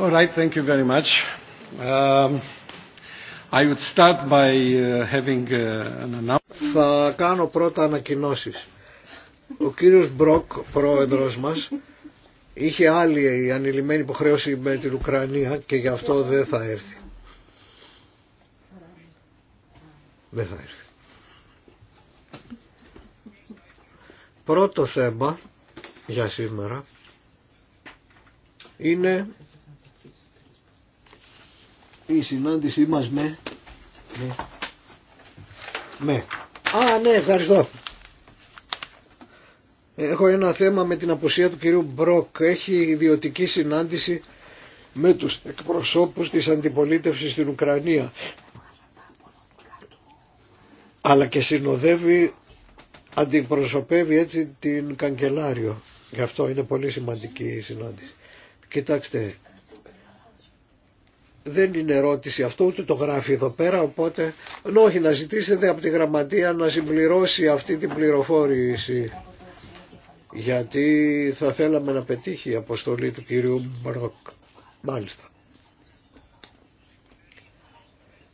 All right, thank you very much. Um, I would start by uh, having uh, an Θα κάνω πρώτα ανακοινώσεις. Ο κύριος Μπροκ, πρόεδρος μας, είχε άλλη ανηλυμένη υποχρέωση με την Ουκρανία και γι' αυτό δεν θα έρθει. Δεν θα έρθει. Πρώτο θέμα για σήμερα είναι η συνάντησή μας με... με... Α, ναι, ευχαριστώ. Έχω ένα θέμα με την απουσία του κυρίου Μπροκ. Έχει ιδιωτική συνάντηση με τους εκπροσώπους της αντιπολίτευσης στην Ουκρανία. Αλλά και συνοδεύει, αντιπροσωπεύει έτσι την καγκελάριο. Γι' αυτό είναι πολύ σημαντική η συνάντηση. Κοιτάξτε, δεν είναι ερώτηση αυτό, ούτε το γράφει εδώ πέρα, οπότε όχι να ζητήσετε από τη γραμματεία να συμπληρώσει αυτή την πληροφόρηση. Γιατί θα θέλαμε να πετύχει η αποστολή του κυρίου Μπαροκ. Μάλιστα.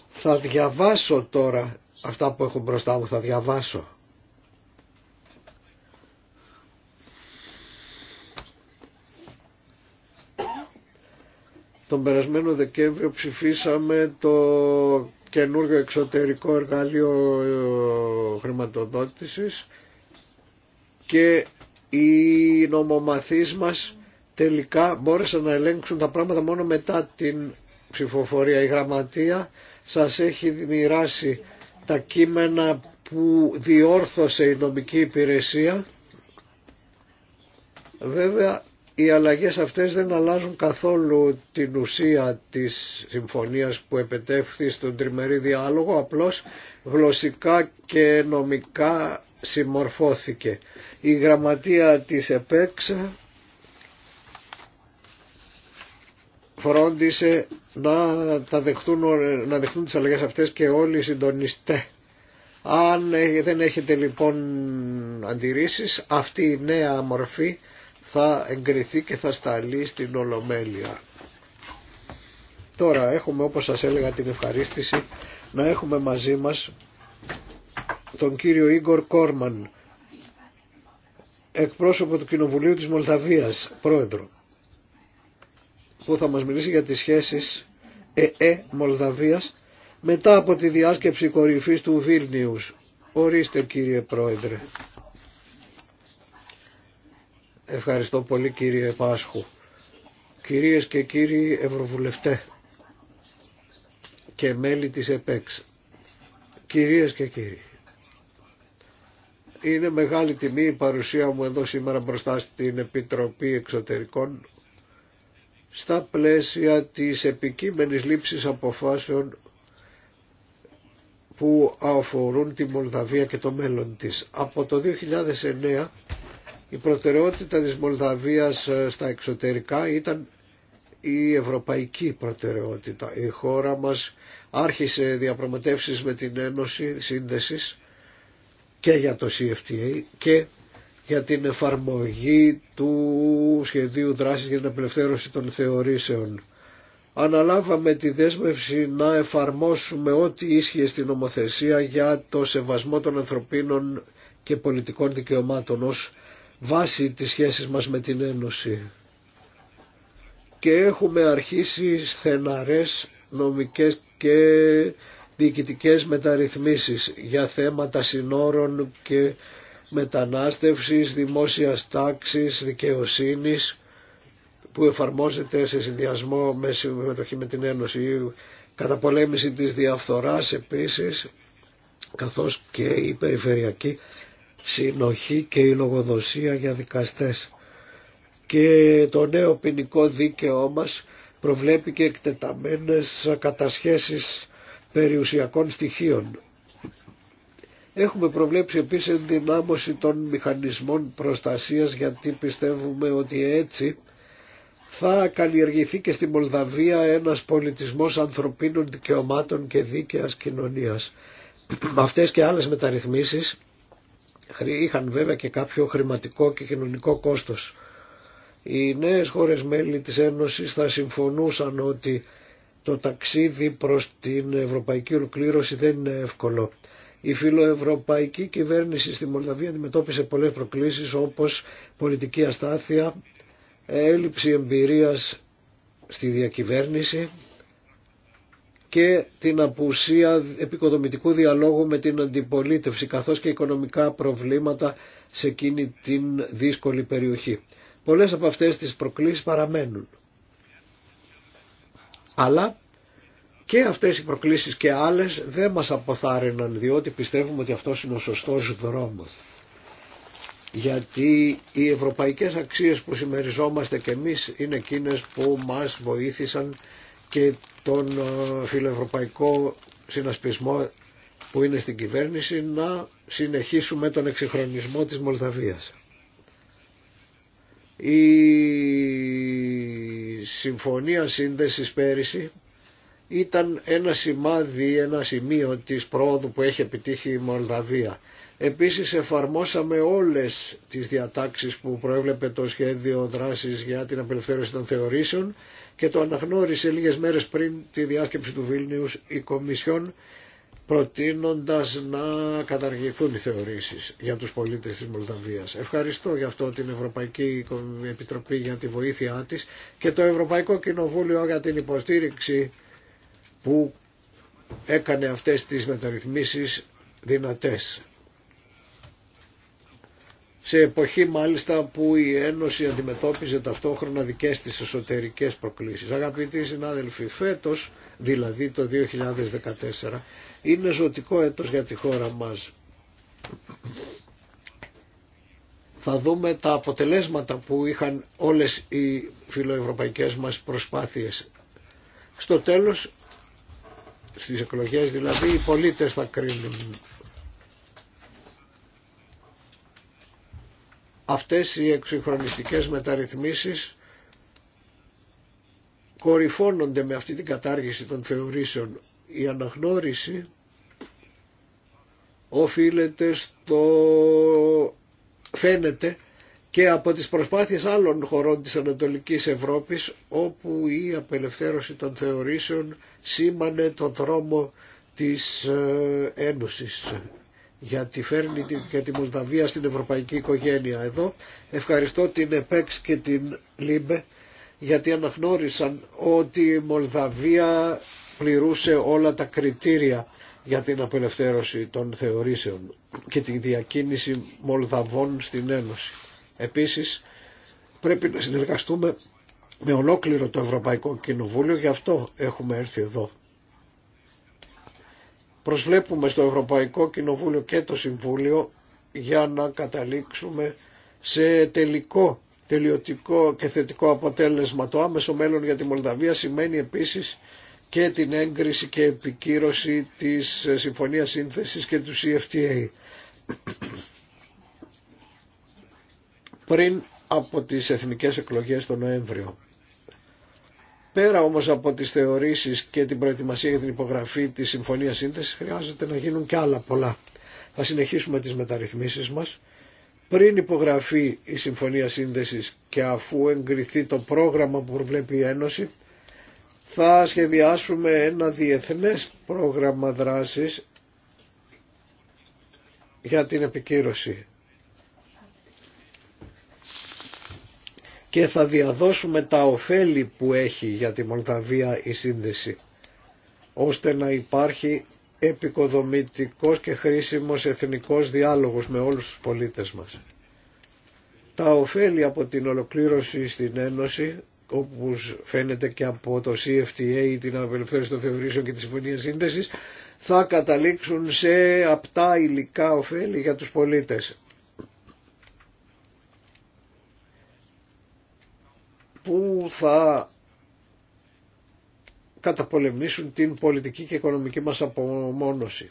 Θα διαβάσω τώρα αυτά που έχω μπροστά μου, θα διαβάσω. Τον περασμένο Δεκέμβριο ψηφίσαμε το καινούργιο εξωτερικό εργαλείο ε, χρηματοδότησης και οι νομομαθείς μας τελικά μπόρεσαν να ελέγξουν τα πράγματα μόνο μετά την ψηφοφορία. Η γραμματεία σας έχει μοιράσει τα κείμενα που διόρθωσε η νομική υπηρεσία. Βέβαια οι αλλαγές αυτές δεν αλλάζουν καθόλου την ουσία της συμφωνίας που επετεύχθη στον τριμερή διάλογο, απλώς γλωσσικά και νομικά συμμορφώθηκε. Η γραμματεία της επέξα φρόντισε να, τα δεχτούν, να δεχτούν τις αλλαγές αυτές και όλοι οι συντονιστές. Αν δεν έχετε λοιπόν αντιρρήσεις, αυτή η νέα μορφή θα εγκριθεί και θα σταλεί στην Ολομέλεια. Τώρα έχουμε όπως σας έλεγα την ευχαρίστηση να έχουμε μαζί μας τον κύριο Ίγκορ Κόρμαν, εκπρόσωπο του Κοινοβουλίου της Μολδαβίας, πρόεδρο, που θα μας μιλήσει για τις σχέσεις ΕΕ Μολδαβίας μετά από τη διάσκεψη κορυφής του Βίλνιους. Ορίστε κύριε πρόεδρε. Ευχαριστώ πολύ κύριε Πάσχου. Κυρίες και κύριοι Ευρωβουλευτέ και μέλη της ΕΠΕΞ, κυρίες και κύριοι, είναι μεγάλη τιμή η παρουσία μου εδώ σήμερα μπροστά στην Επιτροπή Εξωτερικών στα πλαίσια της επικείμενης λήψης αποφάσεων που αφορούν τη Μολδαβία και το μέλλον της. Από το 2009 η προτεραιότητα της Μολδαβίας ε, στα εξωτερικά ήταν η ευρωπαϊκή προτεραιότητα. Η χώρα μας άρχισε διαπραγματεύσεις με την Ένωση Σύνδεσης και για το CFTA και για την εφαρμογή του σχεδίου δράσης για την απελευθέρωση των θεωρήσεων. Αναλάβαμε τη δέσμευση να εφαρμόσουμε ό,τι ίσχυε στην νομοθεσία για το σεβασμό των ανθρωπίνων και πολιτικών δικαιωμάτων ως βάση της σχέσης μας με την Ένωση. Και έχουμε αρχίσει στεναρές νομικές και διοικητικές μεταρρυθμίσεις για θέματα συνόρων και μετανάστευσης, δημόσιας τάξης, δικαιοσύνης που εφαρμόζεται σε συνδυασμό με συμμετοχή με την Ένωση καταπολέμηση της διαφθοράς επίσης καθώς και η περιφερειακή συνοχή και η λογοδοσία για δικαστές. Και το νέο ποινικό δίκαιό μας προβλέπει και εκτεταμένες κατασχέσεις περιουσιακών στοιχείων. Έχουμε προβλέψει επίσης ενδυνάμωση των μηχανισμών προστασίας γιατί πιστεύουμε ότι έτσι θα καλλιεργηθεί και στη Μολδαβία ένας πολιτισμός ανθρωπίνων δικαιωμάτων και δίκαιας κοινωνίας. Αυτές και άλλες μεταρρυθμίσεις είχαν βέβαια και κάποιο χρηματικό και κοινωνικό κόστος. Οι νέες χώρες μέλη της Ένωσης θα συμφωνούσαν ότι το ταξίδι προς την ευρωπαϊκή ολοκλήρωση δεν είναι εύκολο. Η φιλοευρωπαϊκή κυβέρνηση στη Μολδαβία αντιμετώπισε πολλές προκλήσεις όπως πολιτική αστάθεια, έλλειψη εμπειρίας στη διακυβέρνηση, και την απουσία επικοδομητικού διαλόγου με την αντιπολίτευση καθώς και οικονομικά προβλήματα σε εκείνη την δύσκολη περιοχή. Πολλές από αυτές τις προκλήσεις παραμένουν. Αλλά και αυτές οι προκλήσεις και άλλες δεν μας αποθάρρυναν διότι πιστεύουμε ότι αυτός είναι ο σωστός δρόμος. Γιατί οι ευρωπαϊκές αξίες που συμμεριζόμαστε και εμείς είναι εκείνες που μας βοήθησαν και τον ε, φιλοευρωπαϊκό συνασπισμό που είναι στην κυβέρνηση να συνεχίσουμε τον εξυγχρονισμό της Μολδαβίας. Η συμφωνία σύνδεσης πέρυσι ήταν ένα σημάδι, ένα σημείο της πρόοδου που έχει επιτύχει η Μολδαβία Επίσης εφαρμόσαμε όλες τις διατάξεις που προέβλεπε το σχέδιο δράσης για την απελευθέρωση των θεωρήσεων και το αναγνώρισε λίγες μέρες πριν τη διάσκεψη του Βίλνιους η Κομισιόν προτείνοντας να καταργηθούν οι θεωρήσεις για τους πολίτες της Μολδαβίας. Ευχαριστώ για αυτό την Ευρωπαϊκή Επιτροπή για τη βοήθειά της και το Ευρωπαϊκό Κοινοβούλιο για την υποστήριξη που έκανε αυτές τις μεταρρυθμίσεις δυνατές σε εποχή μάλιστα που η Ένωση αντιμετώπιζε ταυτόχρονα δικές της εσωτερικές προκλήσεις. Αγαπητοί συνάδελφοι, φέτος, δηλαδή το 2014, είναι ζωτικό έτος για τη χώρα μας. Θα δούμε τα αποτελέσματα που είχαν όλες οι φιλοευρωπαϊκές μας προσπάθειες. Στο τέλος, στις εκλογές δηλαδή, οι πολίτες θα κρίνουν αυτές οι εξυγχρονιστικές μεταρρυθμίσεις κορυφώνονται με αυτή την κατάργηση των θεωρήσεων. Η αναγνώριση οφείλεται στο... φαίνεται και από τις προσπάθειες άλλων χωρών της Ανατολικής Ευρώπης όπου η απελευθέρωση των θεωρήσεων σήμανε τον δρόμο της ε, Ένωσης για τη φέρνει και τη Μολδαβία στην ευρωπαϊκή οικογένεια εδώ. Ευχαριστώ την ΕΠΕΞ και την ΛΥΜΠΕ γιατί αναγνώρισαν ότι η Μολδαβία πληρούσε όλα τα κριτήρια για την απελευθέρωση των θεωρήσεων και τη διακίνηση Μολδαβών στην Ένωση. Επίσης πρέπει να συνεργαστούμε με ολόκληρο το Ευρωπαϊκό Κοινοβούλιο, γι' αυτό έχουμε έρθει εδώ προσβλέπουμε στο Ευρωπαϊκό Κοινοβούλιο και το Συμβούλιο για να καταλήξουμε σε τελικό, τελειωτικό και θετικό αποτέλεσμα. Το άμεσο μέλλον για τη Μολδαβία σημαίνει επίσης και την έγκριση και επικύρωση της Συμφωνίας Σύνθεσης και του CFTA. Πριν από τις εθνικές εκλογές τον Νοέμβριο. Πέρα όμως από τις θεωρήσεις και την προετοιμασία για την υπογραφή της Συμφωνίας Σύνθεσης χρειάζεται να γίνουν και άλλα πολλά. Θα συνεχίσουμε τις μεταρρυθμίσεις μας. Πριν υπογραφεί η Συμφωνία Σύνδεσης και αφού εγκριθεί το πρόγραμμα που προβλέπει η Ένωση, θα σχεδιάσουμε ένα διεθνές πρόγραμμα δράσης για την επικύρωση. και θα διαδώσουμε τα ωφέλη που έχει για τη Μολδαβία η σύνδεση ώστε να υπάρχει επικοδομητικός και χρήσιμος εθνικός διάλογος με όλους τους πολίτες μας. Τα ωφέλη από την ολοκλήρωση στην Ένωση, όπως φαίνεται και από το CFTA, την απελευθέρωση των θεωρήσεων και τη Συμφωνία Σύνδεσης, θα καταλήξουν σε απτά υλικά ωφέλη για τους πολίτες. που θα καταπολεμήσουν την πολιτική και οικονομική μας απομόνωση.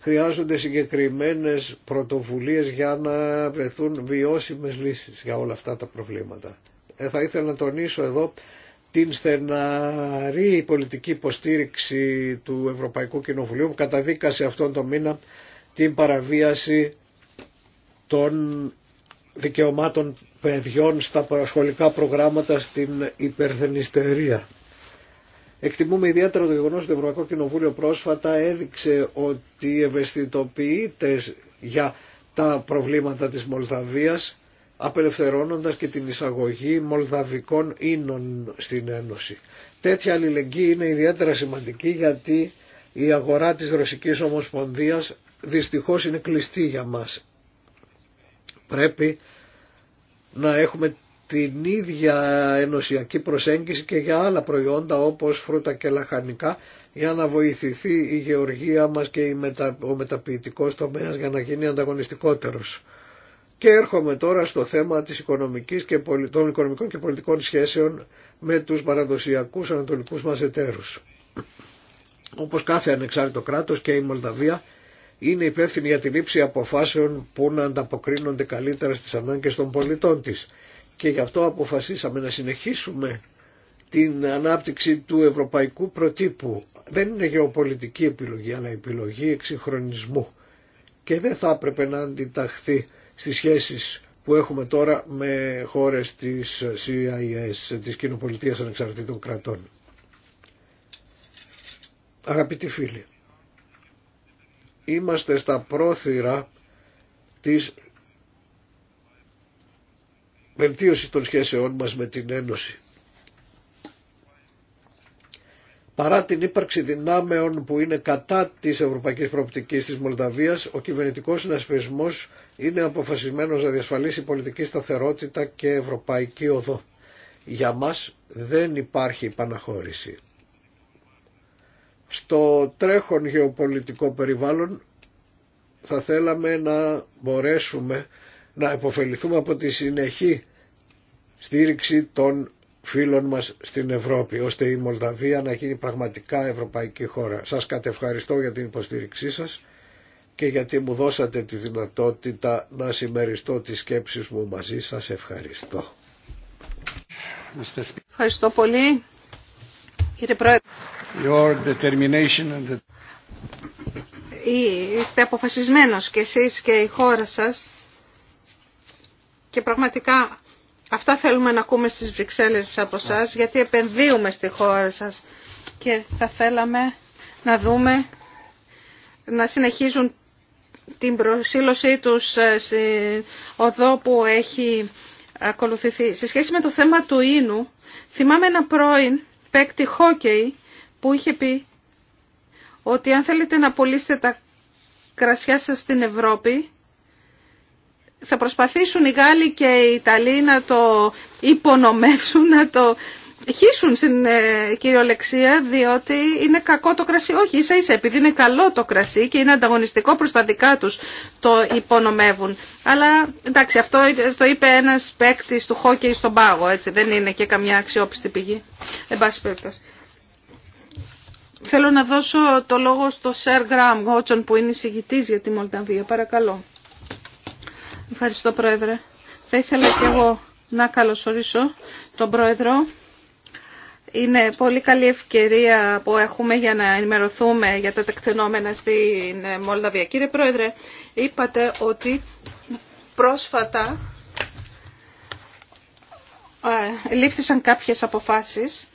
Χρειάζονται συγκεκριμένες πρωτοβουλίες για να βρεθούν βιώσιμες λύσεις για όλα αυτά τα προβλήματα. Ε, θα ήθελα να τονίσω εδώ την στεναρή πολιτική υποστήριξη του Ευρωπαϊκού Κοινοβουλίου που καταδίκασε αυτόν τον μήνα την παραβίαση των δικαιωμάτων παιδιών στα παρασχολικά προγράμματα στην υπερθενιστερία. Εκτιμούμε ιδιαίτερα το γεγονός ότι το Ευρωπαϊκό Κοινοβούλιο πρόσφατα έδειξε ότι ευαισθητοποιείται για τα προβλήματα της Μολδαβίας απελευθερώνοντας και την εισαγωγή μολδαβικών ίνων στην Ένωση. Τέτοια αλληλεγγύη είναι ιδιαίτερα σημαντική γιατί η αγορά της Ρωσικής Ομοσπονδίας δυστυχώς είναι κλειστή για μας. Πρέπει να έχουμε την ίδια ενωσιακή προσέγγιση και για άλλα προϊόντα όπως φρούτα και λαχανικά για να βοηθηθεί η γεωργία μας και η μετα... ο μεταποιητικός τομέας για να γίνει ανταγωνιστικότερος. Και έρχομαι τώρα στο θέμα της οικονομικής και των οικονομικών και πολιτικών σχέσεων με τους παραδοσιακούς ανατολικούς μας εταίρους. Όπως κάθε ανεξάρτητο κράτος και η Μολδαβία είναι υπεύθυνη για τη λήψη αποφάσεων που να ανταποκρίνονται καλύτερα στις ανάγκες των πολιτών της. Και γι' αυτό αποφασίσαμε να συνεχίσουμε την ανάπτυξη του ευρωπαϊκού προτύπου. Δεν είναι γεωπολιτική επιλογή, αλλά επιλογή εξυγχρονισμού. Και δεν θα έπρεπε να αντιταχθεί στις σχέσεις που έχουμε τώρα με χώρες της CIS, της Κοινοπολιτείας Ανεξαρτήτων Κρατών. Αγαπητοί φίλοι, είμαστε στα πρόθυρα της βελτίωσης των σχέσεών μας με την Ένωση. Παρά την ύπαρξη δυνάμεων που είναι κατά της ευρωπαϊκής προοπτικής της Μολδαβίας, ο κυβερνητικός συνασπισμός είναι αποφασισμένος να διασφαλίσει πολιτική σταθερότητα και ευρωπαϊκή οδό. Για μας δεν υπάρχει επαναχώρηση στο τρέχον γεωπολιτικό περιβάλλον θα θέλαμε να μπορέσουμε να υποφεληθούμε από τη συνεχή στήριξη των φίλων μας στην Ευρώπη, ώστε η Μολδαβία να γίνει πραγματικά ευρωπαϊκή χώρα. Σας κατευχαριστώ για την υποστήριξή σας και γιατί μου δώσατε τη δυνατότητα να συμμεριστώ τις σκέψεις μου μαζί σας. Ευχαριστώ. Ευχαριστώ πολύ. Κύριε Είστε αποφασισμένος και εσείς και η χώρα σας και πραγματικά αυτά θέλουμε να ακούμε στις Βρυξέλλες από εσά γιατί επενδύουμε στη χώρα σας και θα θέλαμε να δούμε να συνεχίζουν την προσήλωσή τους ε, στην οδό που έχει ακολουθηθεί. Σε σχέση με το θέμα του ίνου, θυμάμαι ένα πρώην παίκτη χόκεϊ που είχε πει ότι αν θέλετε να πουλήσετε τα κρασιά σας στην Ευρώπη, θα προσπαθήσουν οι Γάλλοι και οι Ιταλοί να το υπονομεύσουν, να το χύσουν στην ε, κυριολεξία, διότι είναι κακό το κρασί. Όχι, ίσα ίσα, επειδή είναι καλό το κρασί και είναι ανταγωνιστικό προς τα δικά τους το υπονομεύουν. Αλλά εντάξει, αυτό το είπε ένας παίκτη του χόκκι στον πάγο, έτσι, δεν είναι και καμιά αξιόπιστη πηγή. Εν πάση Θέλω να δώσω το λόγο στο Σερ Γκραμ Γότσον που είναι εισηγητής για τη Μολδαβία. Παρακαλώ. Ευχαριστώ Πρόεδρε. Θα ήθελα και εγώ να καλωσορίσω τον Πρόεδρο. Είναι πολύ καλή ευκαιρία που έχουμε για να ενημερωθούμε για τα τεκτενόμενα στην Μολδαβία. Κύριε Πρόεδρε, είπατε ότι πρόσφατα ε, λήφθησαν κάποιες αποφάσεις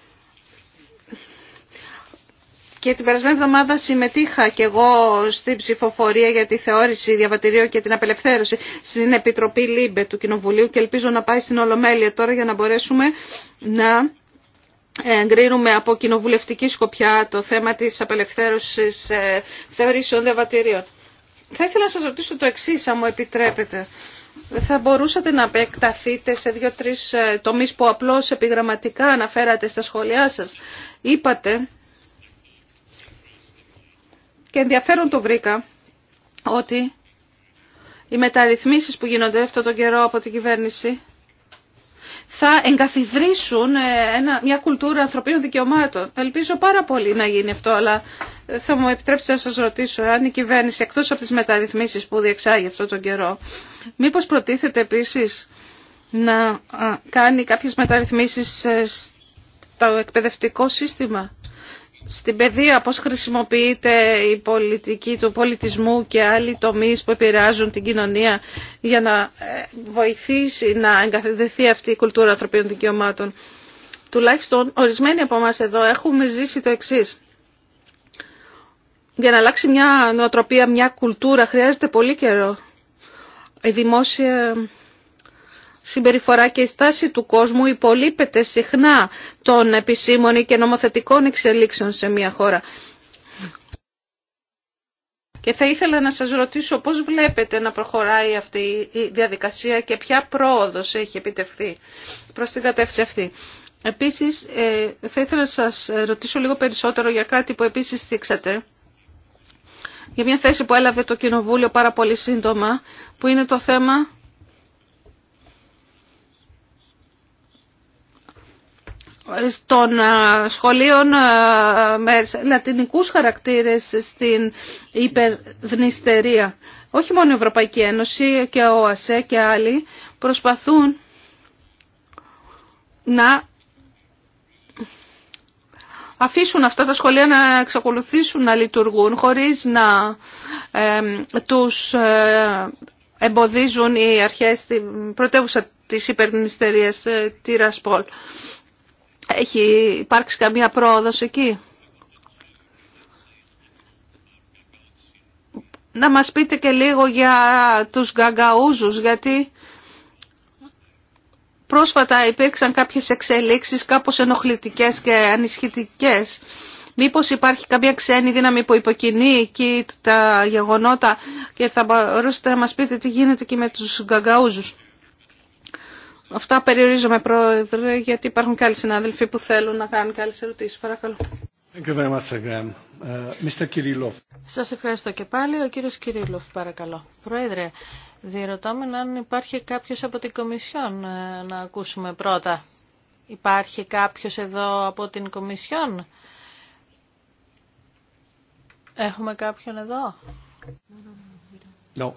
και την περασμένη εβδομάδα συμμετείχα και εγώ στην ψηφοφορία για τη θεώρηση διαβατηρίων και την απελευθέρωση στην Επιτροπή ΛΥΜΠΕ του Κοινοβουλίου και ελπίζω να πάει στην Ολομέλεια τώρα για να μπορέσουμε να εγκρίνουμε από κοινοβουλευτική σκοπιά το θέμα της απελευθέρωσης ε, θεωρήσεων διαβατηρίων. Θα ήθελα να σας ρωτήσω το εξής, αν μου επιτρέπετε. Θα μπορούσατε να επεκταθείτε σε δύο-τρεις ε, τομείς που απλώς επιγραμματικά αναφέρατε στα σχόλιά σας. Είπατε και ενδιαφέρον το βρήκα ότι οι μεταρρυθμίσεις που γίνονται αυτόν τον καιρό από την κυβέρνηση θα εγκαθιδρύσουν ε, μια κουλτούρα ανθρωπίνων δικαιωμάτων. Ελπίζω πάρα πολύ να γίνει αυτό, αλλά ε, θα μου επιτρέψετε να σας ρωτήσω αν η κυβέρνηση, εκτός από τις μεταρρυθμίσεις που διεξάγει αυτόν τον καιρό, μήπως προτίθεται επίσης να κάνει κάποιες μεταρρυθμίσεις ε, στο εκπαιδευτικό σύστημα στην παιδεία πώς χρησιμοποιείται η πολιτική του πολιτισμού και άλλοι τομείς που επηρεάζουν την κοινωνία για να ε, βοηθήσει να εγκαθιδεθεί αυτή η κουλτούρα ανθρωπίνων δικαιωμάτων. Τουλάχιστον ορισμένοι από εμά εδώ έχουμε ζήσει το εξή. Για να αλλάξει μια νοοτροπία, μια κουλτούρα χρειάζεται πολύ καιρό. Η δημόσια συμπεριφορά και η στάση του κόσμου υπολείπεται συχνά των επισήμων και νομοθετικών εξελίξεων σε μια χώρα. Και θα ήθελα να σας ρωτήσω πώς βλέπετε να προχωράει αυτή η διαδικασία και ποια πρόοδος έχει επιτευχθεί προς την κατεύθυνση αυτή. Επίσης, ε, θα ήθελα να σας ρωτήσω λίγο περισσότερο για κάτι που επίσης θίξατε. Για μια θέση που έλαβε το Κοινοβούλιο πάρα πολύ σύντομα, που είναι το θέμα των σχολείων με λατινικούς χαρακτήρες στην υπερδνηστερία. Όχι μόνο η Ευρωπαϊκή Ένωση και ο ΑΣΕ και άλλοι προσπαθούν να αφήσουν αυτά τα σχολεία να εξακολουθήσουν να λειτουργούν χωρίς να ε, τους εμποδίζουν οι αρχές στην πρωτεύουσα της υπερνηστερίας ε, τη Ρασπόλ. Έχει υπάρξει καμία πρόοδο εκεί. Να μας πείτε και λίγο για τους γκαγκαούζους, γιατί πρόσφατα υπήρξαν κάποιες εξελίξεις κάπως ενοχλητικές και ανισχυτικές. Μήπως υπάρχει κάποια ξένη δύναμη που υποκινεί εκεί τα γεγονότα και θα μπορούσατε να μας πείτε τι γίνεται και με τους γκαγκαούζους. Αυτά περιορίζομαι, Πρόεδρε, γιατί υπάρχουν και άλλοι συνάδελφοι που θέλουν να κάνουν και άλλες ερωτήσεις. Παρακαλώ. Thank uh, Σας ευχαριστώ και πάλι. Ο κύριος Κυρίλοφ, παρακαλώ. Πρόεδρε, διερωτάμε αν υπάρχει κάποιο από την Κομισιόν ε, να ακούσουμε πρώτα. Υπάρχει κάποιος εδώ από την Κομισιόν. Έχουμε κάποιον εδώ. No,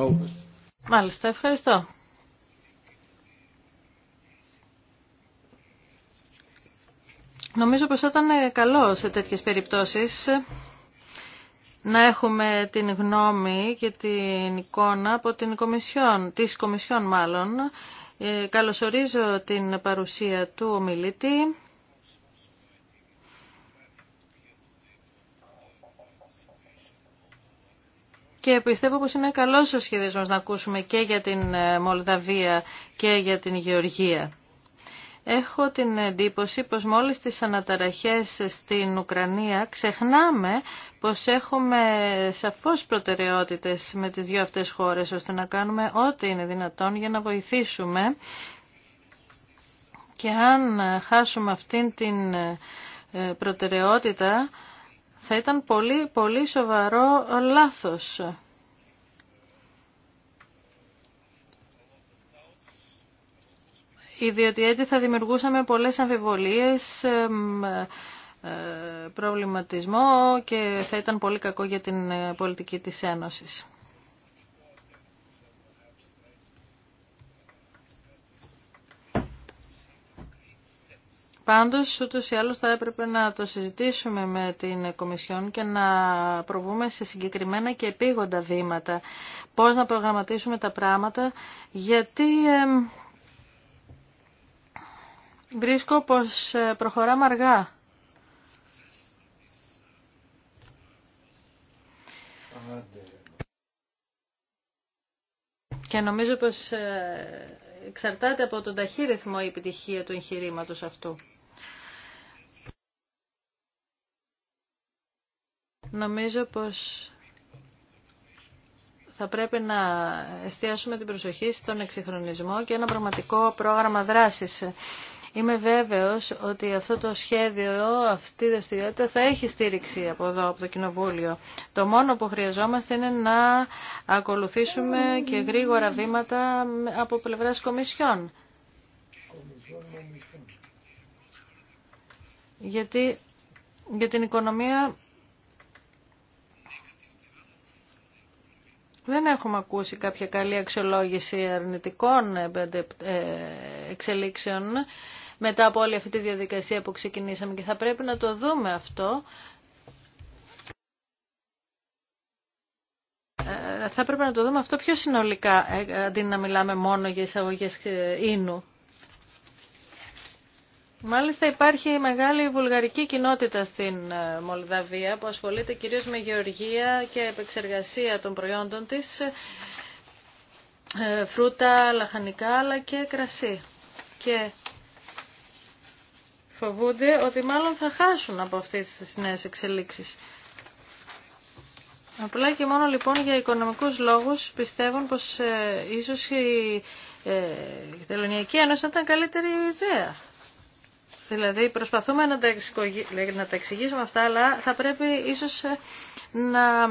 Μάλιστα, ευχαριστώ. Νομίζω πως θα ήταν ε, καλό σε τέτοιες περιπτώσεις να έχουμε την γνώμη και την εικόνα από την Κομισιόν, της Κομισιόν μάλλον. Ε, καλωσορίζω την παρουσία του ομιλητή και πιστεύω πως είναι καλός ο σχεδιασμός να ακούσουμε και για την ε, Μολδαβία και για την Γεωργία. Έχω την εντύπωση πως μόλις τις αναταραχές στην Ουκρανία ξεχνάμε πως έχουμε σαφώς προτεραιότητες με τις δύο αυτές χώρες ώστε να κάνουμε ό,τι είναι δυνατόν για να βοηθήσουμε και αν χάσουμε αυτήν την ε, προτεραιότητα θα ήταν πολύ, πολύ σοβαρό λάθος. Διότι έτσι θα δημιουργούσαμε πολλές αμφιβολίες, ε, προβληματισμό και θα ήταν πολύ κακό για την ε, πολιτική της Ένωσης. Πάντως, ούτως ή άλλως θα έπρεπε να το συζητήσουμε με την Κομισιόν και να προβούμε σε συγκεκριμένα και επίγοντα βήματα. Πώς να προγραμματίσουμε τα πράγματα, γιατί ε, βρίσκω πως ε, προχωράμε αργά. γιατι νομίζω πως ε, εξαρτάται από τον ταχύ ρυθμό η επιτυχία του εγχειρήματο αυτού. Νομίζω πως θα πρέπει να εστιάσουμε την προσοχή στον εξυγχρονισμό και ένα πραγματικό πρόγραμμα δράσης. Είμαι βέβαιος ότι αυτό το σχέδιο, αυτή η δραστηριότητα θα έχει στήριξη από εδώ, από το Κοινοβούλιο. Το μόνο που χρειαζόμαστε είναι να ακολουθήσουμε και γρήγορα βήματα από πλευράς κομισιών. Γιατί για την οικονομία Δεν έχουμε ακούσει κάποια καλή αξιολόγηση αρνητικών ε, ε, ε, εξελίξεων μετά από όλη αυτή τη διαδικασία που ξεκινήσαμε και θα πρέπει να το δούμε αυτό. Θα πρέπει να το δούμε αυτό πιο συνολικά, αντί να μιλάμε μόνο για εισαγωγές ίνου. Μάλιστα υπάρχει μεγάλη βουλγαρική κοινότητα στην ε, Μολδαβία που ασχολείται κυρίως με γεωργία και επεξεργασία των προϊόντων της, ε, φρούτα, λαχανικά αλλά και κρασί. Και φοβούνται ότι μάλλον θα χάσουν από αυτές τις νέες εξελίξεις. Απλά και μόνο λοιπόν για οικονομικούς λόγους πιστεύουν πως ε, ίσως η ε, Τελωνιακή Ένωση ήταν καλύτερη ιδέα. Δηλαδή προσπαθούμε να τα, να τα εξηγήσουμε αυτά, αλλά θα πρέπει ίσως ε, να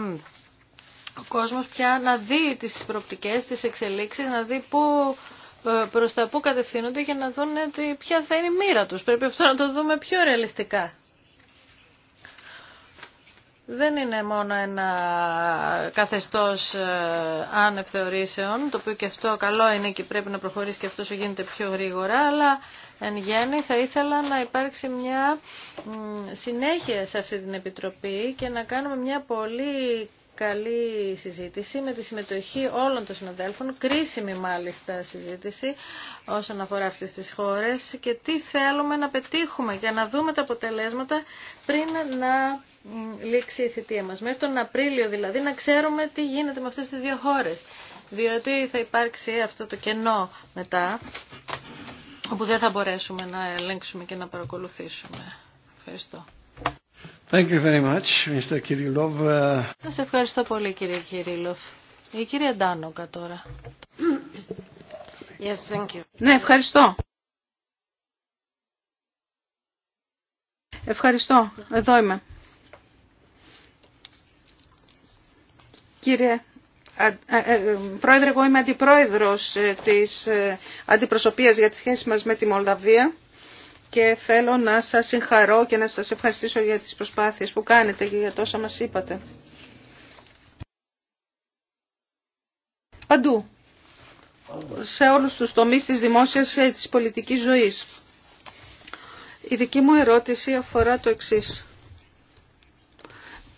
ο κόσμος πια να δει τις προπτικές, τις εξελίξεις, να δει πού ε, προς τα πού κατευθύνονται για να δουν ε, ποια θα είναι η μοίρα τους. Πρέπει αυτό να το δούμε πιο ρεαλιστικά. Δεν είναι μόνο ένα καθεστώς άνευ θεωρήσεων, το οποίο και αυτό καλό είναι και πρέπει να προχωρήσει και αυτό σου γίνεται πιο γρήγορα, αλλά Εν γέννη θα ήθελα να υπάρξει μια συνέχεια σε αυτή την Επιτροπή και να κάνουμε μια πολύ καλή συζήτηση με τη συμμετοχή όλων των συναδέλφων, κρίσιμη μάλιστα συζήτηση όσον αφορά αυτές τις χώρες και τι θέλουμε να πετύχουμε για να δούμε τα αποτελέσματα πριν να λήξει η θητεία μας. Μέχρι τον Απρίλιο δηλαδή να ξέρουμε τι γίνεται με αυτές τις δύο χώρες, διότι θα υπάρξει αυτό το κενό μετά όπου δεν θα μπορέσουμε να ελέγξουμε και να παρακολουθήσουμε. Ευχαριστώ. Thank you very much, Mr. Kirillov. Σας ευχαριστώ πολύ κύριε Κυρίλοφ. Η κυρία Ντάνοκα τώρα. Yes, thank you. Ναι, ευχαριστώ. Ευχαριστώ. Εδώ είμαι. Κύριε ε, ε, ε, πρόεδρε, εγώ είμαι αντιπρόεδρος της αντιπροσωπείας για τις σχέσεις μας με τη Μολδαβία και θέλω να σας συγχαρώ και να σας ευχαριστήσω για τις προσπάθειες που κάνετε και για τόσα μας είπατε. Παντού, σε όλους τους τομείς της δημόσιας και της πολιτικής ζωής. Η δική μου ερώτηση αφορά το εξής.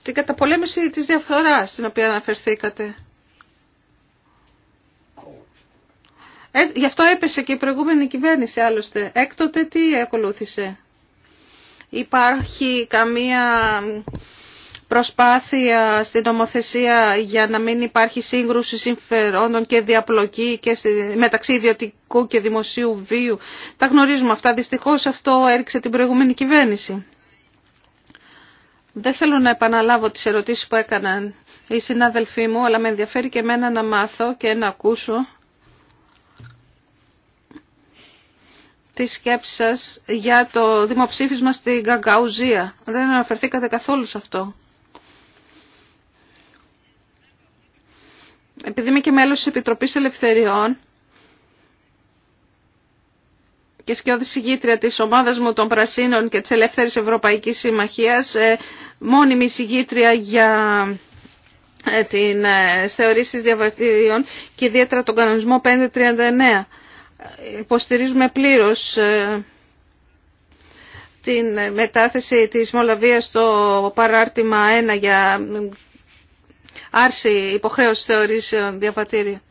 Την καταπολέμηση της διαφθοράς στην οποία αναφερθήκατε. Ε, γι' αυτό έπεσε και η προηγούμενη κυβέρνηση άλλωστε. Έκτοτε τι ακολούθησε. Υπάρχει καμία προσπάθεια στην νομοθεσία για να μην υπάρχει σύγκρουση συμφερόντων και διαπλοκή και μεταξύ ιδιωτικού και δημοσίου βίου. Τα γνωρίζουμε αυτά. Δυστυχώς αυτό έριξε την προηγούμενη κυβέρνηση. Δεν θέλω να επαναλάβω τις ερωτήσεις που έκαναν οι συνάδελφοί μου, αλλά με ενδιαφέρει και εμένα να μάθω και να ακούσω τη σκέψη σα για το δημοψήφισμα στην Καγκαουζία. Δεν αναφερθήκατε καθόλου σε αυτό. Επειδή είμαι και μέλος της Επιτροπής Ελευθεριών και σκιώδη συγγήτρια της ομάδας μου των Πρασίνων και της Ελεύθερης Ευρωπαϊκής Συμμαχίας, ε, μόνιμη συγγήτρια για ε, την ε, θεωρήσεις διαβατήριων και ιδιαίτερα τον κανονισμό 539 υποστηρίζουμε πλήρως ε, την μετάθεση της Μολαβίας στο παράρτημα 1 για άρση υποχρέωση θεωρήσεων διαβατήρια.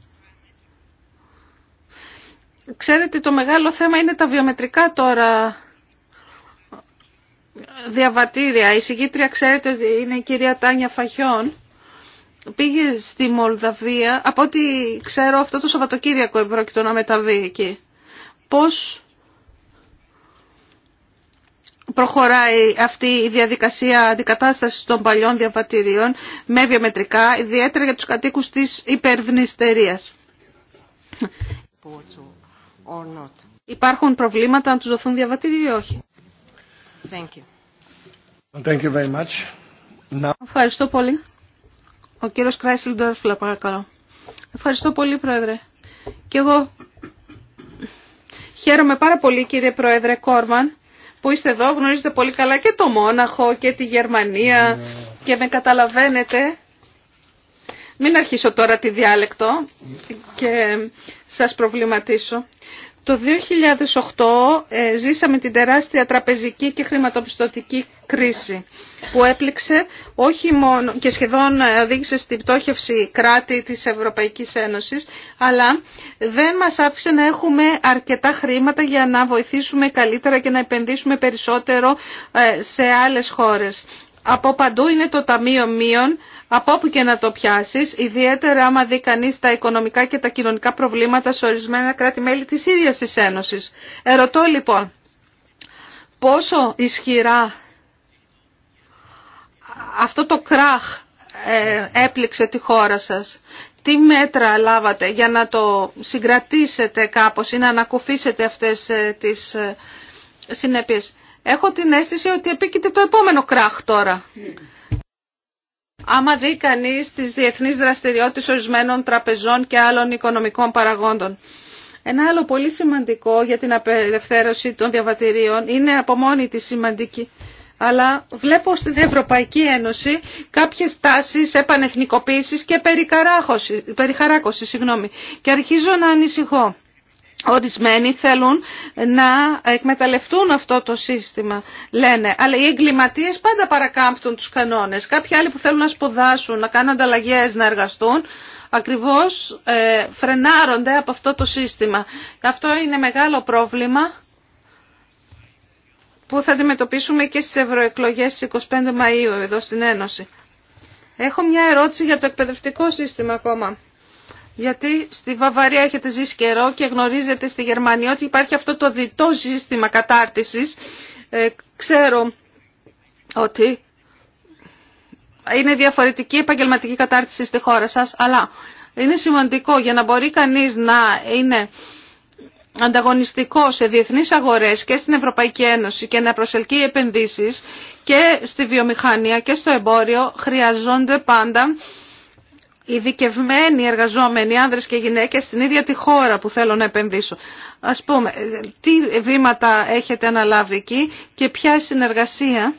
Ξέρετε, το μεγάλο θέμα είναι τα βιομετρικά τώρα διαβατήρια. Η συγκήτρια ξέρετε ότι είναι η κυρία Τάνια Φαχιών πήγε στη Μολδαβία, από ό,τι ξέρω αυτό το Σαββατοκύριακο επρόκειτο να μεταβεί εκεί. Πώς προχωράει αυτή η διαδικασία αντικατάστασης των παλιών διαβατηρίων με βιομετρικά, ιδιαίτερα για τους κατοίκους της υπερδνηστερίας. Υπάρχουν προβλήματα να τους δοθούν διαβατήριο ή όχι. Ευχαριστώ πολύ. Ο κύριος Κράισιλ παρακαλώ. Ευχαριστώ πολύ, Πρόεδρε. Και εγώ χαίρομαι πάρα πολύ, κύριε Πρόεδρε Κόρμαν, που είστε εδώ, γνωρίζετε πολύ καλά και το Μόναχο και τη Γερμανία ναι. και με καταλαβαίνετε. Μην αρχίσω τώρα τη διάλεκτο και σας προβληματίσω. Το 2008 ε, ζήσαμε την τεράστια τραπεζική και χρηματοπιστωτική κρίση που έπληξε όχι μόνο και σχεδόν ε, οδήγησε στην πτώχευση κράτη της Ευρωπαϊκής Ένωσης αλλά δεν μας άφησε να έχουμε αρκετά χρήματα για να βοηθήσουμε καλύτερα και να επενδύσουμε περισσότερο ε, σε άλλες χώρες. Από παντού είναι το Ταμείο Μείων από όπου και να το πιάσει, ιδιαίτερα άμα δει κανεί τα οικονομικά και τα κοινωνικά προβλήματα σε ορισμένα κράτη-μέλη της ίδιας της Ένωσης. Ερωτώ λοιπόν, πόσο ισχυρά αυτό το κράχ ε, έπληξε τη χώρα σας. Τι μέτρα λάβατε για να το συγκρατήσετε κάπως ή να ανακουφίσετε αυτές ε, τις ε, συνέπειες. Έχω την αίσθηση ότι επίκειται το επόμενο κράχ τώρα άμα δει κανεί τις διεθνείς δραστηριότητες ορισμένων τραπεζών και άλλων οικονομικών παραγόντων. Ένα άλλο πολύ σημαντικό για την απελευθέρωση των διαβατηρίων είναι από μόνη τη σημαντική. Αλλά βλέπω στην Ευρωπαϊκή Ένωση κάποιες τάσεις επανεθνικοποίησης και περιχαράκωση, και αρχίζω να ανησυχώ. Ορισμένοι θέλουν να εκμεταλλευτούν αυτό το σύστημα, λένε. Αλλά οι εγκληματίες πάντα παρακάμπτουν τους κανόνες. Κάποιοι άλλοι που θέλουν να σπουδάσουν, να κάνουν ανταλλαγέ να εργαστούν, ακριβώς ε, φρενάρονται από αυτό το σύστημα. Αυτό είναι μεγάλο πρόβλημα που θα αντιμετωπίσουμε και στις ευρωεκλογές στις 25 Μαΐου εδώ στην Ένωση. Έχω μια ερώτηση για το εκπαιδευτικό σύστημα ακόμα. Γιατί στη Βαβαρία έχετε ζήσει καιρό και γνωρίζετε στη Γερμανία ότι υπάρχει αυτό το διτό σύστημα κατάρτισης. Ε, ξέρω ότι είναι διαφορετική επαγγελματική κατάρτιση στη χώρα σας, αλλά είναι σημαντικό για να μπορεί κανείς να είναι ανταγωνιστικό σε διεθνείς αγορές και στην Ευρωπαϊκή Ένωση και να προσελκύει επενδύσεις και στη βιομηχανία και στο εμπόριο χρειαζόνται πάντα ειδικευμένοι εργαζόμενοι άνδρες και γυναίκες στην ίδια τη χώρα που θέλω να επενδύσω. Ας πούμε, τι βήματα έχετε αναλάβει εκεί και ποια συνεργασία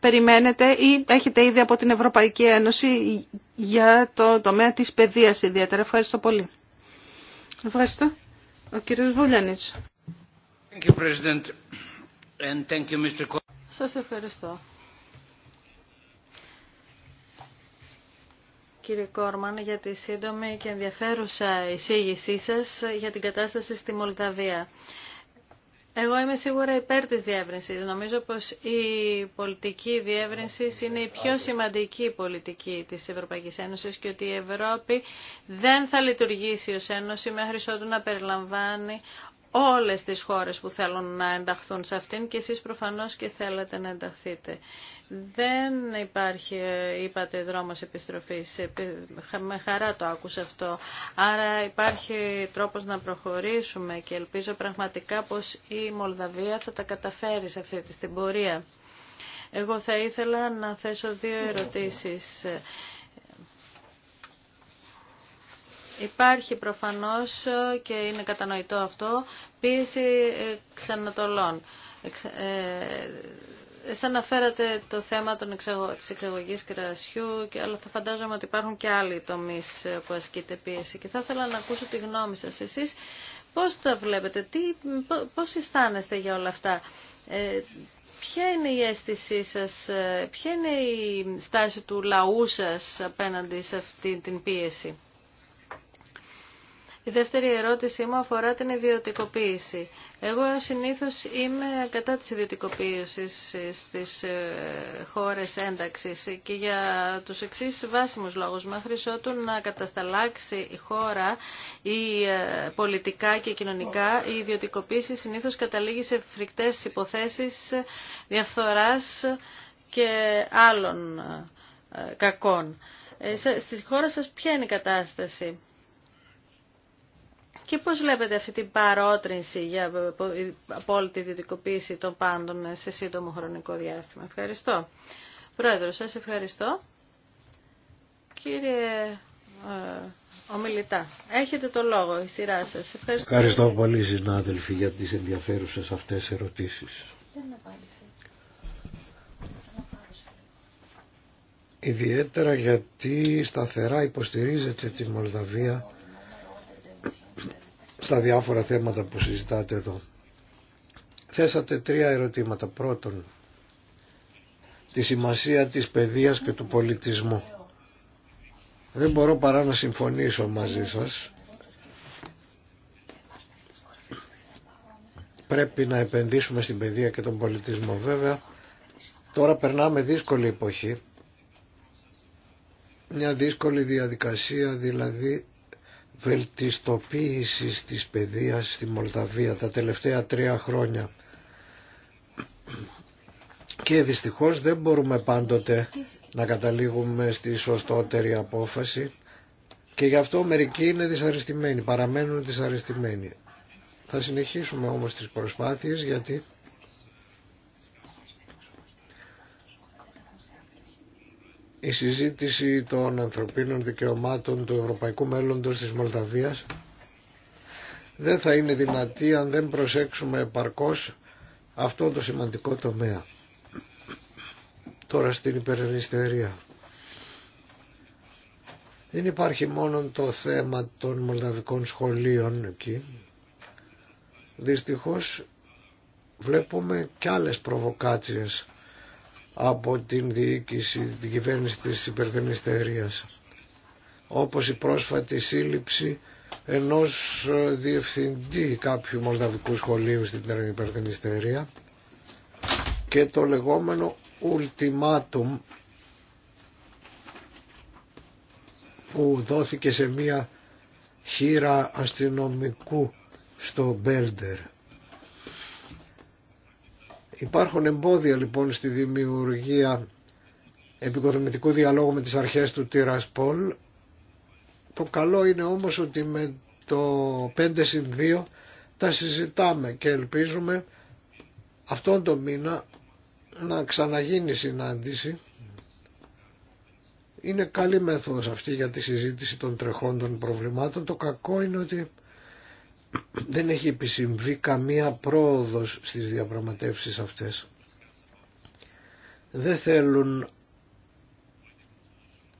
περιμένετε ή έχετε ήδη από την Ευρωπαϊκή Ένωση για το τομέα της παιδείας ιδιαίτερα. Ευχαριστώ πολύ. Ευχαριστώ. Ο κύριος Βουλιανίτς. Σας ευχαριστώ. κύριε Κόρμαν για τη σύντομη και ενδιαφέρουσα εισήγησή σας για την κατάσταση στη Μολδαβία. Εγώ είμαι σίγουρα υπέρ της διεύρυνσης. Νομίζω πως η πολιτική διεύρυνση είναι η πιο σημαντική πολιτική της Ευρωπαϊκής Ένωσης και ότι η Ευρώπη δεν θα λειτουργήσει ως Ένωση μέχρι ότου να περιλαμβάνει όλες τις χώρες που θέλουν να ενταχθούν σε αυτήν και εσείς προφανώς και θέλετε να ενταχθείτε. Δεν υπάρχει, είπατε, δρόμος επιστροφής. Με χαρά το άκουσα αυτό. Άρα υπάρχει τρόπος να προχωρήσουμε και ελπίζω πραγματικά πως η Μολδαβία θα τα καταφέρει σε αυτή την πορεία. Εγώ θα ήθελα να θέσω δύο ερωτήσεις. Υπάρχει προφανώς και είναι κατανοητό αυτό πίεση ε, ξανατολών. Ε, σαν αναφέρατε το θέμα των εξαγω... της εξαγωγής κρασιού, αλλά θα φαντάζομαι ότι υπάρχουν και άλλοι τομείς ε, που ασκείται πίεση. Και θα ήθελα να ακούσω τη γνώμη σας. Εσείς πώς τα βλέπετε, τι, πώς αισθάνεστε για όλα αυτά. ποια είναι η αίσθησή σας, ποια είναι η στάση του λαού σας απέναντι σε αυτή την πίεση. Η δεύτερη ερώτησή μου αφορά την ιδιωτικοποίηση. Εγώ συνήθως είμαι κατά της ιδιωτικοποίησης στις ε, χώρες ένταξης και για τους εξής βάσιμους λόγους. Μέχρι ότου να κατασταλάξει η χώρα ή ε, πολιτικά και κοινωνικά, η ιδιωτικοποίηση συνήθως καταλήγει σε φρικτές υποθέσεις διαφθοράς και άλλων ε, κακών. Στη χώρα σας ποια είναι η κατάσταση. Και πώς βλέπετε αυτή την παρότρινση για απόλυτη ιδιωτικοποίηση των πάντων σε σύντομο χρονικό διάστημα. Ευχαριστώ. Πρόεδρο, σας ευχαριστώ. Κύριε ε, Ομιλητά, έχετε το λόγο, η σειρά σας. Ευχαριστώ, ευχαριστώ πολύ συνάδελφοι για τις ενδιαφέρουσες αυτές ερωτήσεις. Δεν Ιδιαίτερα γιατί σταθερά υποστηρίζεται τη Μολδαβία στα διάφορα θέματα που συζητάτε εδώ. Θέσατε τρία ερωτήματα. Πρώτον, τη σημασία της παιδείας και του πολιτισμού. Δεν μπορώ παρά να συμφωνήσω μαζί σας. Πρέπει να επενδύσουμε στην παιδεία και τον πολιτισμό. Βέβαια, τώρα περνάμε δύσκολη εποχή. Μια δύσκολη διαδικασία δηλαδή βελτιστοποίησης της παιδείας στη Μολδαβία τα τελευταία τρία χρόνια. Και δυστυχώς δεν μπορούμε πάντοτε να καταλήγουμε στη σωστότερη απόφαση και γι' αυτό μερικοί είναι δυσαρεστημένοι, παραμένουν δυσαρεστημένοι. Θα συνεχίσουμε όμως τις προσπάθειες γιατί η συζήτηση των ανθρωπίνων δικαιωμάτων του ευρωπαϊκού μέλλοντος της Μολδαβίας δεν θα είναι δυνατή αν δεν προσέξουμε επαρκώς αυτό το σημαντικό τομέα. Τώρα στην υπερνηστερία. Δεν υπάρχει μόνο το θέμα των μολδαβικών σχολείων εκεί. Δυστυχώς βλέπουμε και άλλες προβοκάτσιες από την διοίκηση, την κυβέρνηση της υπερθενής Όπως η πρόσφατη σύλληψη ενός ε, διευθυντή κάποιου μολδαβικού σχολείου στην υπερδενιστερία και το λεγόμενο ultimatum που δόθηκε σε μία χείρα αστυνομικού στο Μπέλντερ. Υπάρχουν εμπόδια λοιπόν στη δημιουργία επικοδομητικού διαλόγου με τις αρχές του Τυρασπόλ. Το καλό είναι όμως ότι με το 5 συν 2 τα συζητάμε και ελπίζουμε αυτόν τον μήνα να ξαναγίνει συνάντηση. Είναι καλή μέθοδος αυτή για τη συζήτηση των τρεχόντων προβλημάτων. Το κακό είναι ότι δεν έχει επισυμβεί καμία πρόοδος στις διαπραγματεύσεις αυτές. Δεν θέλουν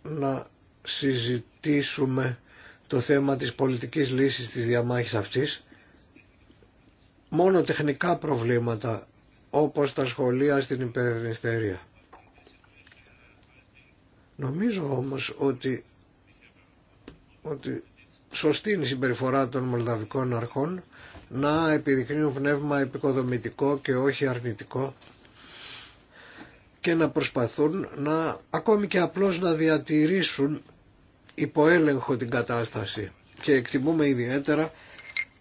να συζητήσουμε το θέμα της πολιτικής λύσης της διαμάχης αυτής. Μόνο τεχνικά προβλήματα όπως τα σχολεία στην υπερνηστερία. Νομίζω όμως ότι, ότι σωστή είναι η συμπεριφορά των μολδαβικών αρχών να επιδεικνύουν πνεύμα επικοδομητικό και όχι αρνητικό και να προσπαθούν να ακόμη και απλώς να διατηρήσουν υποέλεγχο την κατάσταση και εκτιμούμε ιδιαίτερα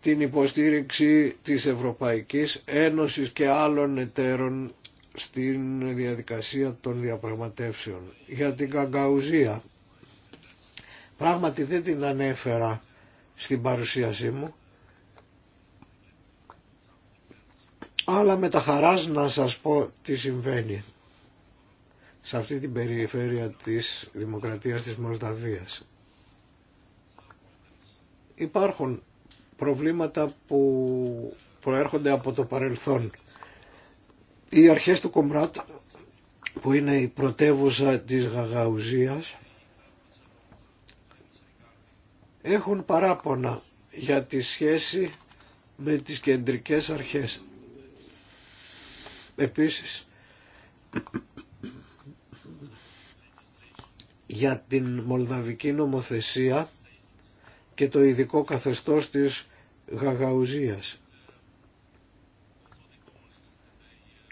την υποστήριξη της Ευρωπαϊκής Ένωσης και άλλων εταίρων στην διαδικασία των διαπραγματεύσεων. Για την καγκαουζία Πράγματι δεν την ανέφερα στην παρουσίασή μου. Αλλά με τα χαράς να σας πω τι συμβαίνει σε αυτή την περιφέρεια της Δημοκρατίας της Μολδαβίας. Υπάρχουν προβλήματα που προέρχονται από το παρελθόν. Οι αρχές του Κομράτ που είναι η πρωτεύουσα της Γαγαουζίας έχουν παράπονα για τη σχέση με τις κεντρικές αρχές. Επίσης, για την μολδαβική νομοθεσία και το ειδικό καθεστώς της Γαγαουζίας.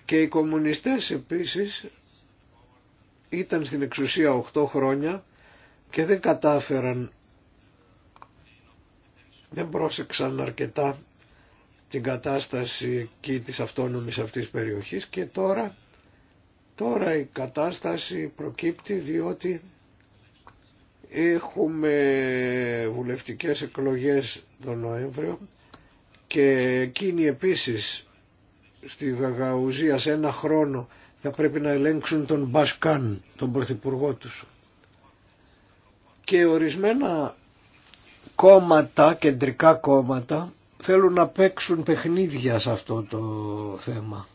Και οι κομμουνιστές επίσης ήταν στην εξουσία 8 χρόνια και δεν κατάφεραν δεν πρόσεξαν αρκετά την κατάσταση εκεί της αυτόνομης αυτής περιοχής και τώρα, τώρα η κατάσταση προκύπτει διότι έχουμε βουλευτικές εκλογές τον Νοέμβριο και εκείνοι επίσης στη Γαγαουζία σε ένα χρόνο θα πρέπει να ελέγξουν τον Μπασκάν, τον πρωθυπουργό τους. Και ορισμένα κόμματα, κεντρικά κόμματα, θέλουν να παίξουν παιχνίδια σε αυτό το θέμα.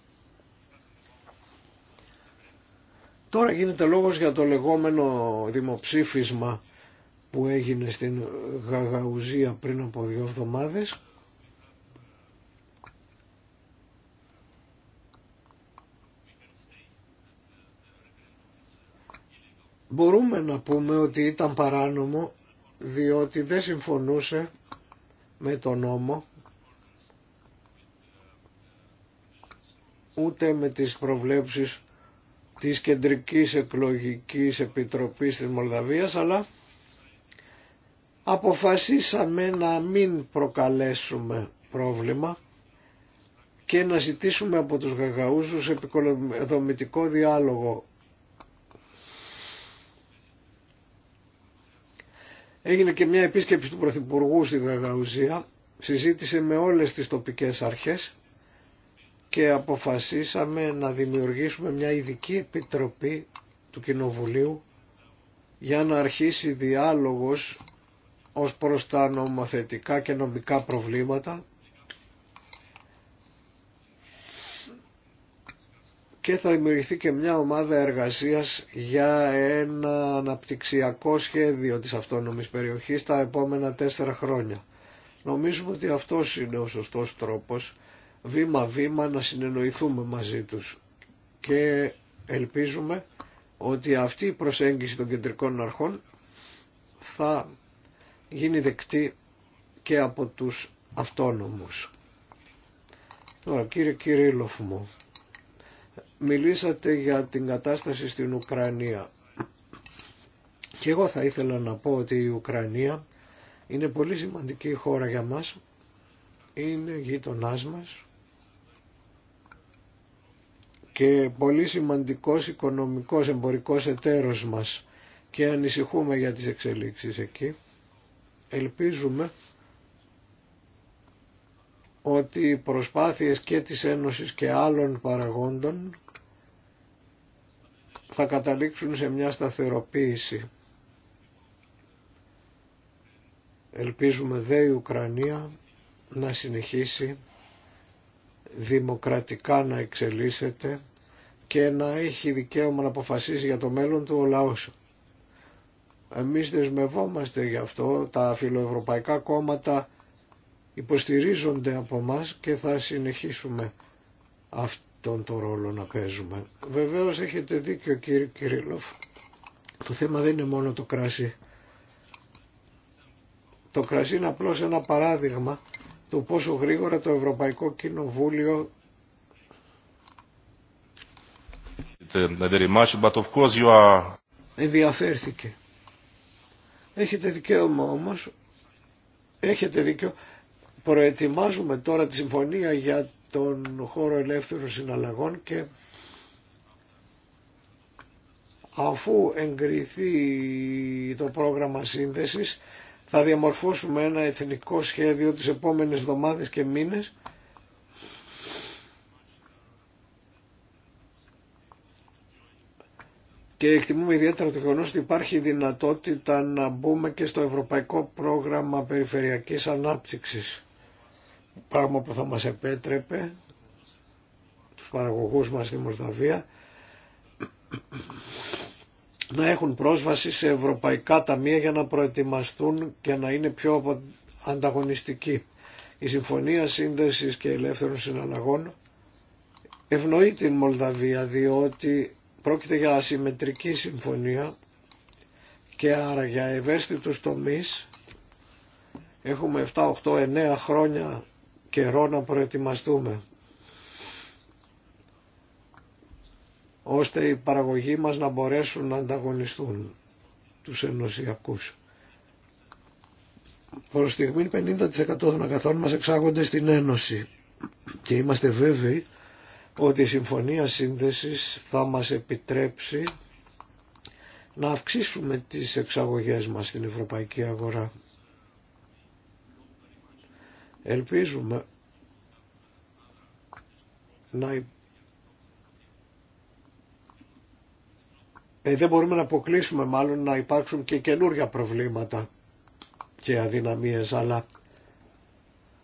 Τώρα γίνεται λόγος για το λεγόμενο δημοψήφισμα που έγινε στην Γαγαουζία πριν από δύο εβδομάδες. Μπορούμε να πούμε ότι ήταν παράνομο διότι δεν συμφωνούσε με τον νόμο ούτε με τις προβλέψεις της Κεντρικής Εκλογικής Επιτροπής της Μολδαβίας αλλά αποφασίσαμε να μην προκαλέσουμε πρόβλημα και να ζητήσουμε από τους Γαγαούζους επικοδομητικό διάλογο Έγινε και μια επίσκεψη του Πρωθυπουργού στην Γαγαουζία, συζήτησε με όλες τις τοπικές αρχές και αποφασίσαμε να δημιουργήσουμε μια ειδική επιτροπή του Κοινοβουλίου για να αρχίσει διάλογος ως προς τα νομοθετικά και νομικά προβλήματα και θα δημιουργηθεί και μια ομάδα εργασίας για ένα αναπτυξιακό σχέδιο της αυτόνομης περιοχής τα επόμενα τέσσερα χρόνια. Νομίζουμε ότι αυτός είναι ο σωστός τρόπος βήμα-βήμα να συνεννοηθούμε μαζί τους και ελπίζουμε ότι αυτή η προσέγγιση των κεντρικών αρχών θα γίνει δεκτή και από τους αυτόνομους. Τώρα κύριε Κυρίλοφ μου, Μιλήσατε για την κατάσταση στην Ουκρανία. Και εγώ θα ήθελα να πω ότι η Ουκρανία είναι πολύ σημαντική χώρα για μας. Είναι γείτονά μας και πολύ σημαντικός οικονομικός εμπορικός εταίρος μας και ανησυχούμε για τις εξελίξεις εκεί. Ελπίζουμε ότι οι προσπάθειες και της Ένωσης και άλλων παραγόντων θα καταλήξουν σε μια σταθεροποίηση. Ελπίζουμε δε η Ουκρανία να συνεχίσει δημοκρατικά να εξελίσσεται και να έχει δικαίωμα να αποφασίσει για το μέλλον του ο λαός. Εμείς δεσμευόμαστε γι' αυτό, τα φιλοευρωπαϊκά κόμματα υποστηρίζονται από μας και θα συνεχίσουμε αυτόν τον ρόλο να παίζουμε. Βεβαίως έχετε δίκιο κύριε Κυρίλοφ. Το θέμα δεν είναι μόνο το κράσι. Το κρασί είναι απλώς ένα παράδειγμα του πόσο γρήγορα το Ευρωπαϊκό Κοινοβούλιο ενδιαφέρθηκε. Έχετε δικαίωμα όμως, έχετε δίκιο, προετοιμάζουμε τώρα τη συμφωνία για τον χώρο ελεύθερων συναλλαγών και αφού εγκριθεί το πρόγραμμα σύνδεσης θα διαμορφώσουμε ένα εθνικό σχέδιο τις επόμενες εβδομάδες και μήνες και εκτιμούμε ιδιαίτερα το γεγονός ότι υπάρχει δυνατότητα να μπούμε και στο Ευρωπαϊκό Πρόγραμμα Περιφερειακής Ανάπτυξης πράγμα που θα μας επέτρεπε τους παραγωγούς μας στη Μολδαβία να έχουν πρόσβαση σε ευρωπαϊκά ταμεία για να προετοιμαστούν και να είναι πιο ανταγωνιστικοί. Η Συμφωνία Σύνδεσης και Ελεύθερων Συναλλαγών ευνοεί την Μολδαβία διότι πρόκειται για ασυμμετρική συμφωνία και άρα για ευαίσθητους τομείς έχουμε 7, 8, 9 χρόνια καιρό να προετοιμαστούμε ώστε οι παραγωγοί μας να μπορέσουν να ανταγωνιστούν τους ενωσιακούς. Προς στιγμή 50% των αγαθών μας εξάγονται στην Ένωση και είμαστε βέβαιοι ότι η Συμφωνία Σύνδεσης θα μας επιτρέψει να αυξήσουμε τις εξαγωγές μας στην Ευρωπαϊκή Αγορά. Ελπίζουμε να ε, δεν μπορούμε να αποκλείσουμε μάλλον να υπάρξουν και καινούργια προβλήματα και αδυναμίες αλλά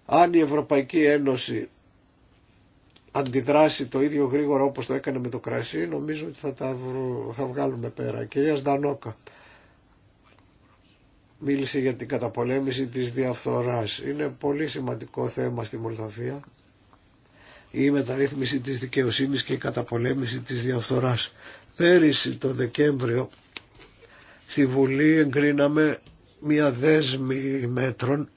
αν η Ευρωπαϊκή Ένωση αντιδράσει το ίδιο γρήγορα όπως το έκανε με το κρασί νομίζω ότι θα τα βγάλουμε πέρα. Κυρία Σδανόκα, μίλησε για την καταπολέμηση της διαφθοράς. Είναι πολύ σημαντικό θέμα στη Μολδαβία η μεταρρύθμιση της δικαιοσύνης και η καταπολέμηση της διαφθοράς. Πέρυσι το Δεκέμβριο στη Βουλή εγκρίναμε μια δέσμη μέτρων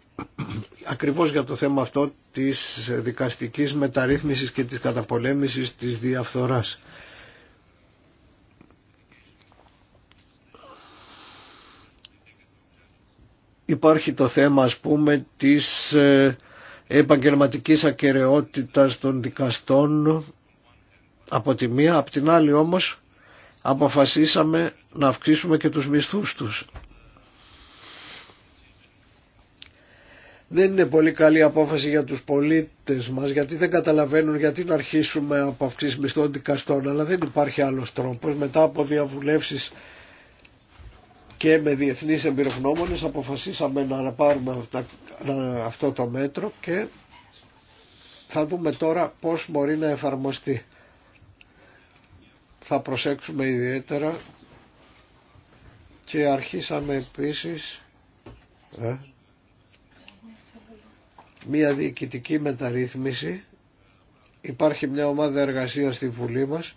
ακριβώς για το θέμα αυτό της δικαστικής μεταρρύθμισης και της καταπολέμησης της διαφθοράς. Υπάρχει το θέμα ας πούμε της ε, επαγγελματικής ακαιρεότητας των δικαστών από τη μία, από την άλλη όμως αποφασίσαμε να αυξήσουμε και τους μισθούς τους. Δεν είναι πολύ καλή απόφαση για τους πολίτες μας γιατί δεν καταλαβαίνουν γιατί να αρχίσουμε από αυξήσεις μισθών δικαστών αλλά δεν υπάρχει άλλος τρόπος μετά από διαβουλεύσεις και με διεθνείς εμπειρογνώμονες αποφασίσαμε να πάρουμε αυτό το μέτρο και θα δούμε τώρα πώς μπορεί να εφαρμοστεί. Θα προσέξουμε ιδιαίτερα και αρχίσαμε επίσης ε, μια ομάδα εργασίας στη Βουλή μας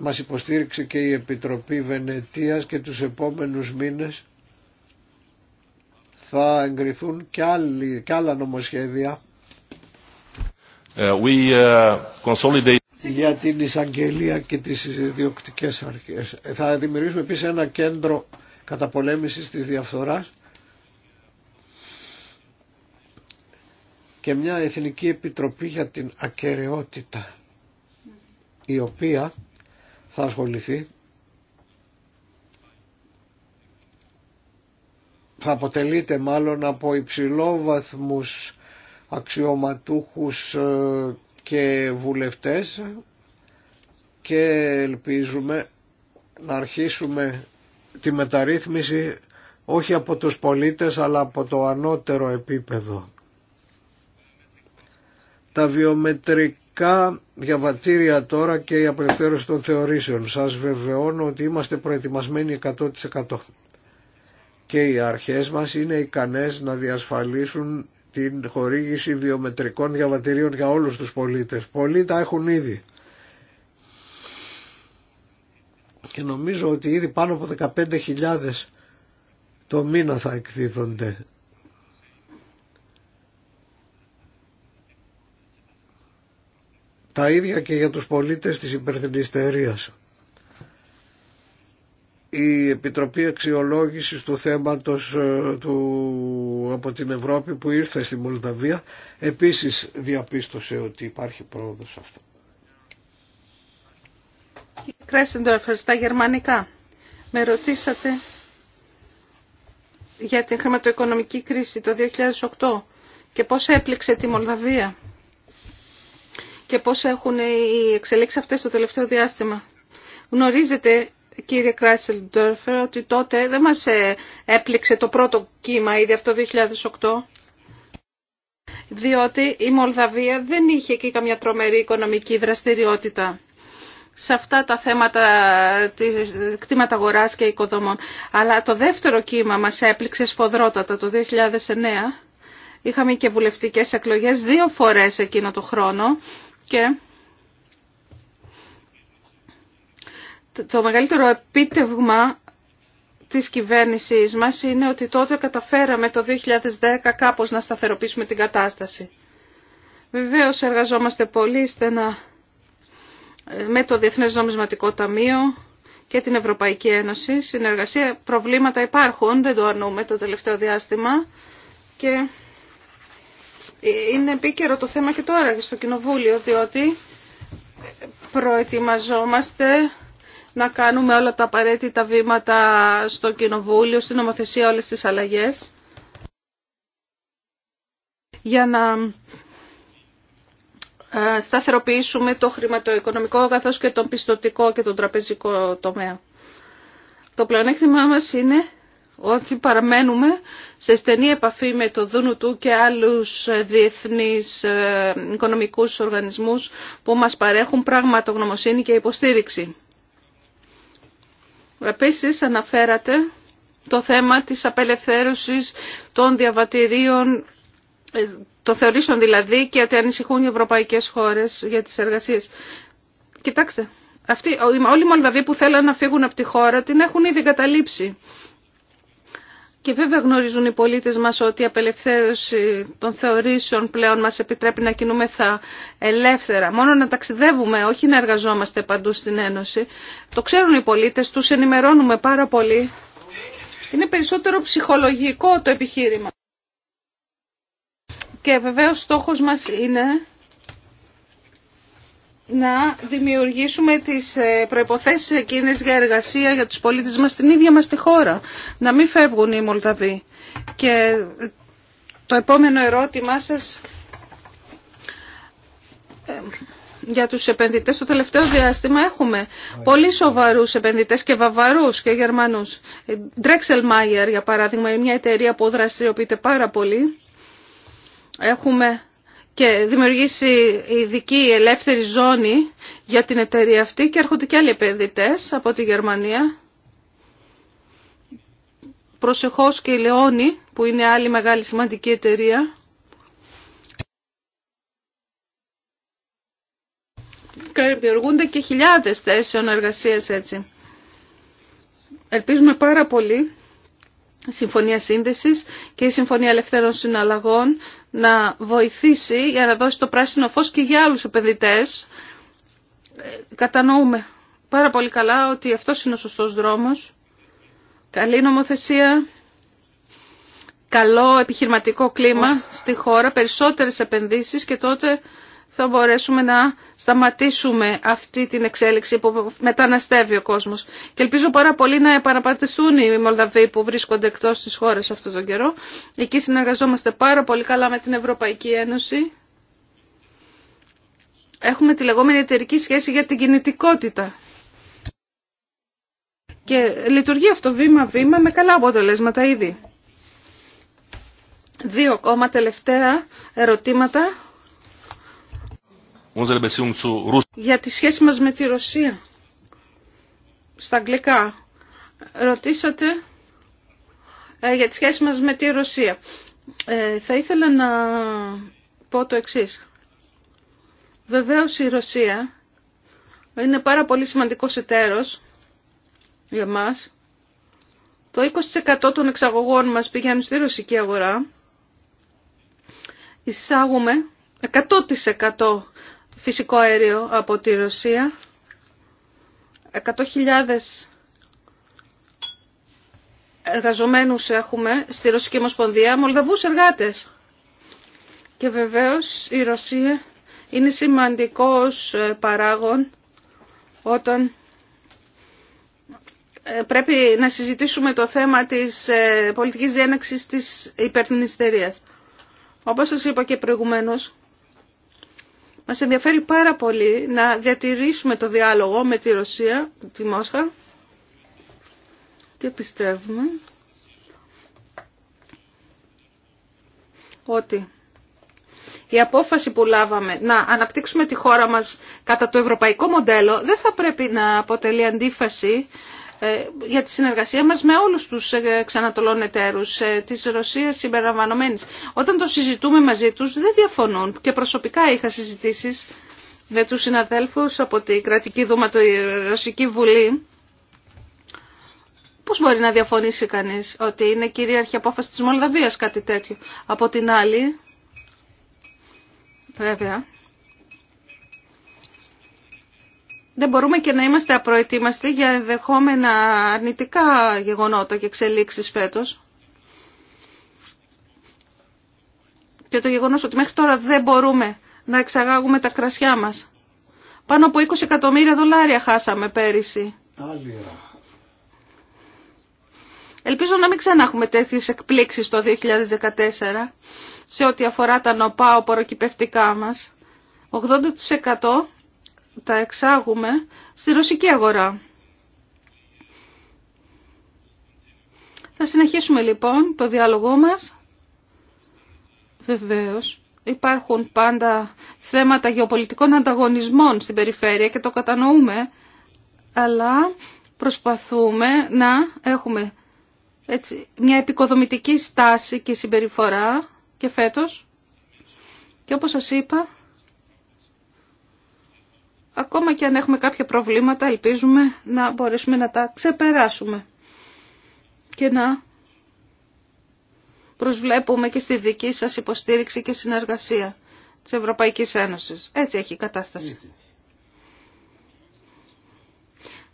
μας υποστήριξε και η Επιτροπή Βενετίας και τους επόμενους μήνες θα εγκριθούν και, άλλοι, και άλλα νομοσχέδια ε, ε, για την εισαγγελία και τις ιδιοκτικές αρχές. Ε, θα δημιουργήσουμε επίσης ένα κέντρο καταπολέμησης της διαφθοράς και μια Εθνική Επιτροπή για την Ακαιρεότητα η οποία θα ασχοληθεί θα αποτελείται μάλλον από υψηλόβαθμους αξιωματούχους ε, και βουλευτές και ελπίζουμε να αρχίσουμε τη μεταρρύθμιση όχι από τους πολίτες αλλά από το ανώτερο επίπεδο. Τα βιομετρικά Ειδικά διαβατήρια τώρα και η απελευθέρωση των θεωρήσεων. Σας βεβαιώνω ότι είμαστε προετοιμασμένοι 100%. Και οι αρχές μας είναι ικανές να διασφαλίσουν την χορήγηση βιομετρικών διαβατηρίων για όλους τους πολίτες. Πολλοί τα έχουν ήδη. Και νομίζω ότι ήδη πάνω από 15.000 το μήνα θα εκδίδονται. Τα ίδια και για τους πολίτες της υπερθυνιστερίας. Η Επιτροπή Αξιολόγησης του θέματος ε, του, από την Ευρώπη που ήρθε στη Μολδαβία επίσης διαπίστωσε ότι υπάρχει πρόοδος σε αυτό. Κύριε Κρέσεντορφερ, στα γερμανικά με ρωτήσατε για την χρηματοοικονομική κρίση το 2008 και πώς έπληξε τη Μολδαβία και πώς έχουν οι εξελίξεις αυτές το τελευταίο διάστημα. Γνωρίζετε κύριε Κράσελντορφερ ότι τότε δεν μας ε, έπληξε το πρώτο κύμα ήδη αυτό το 2008 διότι η Μολδαβία δεν είχε εκεί καμιά τρομερή οικονομική δραστηριότητα σε αυτά τα θέματα της κτήματα αγοράς και οικοδομών. Αλλά το δεύτερο κύμα μας έπληξε σφοδρότατα το 2009. Είχαμε και βουλευτικές εκλογές δύο φορές εκείνο το χρόνο και το μεγαλύτερο επίτευγμα της κυβέρνησής μας είναι ότι τότε καταφέραμε το 2010 κάπως να σταθεροποιήσουμε την κατάσταση. Βεβαίως εργαζόμαστε πολύ στενά ε, με το Διεθνές Νομισματικό Ταμείο και την Ευρωπαϊκή Ένωση. Συνεργασία προβλήματα υπάρχουν, δεν το αρνούμε το τελευταίο διάστημα και είναι επίκαιρο το θέμα και τώρα στο Κοινοβούλιο, διότι προετοιμαζόμαστε να κάνουμε όλα τα απαραίτητα βήματα στο Κοινοβούλιο, στην νομοθεσία όλες τις αλλαγές, για να ε, σταθεροποιήσουμε το χρηματοοικονομικό καθώς και τον πιστοτικό και τον τραπεζικό τομέα. Το πλεονέκτημά μας είναι ότι παραμένουμε σε στενή επαφή με το Δούνου του και άλλους ε, διεθνείς ε, οικονομικούς οργανισμούς που μας παρέχουν πραγματογνωμοσύνη και υποστήριξη. Επίσης αναφέρατε το θέμα της απελευθέρωσης των διαβατηρίων, ε, το θεωρήσεων δηλαδή και ότι ανησυχούν οι ευρωπαϊκές χώρες για τις εργασίες. Κοιτάξτε, αυτοί, όλοι οι Μολδαβοί δηλαδή που θέλουν να φύγουν από τη χώρα την έχουν ήδη καταλήψει. Και βέβαια γνωρίζουν οι πολίτες μας ότι η απελευθέρωση των θεωρήσεων πλέον μας επιτρέπει να κινούμεθα ελεύθερα. Μόνο να ταξιδεύουμε, όχι να εργαζόμαστε παντού στην Ένωση. Το ξέρουν οι πολίτες, τους ενημερώνουμε πάρα πολύ. Είναι περισσότερο ψυχολογικό το επιχείρημα. Και βεβαίως στόχος μας είναι να δημιουργήσουμε τις ε, προϋποθέσεις εκείνες για εργασία για τους πολίτες μας στην ίδια μας τη χώρα. Να μην φεύγουν οι Μολδαβοί. Και ε, το επόμενο ερώτημά σας ε, για τους επενδυτές το τελευταίο διάστημα έχουμε πολύ σοβαρούς επενδυτές και βαβαρούς και γερμανούς. Drexel Mayer για παράδειγμα είναι μια εταιρεία που δραστηριοποιείται πάρα πολύ. Έχουμε και δημιουργήσει ειδική ελεύθερη ζώνη για την εταιρεία αυτή και έρχονται και άλλοι επενδυτέ από τη Γερμανία. Προσεχώς και η Λεόνη που είναι άλλη μεγάλη σημαντική εταιρεία. Δημιουργούνται και χιλιάδες θέσεων εργασίας έτσι. Ελπίζουμε πάρα πολύ Συμφωνία Σύνδεσης και η Συμφωνία Ελευθέρων Συναλλαγών να βοηθήσει για να δώσει το πράσινο φως και για άλλους επενδυτές. Ε, κατανοούμε πάρα πολύ καλά ότι αυτό είναι ο σωστός δρόμος. Καλή νομοθεσία, καλό επιχειρηματικό κλίμα στη χώρα, περισσότερες επενδύσεις και τότε θα μπορέσουμε να σταματήσουμε αυτή την εξέλιξη που μεταναστεύει ο κόσμος. Και ελπίζω πάρα πολύ να επαναπατηθούν οι Μολδαβοί που βρίσκονται εκτός της χώρας αυτόν τον καιρό. Εκεί συνεργαζόμαστε πάρα πολύ καλά με την Ευρωπαϊκή Ένωση. Έχουμε τη λεγόμενη εταιρική σχέση για την κινητικότητα. Και λειτουργεί αυτό βήμα-βήμα με καλά αποτελέσματα ήδη. Δύο ακόμα τελευταία ερωτήματα για τη σχέση μας με τη Ρωσία. Στα αγγλικά. Ρωτήσατε ε, για τη σχέση μας με τη Ρωσία. Ε, θα ήθελα να πω το εξής. Βεβαίως η Ρωσία είναι πάρα πολύ σημαντικός εταίρος για μας. Το 20% των εξαγωγών μας πηγαίνουν στη ρωσική αγορά. Εισάγουμε 100% φυσικό αέριο από τη Ρωσία. 100.000 εργαζομένους έχουμε στη Ρωσική μοσπονδιά Μολδαβούς εργάτες. Και βεβαίως η Ρωσία είναι σημαντικός ε, παράγων όταν ε, πρέπει να συζητήσουμε το θέμα της ε, πολιτικής διένεξης της υπερθυνιστερίας. Όπως σας είπα και προηγουμένως, μας ενδιαφέρει πάρα πολύ να διατηρήσουμε το διάλογο με τη Ρωσία, τη Μόσχα. Και πιστεύουμε ότι η απόφαση που λάβαμε να αναπτύξουμε τη χώρα μας κατά το ευρωπαϊκό μοντέλο δεν θα πρέπει να αποτελεί αντίφαση ε, για τη συνεργασία μας με όλους τους ε, ξανατολών εταίρους ε, της Ρωσίας συμπεριλαμβανομένης. Όταν το συζητούμε μαζί τους δεν διαφωνούν και προσωπικά είχα συζητήσεις με τους συναδέλφους από την κρατική δούμα, τη Ρωσική Βουλή. Πώς μπορεί να διαφωνήσει κανείς ότι είναι κυρίαρχη απόφαση της Μολδαβίας κάτι τέτοιο. Από την άλλη, βέβαια, δεν μπορούμε και να είμαστε απροετοίμαστοι για ενδεχόμενα αρνητικά γεγονότα και εξελίξεις φέτος. Και το γεγονός ότι μέχρι τώρα δεν μπορούμε να εξαγάγουμε τα κρασιά μας. Πάνω από 20 εκατομμύρια δολάρια χάσαμε πέρυσι. Ελπίζω να μην ξανάχουμε έχουμε τέτοιες εκπλήξεις το 2014 σε ό,τι αφορά τα νοπάω οποροκυπευτικά μας. 80% τα εξάγουμε στη ρωσική αγορά. Θα συνεχίσουμε λοιπόν το διάλογό μας. Βεβαίως υπάρχουν πάντα θέματα γεωπολιτικών ανταγωνισμών στην περιφέρεια και το κατανοούμε, αλλά προσπαθούμε να έχουμε έτσι, μια επικοδομητική στάση και συμπεριφορά και φέτος. Και όπως σας είπα, ακόμα και αν έχουμε κάποια προβλήματα ελπίζουμε να μπορέσουμε να τα ξεπεράσουμε και να προσβλέπουμε και στη δική σας υποστήριξη και συνεργασία της Ευρωπαϊκής Ένωσης. Έτσι έχει η κατάσταση.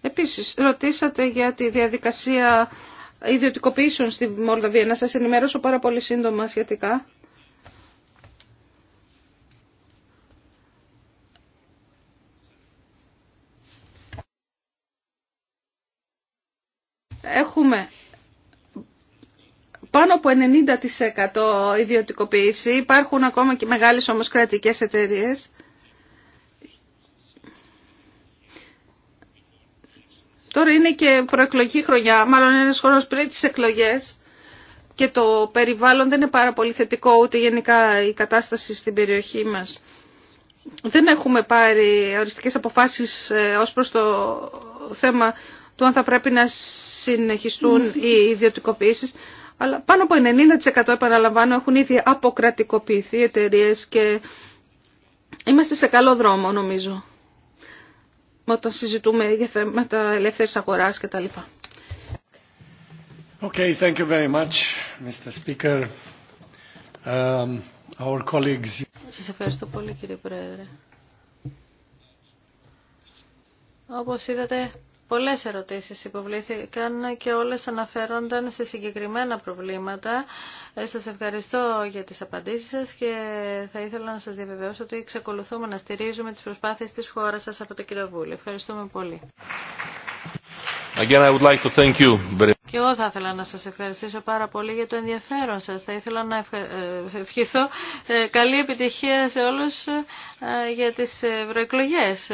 Επίσης, ρωτήσατε για τη διαδικασία ιδιωτικοποιήσεων στη Μολδαβία. Να σας ενημερώσω πάρα πολύ σύντομα σχετικά. έχουμε πάνω από 90% ιδιωτικοποίηση. Υπάρχουν ακόμα και μεγάλες όμως κρατικές εταιρείες. Τώρα είναι και προεκλογική χρονιά, μάλλον ένας χρόνος πριν τις εκλογές και το περιβάλλον δεν είναι πάρα πολύ θετικό ούτε γενικά η κατάσταση στην περιοχή μας. Δεν έχουμε πάρει οριστικές αποφάσεις ε, ως προς το θέμα του αν θα πρέπει να συνεχιστούν οι ιδιωτικοποίησει, Αλλά πάνω από 90% επαναλαμβάνω έχουν ήδη αποκρατικοποιηθεί εταιρείε και είμαστε σε καλό δρόμο νομίζω όταν συζητούμε για θέματα ελεύθερης αγοράς κτλ. Okay, thank you very much, Mr. Speaker. Um, our colleagues... Σας ευχαριστώ πολύ κύριε Πρόεδρε. Όπως είδατε, Πολλές ερωτήσεις υποβλήθηκαν και όλες αναφέρονταν σε συγκεκριμένα προβλήματα. Ε, σας ευχαριστώ για τις απαντήσεις σας και θα ήθελα να σας διαβεβαιώσω ότι εξακολουθούμε να στηρίζουμε τις προσπάθειες της χώρας σας από το Κοινοβούλιο. Ευχαριστούμε πολύ. Again, I would like to thank you. Και εγώ θα ήθελα να σας ευχαριστήσω πάρα πολύ για το ενδιαφέρον σας. Θα ήθελα να ε, ευχηθώ ε, καλή επιτυχία σε όλους για τις ευρωεκλογές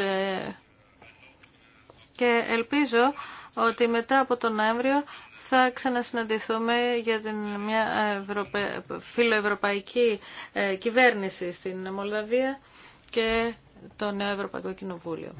και ελπίζω ότι μετά από τον Νοέμβριο θα ξανασυναντηθούμε για την μια φιλοευρωπαϊκή ε, κυβέρνηση στην Μολδαβία και το νέο Ευρωπαϊκό Κοινοβούλιο.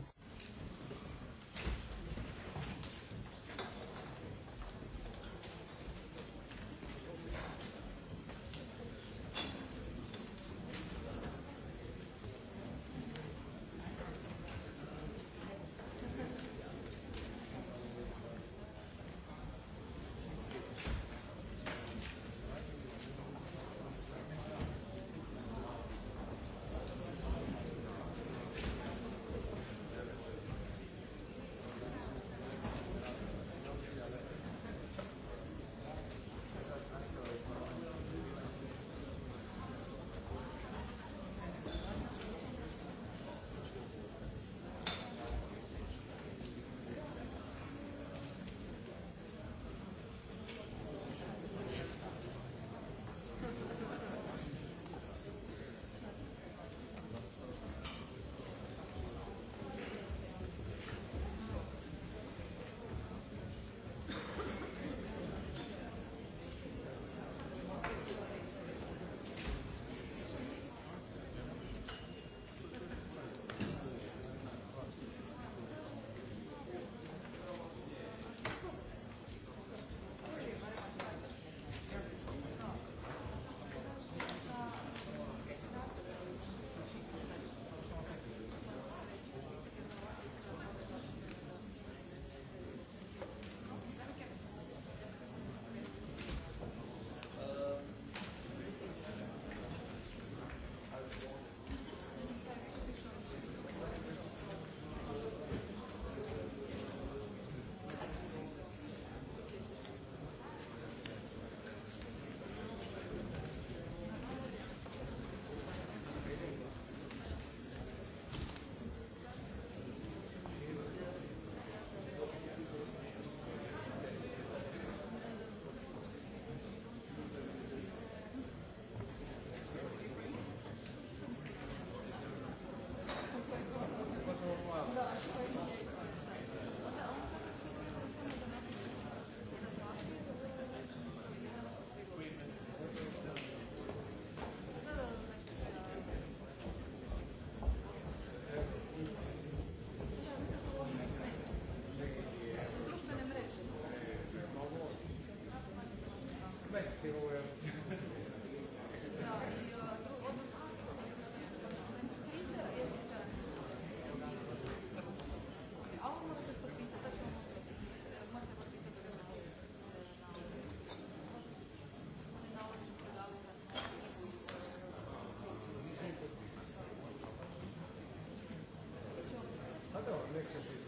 σε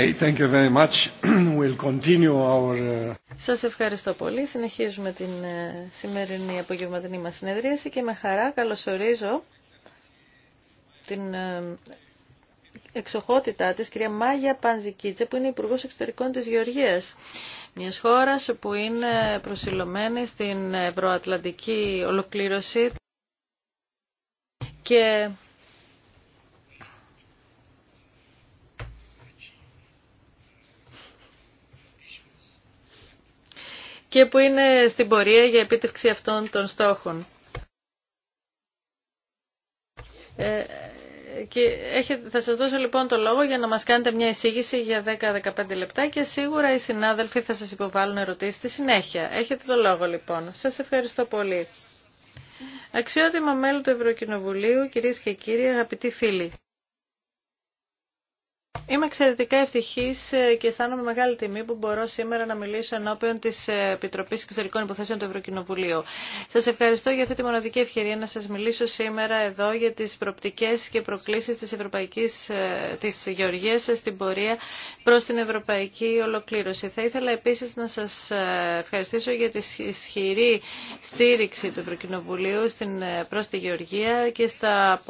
Uh, Σας ευχαριστώ πολύ. Συνεχίζουμε την ε, σημερινή απογευματινή μας συνεδρίαση και με χαρά καλωσορίζω την ε, εξοχότητά της, κυρία Μάγια Πανζικίτσε, που είναι υπουργό Εξωτερικών της Γεωργίας, μιας χώρας που είναι προσιλωμένη στην ευρωατλαντική ολοκλήρωση και που είναι στην πορεία για επίτευξη αυτών των στόχων. Ε, θα σας δώσω λοιπόν το λόγο για να μας κάνετε μια εισήγηση για 10-15 λεπτά και σίγουρα οι συνάδελφοι θα σας υποβάλουν ερωτήσεις στη συνέχεια. Έχετε το λόγο λοιπόν. Σας ευχαριστώ πολύ. Αξιότιμα μέλη του Ευρωκοινοβουλίου, κυρίες και κύριοι, αγαπητοί φίλοι. Είμαι εξαιρετικά ευτυχή ε, και αισθάνομαι μεγάλη τιμή που μπορώ σήμερα να μιλήσω ενώπιον τη ε, επιτροπή Εξωτερικών Υποθέσεων του Ευρωκοινοβουλίου. Σα ευχαριστώ για αυτή τη μοναδική ευκαιρία να σα μιλήσω σήμερα εδώ για τι προπτικές και προκλήσει τη Ευρωπαϊκής, ε, της Γεωργίας στην πορεία προ την Ευρωπαϊκή Ολοκλήρωση. Θα ήθελα επίση να σα ευχαριστήσω για τη ισχυρή στήριξη του Ευρωκοινοβουλίου προ τη Γεωργία και στα,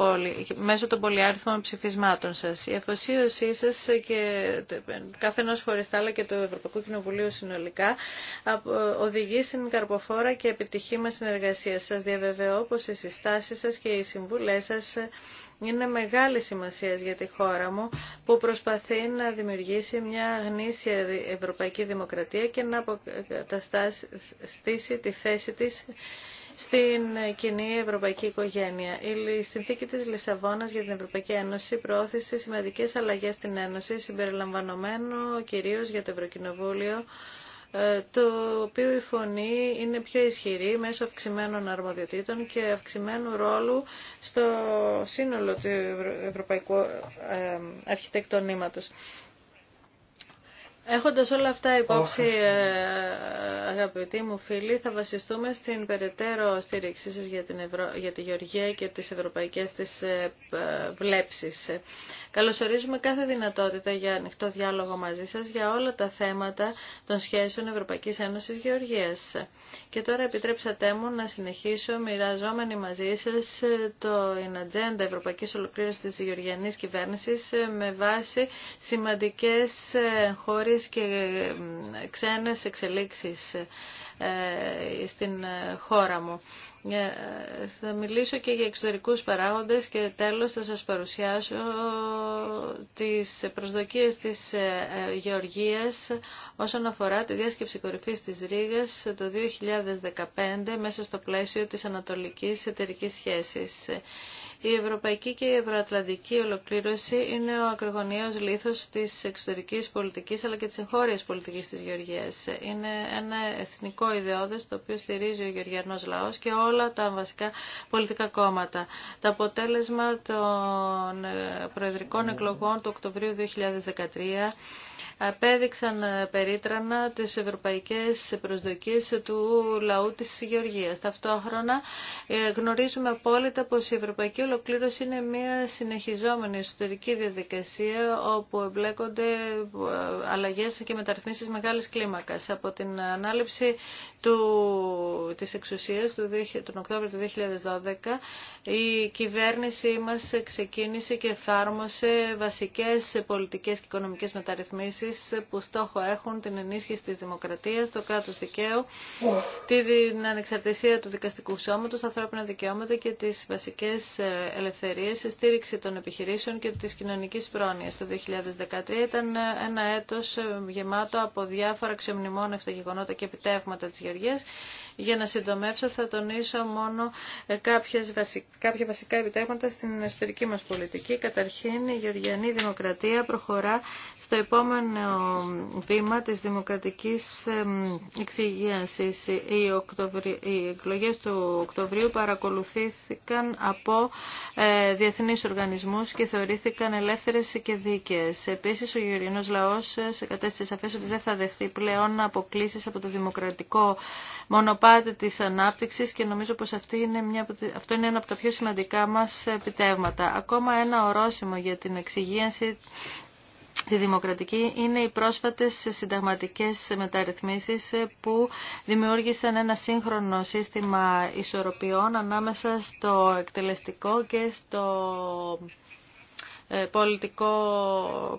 μέσω των πολυάριθμων ψηφισμάτων σα. Η αφοσίωσή σα και καθενός χωριστά αλλά και το Ευρωπαϊκό Κοινοβουλίο συνολικά οδηγεί στην καρποφόρα και επιτυχή μας συνεργασία. Σας διαβεβαιώ πως οι συστάσεις σας και οι συμβουλές σας είναι μεγάλη σημασία για τη χώρα μου που προσπαθεί να δημιουργήσει μια γνήσια ευρωπαϊκή δημοκρατία και να αποκαταστήσει τη θέση της στην κοινή ευρωπαϊκή οικογένεια. Η συνθήκη της Λισαβόνας για την Ευρωπαϊκή Ένωση προώθησε σημαντικές αλλαγές στην Ένωση, συμπεριλαμβανομένου κυρίως για το Ευρωκοινοβούλιο, ε, το οποίο η φωνή είναι πιο ισχυρή μέσω αυξημένων αρμοδιοτήτων και αυξημένου ρόλου στο σύνολο του ευρωπαϊκού ε, ε, αρχιτεκτονήματος. Έχοντας όλα αυτά υπόψη, ε, αγαπητοί μου φίλοι, θα βασιστούμε στην περαιτέρω στήριξή σας για, την Ευρω... για τη Γεωργία και τις ευρωπαϊκές της ε, βλέψεις. Καλωσορίζουμε κάθε δυνατότητα για ανοιχτό διάλογο μαζί σας για όλα τα θέματα των σχέσεων Ευρωπαϊκής Ένωσης Γεωργίας. Και τώρα επιτρέψατε μου να συνεχίσω μοιραζόμενοι μαζί σας ε, το agenda Ευρωπαϊκής Ολοκλήρωσης της Γεωργιανής Κυβέρνησης με βάση σημαντικές και ξένες εξελίξεις ε, στην ε, χώρα μου. Ε, θα μιλήσω και για εξωτερικούς παράγοντες και τέλος θα σας παρουσιάσω τις προσδοκίες της Γεωργίας όσον αφορά τη διάσκεψη κορυφής της Ρήγας το 2015 μέσα στο πλαίσιο της Ανατολικής Εταιρικής Σχέσης. Η ευρωπαϊκή και η ευρωατλαντική ολοκλήρωση είναι ο ακρογωνιαίος λίθος της εξωτερικής πολιτικής αλλά και της εγχώριας πολιτικής της Γεωργίας. Είναι ένα εθνικό ιδεώδες το οποίο στηρίζει ο γεωργιανός λαός και όλα τα βασικά πολιτικά κόμματα. Το αποτέλεσμα των ε, προεδρικών εκλογών του Οκτωβρίου 2013 απέδειξαν ε, περίτρανα τις ευρωπαϊκές προσδοκίες του λαού της Γεωργίας. Ταυτόχρονα ε, γνωρίζουμε απόλυτα πως η Ευρωπαϊκή ολοκλήρωση είναι μια συνεχιζόμενη εσωτερική διαδικασία όπου εμπλέκονται ε, αλλαγές και μεταρρυθμίσεις μεγάλης κλίμακας. Από την ανάληψη του, της εξουσίας του, τον Οκτώβριο του 2012 η κυβέρνησή μας ξεκίνησε και εφάρμοσε βασικές πολιτικές και οικονομικές μεταρρυθμίσεις που στόχο έχουν την ενίσχυση της δημοκρατίας, το κράτο δικαίου, την ανεξαρτησία του δικαστικού σώματος, ανθρώπινα δικαιώματα και ε, ελευθερίες, στήριξη των επιχειρήσεων και της κοινωνικής πρόνοιας. Το 2013 ήταν ένα έτος γεμάτο από διάφορα ξεμνημόνευτα γεγονότα και επιτεύγματα της Γεωργίας. Για να συντομεύσω θα τονίσω μόνο ε, κάποιες κάποια βασικά επιτεύγματα στην εσωτερική μας πολιτική. Καταρχήν η Γεωργιανή Δημοκρατία προχωρά στο επόμενο βήμα της δημοκρατικής εξηγίασης. Οι, οι εκλογές του Οκτωβρίου παρακολουθήθηκαν από ε, διεθνείς οργανισμούς και θεωρήθηκαν ελεύθερες και δίκαιε. Επίση, ο γεωργιανός λαός ε, σε κατέστησε σαφέ ότι δεν θα δεχθεί πλέον αποκλήσεις από το δημοκρατικό μονοπάτι της ανάπτυξης και νομίζω πως αυτό είναι ένα από τα πιο σημαντικά μας επιτεύγματα. Ακόμα ένα ορόσημο για την εξυγίανση τη δημοκρατική είναι οι πρόσφατες συνταγματικές μεταρρυθμίσεις που δημιούργησαν ένα σύγχρονο σύστημα ισορροπιών ανάμεσα στο εκτελεστικό και στο ε, πολιτικό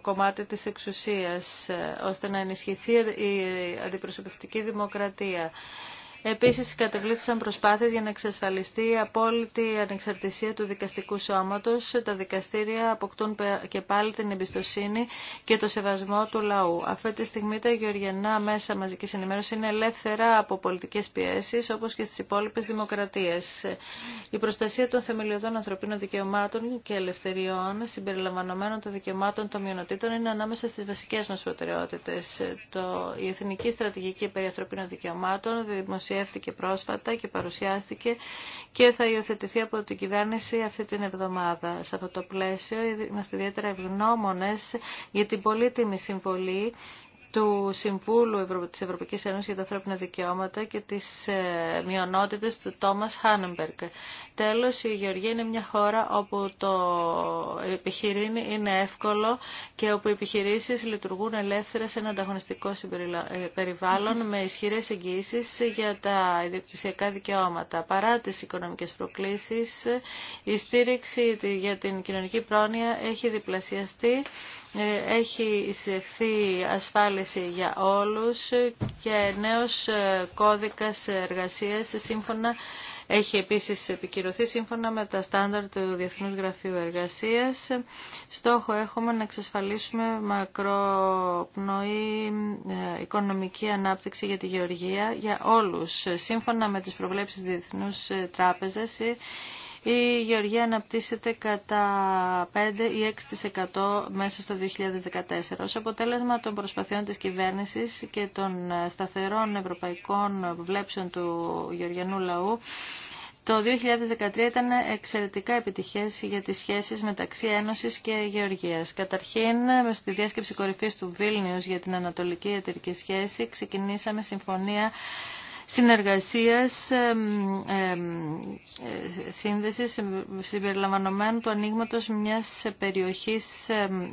κομμάτι της εξουσίας, ε, ώστε να ενισχυθεί η αντιπροσωπευτική δημοκρατία. Επίσης κατεβλήθησαν προσπάθειες για να εξασφαλιστεί η απόλυτη ανεξαρτησία του δικαστικού σώματος. Τα δικαστήρια αποκτούν και πάλι την εμπιστοσύνη και το σεβασμό του λαού. Αυτή τη στιγμή τα γεωργιανά μέσα μαζικής ενημέρωσης είναι ελεύθερα από πολιτικές πιέσεις όπως και στις υπόλοιπες δημοκρατίες. Η προστασία των θεμελιωδών ανθρωπίνων δικαιωμάτων και ελευθεριών συμπεριλαμβανομένων των δικαιωμάτων των μειονοτήτων είναι ανάμεσα στις βασικές μας προτεραιότητες. η Εθνική Στρατηγική Περί Ανθρωπίνων Δικαιωμάτων δημοσιεύθηκε πρόσφατα και παρουσιάστηκε και θα υιοθετηθεί από την κυβέρνηση αυτή την εβδομάδα. Σε αυτό το πλαίσιο είμαστε ιδιαίτερα ευγνώμονε για την πολύτιμη συμβολή του Συμβούλου της Ευρωπαϊκής Ένωσης για τα ανθρώπινα δικαιώματα και τις ε, μειονότητες του Τόμας Χάνεμπεργκ. Τέλος, η Γεωργία είναι μια χώρα όπου το επιχειρήν είναι εύκολο και όπου οι επιχειρήσεις λειτουργούν ελεύθερα σε ένα ανταγωνιστικό ε, περιβάλλον με ισχυρές εγγύησεις για τα ιδιοκτησιακά δικαιώματα. Παρά τις οικονομικές προκλήσεις, η στήριξη για την κοινωνική πρόνοια έχει διπλασιαστεί, ε, έχει εισευθεί ασφάλεια για όλους και νέος κώδικας εργασίας σύμφωνα έχει επίσης επικυρωθεί σύμφωνα με τα στάνταρ του Διεθνούς Γραφείου Εργασίας. Στόχο έχουμε να εξασφαλίσουμε μακροπνοή ε, οικονομική ανάπτυξη για τη γεωργία για όλους. Σύμφωνα με τις προβλέψεις της Διεθνούς Τράπεζας, ε, η γεωργία αναπτύσσεται κατά 5 ή 6% μέσα στο 2014. Ως αποτέλεσμα των προσπαθειών της κυβέρνησης και των σταθερών ευρωπαϊκών βλέψεων του γεωργιανού λαού, το 2013 ήταν εξαιρετικά επιτυχές για τις σχέσεις μεταξύ Ένωσης και Γεωργίας. Καταρχήν, στη διάσκεψη κορυφής του Βίλνιους για την Ανατολική Εταιρική Σχέση, ξεκινήσαμε συμφωνία συνεργασίας, σύνδεσης συμπεριλαμβανομένου του ανοίγματο μιας περιοχής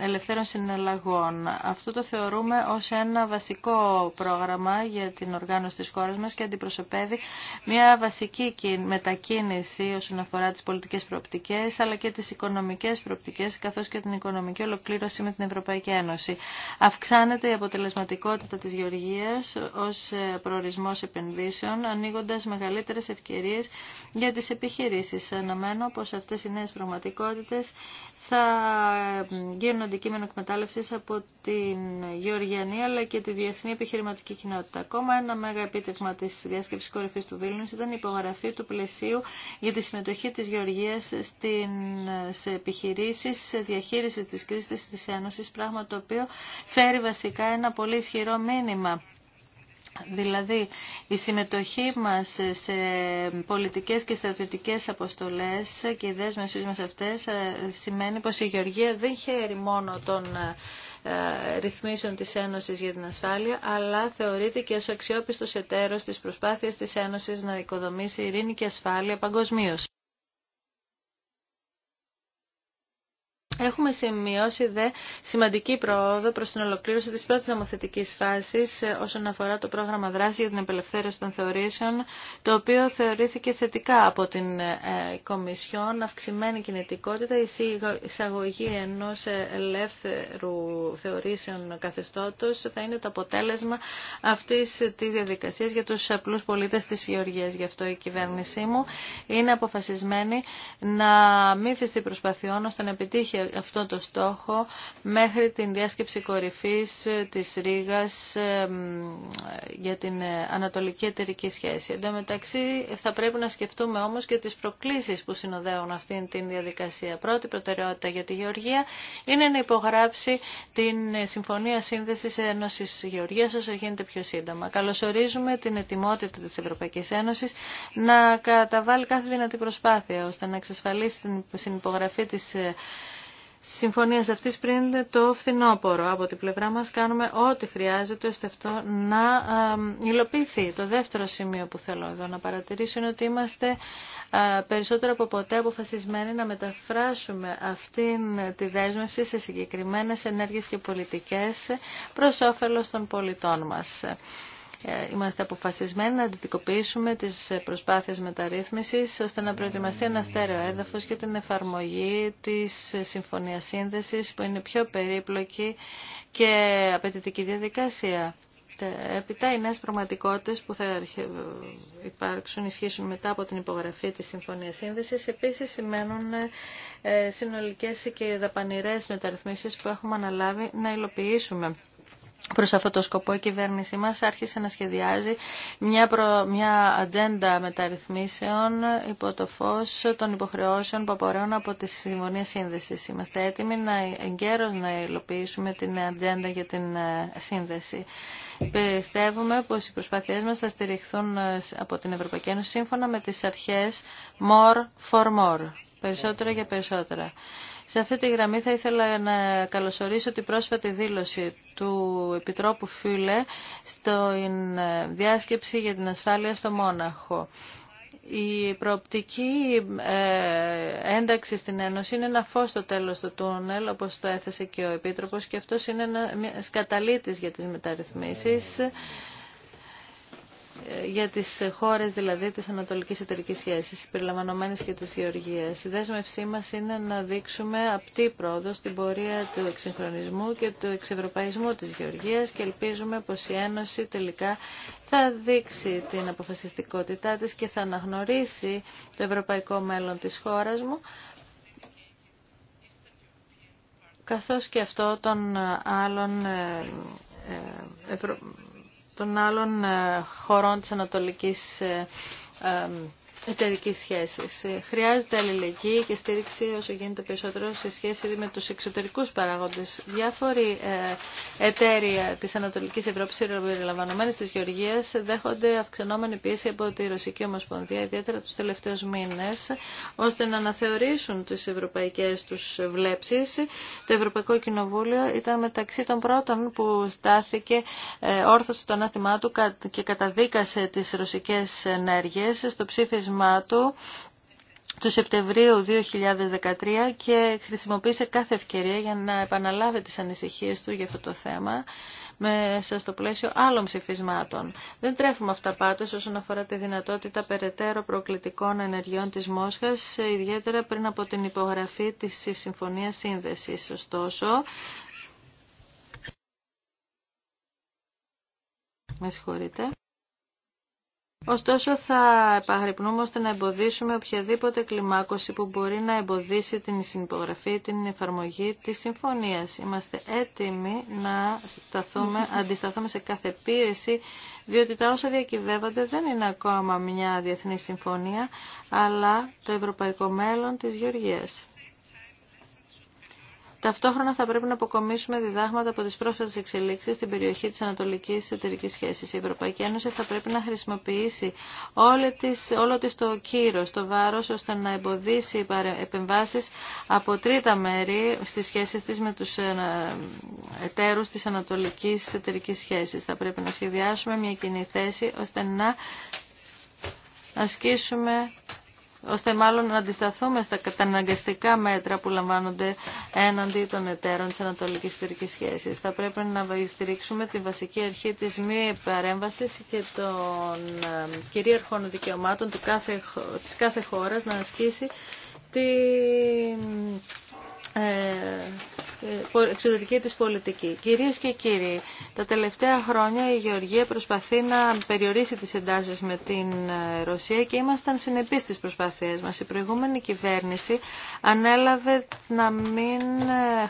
ελευθέρων συναλλαγών. Αυτό το θεωρούμε ως ένα βασικό πρόγραμμα για την οργάνωση της χώρας μας και αντιπροσωπεύει μια βασική μετακίνηση όσον αφορά τις πολιτικές προοπτικές αλλά και τις οικονομικές προοπτικές καθώς και την οικονομική ολοκλήρωση με την Ευρωπαϊκή Ένωση. Αυξάνεται η αποτελεσματικότητα της γεωργίας ως ε, προορισμός επενδύσεων επενδύσεων, ανοίγοντας μεγαλύτερες ευκαιρίες για τις επιχειρήσεις. Αναμένω πως αυτές οι νέες πραγματικότητες θα ε, γίνουν αντικείμενο εκμετάλλευση από την Γεωργιανή αλλά και τη διεθνή επιχειρηματική κοινότητα. Ακόμα ένα μέγα επίτευγμα τη διάσκεψη κορυφή του Βίλνιου ήταν η υπογραφή του πλαισίου για τη συμμετοχή τη Γεωργία σε επιχειρήσει, σε διαχείριση τη κρίση τη Ένωση, πράγμα το οποίο φέρει βασικά ένα πολύ ισχυρό μήνυμα Δηλαδή, η συμμετοχή μας σε πολιτικές και στρατιωτικές αποστολές και οι δέσμευσή μας αυτές ε, σημαίνει πως η Γεωργία δεν χαίρει μόνο των ε, ρυθμίσεων της Ένωσης για την ασφάλεια, αλλά θεωρείται και ως αξιόπιστος εταίρος της προσπάθειας της Ένωσης να οικοδομήσει ειρήνη και ασφάλεια παγκοσμίως. Έχουμε σημειώσει δε σημαντική πρόοδο προς την ολοκλήρωση της πρώτης νομοθετικής φάσης ε, όσον αφορά το πρόγραμμα δράση για την απελευθέρωση των θεωρήσεων, το οποίο θεωρήθηκε θετικά από την ε, Κομισιόν, αυξημένη κινητικότητα, η εισαγωγή ενός ελεύθερου θεωρήσεων καθεστώτος θα είναι το αποτέλεσμα αυτής της διαδικασίας για τους απλούς πολίτες της Γεωργίας. Γι' αυτό η κυβέρνησή μου είναι αποφασισμένη να μην φυστεί προσπαθειών ώστε να επιτύχει αυτό το στόχο μέχρι την διάσκεψη κορυφής της Ρήγας για την ανατολική εταιρική σχέση. Εν τω μεταξύ θα πρέπει να σκεφτούμε όμως και τις προκλήσεις που συνοδεύουν αυτήν την διαδικασία. Πρώτη προτεραιότητα για τη Γεωργία είναι να υπογράψει την Συμφωνία Σύνδεσης Ένωσης Γεωργίας όσο γίνεται πιο σύντομα. Καλωσορίζουμε την ετοιμότητα της Ευρωπαϊκής Ένωσης να καταβάλει κάθε δυνατή προσπάθεια ώστε να εξασφαλίσει την υπογραφή της συμφωνίας αυτής πριν το φθινόπορο. Από την πλευρά μας κάνουμε ό,τι χρειάζεται ώστε αυτό να υλοποιηθεί. Το δεύτερο σημείο που θέλω εδώ να παρατηρήσω είναι ότι είμαστε περισσότερο από ποτέ αποφασισμένοι να μεταφράσουμε αυτήν τη δέσμευση σε συγκεκριμένες ενέργειες και πολιτικές προς όφελος των πολιτών μας. Ε, είμαστε αποφασισμένοι να αντιδικοποιήσουμε τις προσπάθειες μεταρρύθμισης ώστε να προετοιμαστεί ένα στέρεο έδαφο για την εφαρμογή της συμφωνία σύνδεση, που είναι πιο περίπλοκη και απαιτητική διαδικασία. Επιτά οι νέε πραγματικότητε που θα υπάρξουν, ισχύσουν μετά από την υπογραφή της Συμφωνίας σύνδεση. Επίση σημαίνουν ε, συνολικέ και δαπανηρέ μεταρρυθμίσει που έχουμε αναλάβει να υλοποιήσουμε. Προς αυτό το σκοπό η κυβέρνησή μας άρχισε να σχεδιάζει μια, προ... μια ατζέντα μεταρρυθμίσεων υπό το φως των υποχρεώσεων που απορρέουν από τη Συμφωνία Σύνδεσης. Είμαστε έτοιμοι να εγκαίρως να υλοποιήσουμε την ατζέντα για την ε, σύνδεση. Πιστεύουμε πως οι προσπάθειές μας θα στηριχθούν ε, από την Ευρωπαϊκή Ένωση σύμφωνα με τις αρχές more for more. Περισσότερα για περισσότερα. Σε αυτή τη γραμμή θα ήθελα να καλωσορίσω την πρόσφατη δήλωση του Επιτρόπου Φίλε στην διάσκεψη για την ασφάλεια στο Μόναχο. Η προοπτική ε, ένταξη στην Ένωση είναι ένα φως στο τέλος του τούνελ, όπως το έθεσε και ο Επίτροπος, και αυτός είναι ένα καταλήτης για τις μεταρρυθμίσεις ε, για τις χώρες δηλαδή της Ανατολικής Εταιρικής Σχέσης, περιλαμβανομένης και τη Γεωργία. Η δέσμευσή μα είναι να δείξουμε απτή πρόοδο στην πορεία του εξυγχρονισμού και του εξευρωπαϊσμού της Γεωργία και ελπίζουμε πω η Ένωση τελικά θα δείξει την αποφασιστικότητά της και θα αναγνωρίσει το ευρωπαϊκό μέλλον της χώρας μου καθώς και αυτό των άλλων ε, ε, των άλλων ε, χωρών της Ανατολικής ε, ε, εταιρικής σχέσης. Ε, χρειάζεται αλληλεγγύη και στήριξη όσο γίνεται περισσότερο σε σχέση με τους εξωτερικούς παράγοντες. Διάφοροι ε, εταίρια ε, της Ανατολικής Ευρώπης περιλαμβανομένες της Γεωργίας δέχονται αυξανόμενη πίεση από τη Ρωσική Ομοσπονδία, ιδιαίτερα τους τελευταίους μήνες, ώστε να αναθεωρήσουν τις ευρωπαϊκές τους βλέψεις. Το Ευρωπαϊκό Κοινοβούλιο ήταν μεταξύ των πρώτων που στάθηκε όρθος στο ανάστημά του και καταδίκασε τις ρωσικές ενέργειες στο ψήφισμα του του Σεπτεμβρίου 2013 και χρησιμοποίησε κάθε ευκαιρία για να επαναλάβει τις ανησυχίες του για αυτό το θέμα μέσα στο πλαίσιο άλλων ψηφισμάτων. Δεν τρέφουμε αυταπάτες όσον αφορά τη δυνατότητα περαιτέρω προκλητικών ενεργειών της Μόσχας, ιδιαίτερα πριν από την υπογραφή της Συμφωνίας Σύνδεσης. Ωστόσο, με συγχωρείτε. Ωστόσο θα επαγρυπνούμε ώστε να εμποδίσουμε οποιαδήποτε κλιμάκωση που μπορεί να εμποδίσει την συνυπογραφή, την εφαρμογή της συμφωνίας. Είμαστε έτοιμοι να σταθούμε, αντισταθούμε σε κάθε πίεση, διότι τα όσα διακυβεύονται δεν είναι ακόμα μια διεθνή συμφωνία, αλλά το ευρωπαϊκό μέλλον της Γεωργίας. Ταυτόχρονα θα πρέπει να αποκομίσουμε διδάγματα από τις πρόσφατες εξελίξεις στην περιοχή της Ανατολικής Εταιρικής Σχέσης. Η Ευρωπαϊκή Ένωση θα πρέπει να χρησιμοποιήσει όλο της το κύρος, το βάρος, ώστε να εμποδίσει επεμβάσεις από τρίτα μέρη στις σχέσεις της με τους ε, εταίρους της Ανατολικής Εταιρικής Σχέσης. Θα πρέπει να σχεδιάσουμε μια κοινή θέση ώστε να ασκήσουμε ώστε μάλλον να αντισταθούμε στα καταναγκαστικά μέτρα που λαμβάνονται έναντι των εταίρων της ανατολικής εταιρικής σχέσης. Θα πρέπει να στηρίξουμε τη βασική αρχή της μη παρέμβασης και των ε, κυρίαρχων δικαιωμάτων κάθε, της κάθε χώρας να ασκήσει την ε, ε, εξωτερική της πολιτική. Κυρίες και κύριοι, τα τελευταία χρόνια η Γεωργία προσπαθεί να περιορίσει τις εντάσεις με την ε, Ρωσία και ήμασταν συνεπείς στις προσπάθειές μας. Η προηγούμενη κυβέρνηση ανέλαβε να μην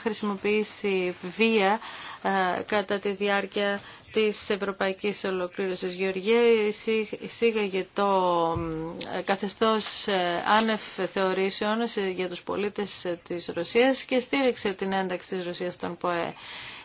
χρησιμοποιήσει βία ε, κατά τη διάρκεια της Ευρωπαϊκής Ολοκλήρωσης. Γεωργία εισήγαγε το ε, καθεστώς ε, άνευ θεωρήσεων για τους πολίτες της Ρωσίας και στήριξε την ένταξη της Ρωσίας στον ΠΟΕ.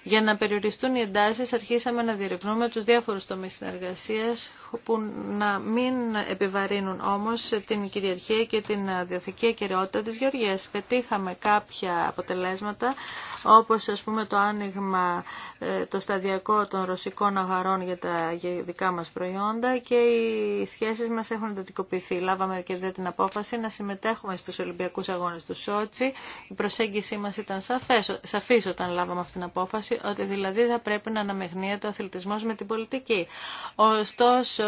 Για να περιοριστούν οι εντάσεις αρχίσαμε να διερευνούμε τους διάφορους τομείς συνεργασίας που να μην επιβαρύνουν όμως την κυριαρχία και την διαθεκία κυριότητα της Γεωργίας. Πετύχαμε κάποια αποτελέσματα όπως ας πούμε το άνοιγμα ε, το σταδιακό των ρωσικών αγαρών για τα δικά μας προϊόντα και οι σχέσεις μας έχουν εντατικοποιηθεί. Λάβαμε και δε την απόφαση να συμμετέχουμε στους Ολυμπιακούς Αγώνες του Σότσι. Η προσέγγιση μας ήταν σαφές, σαφής όταν λάβαμε αυτή την απόφαση ότι δηλαδή θα πρέπει να αναμεγνύεται ο αθλητισμός με την πολιτική. Ωστόσο,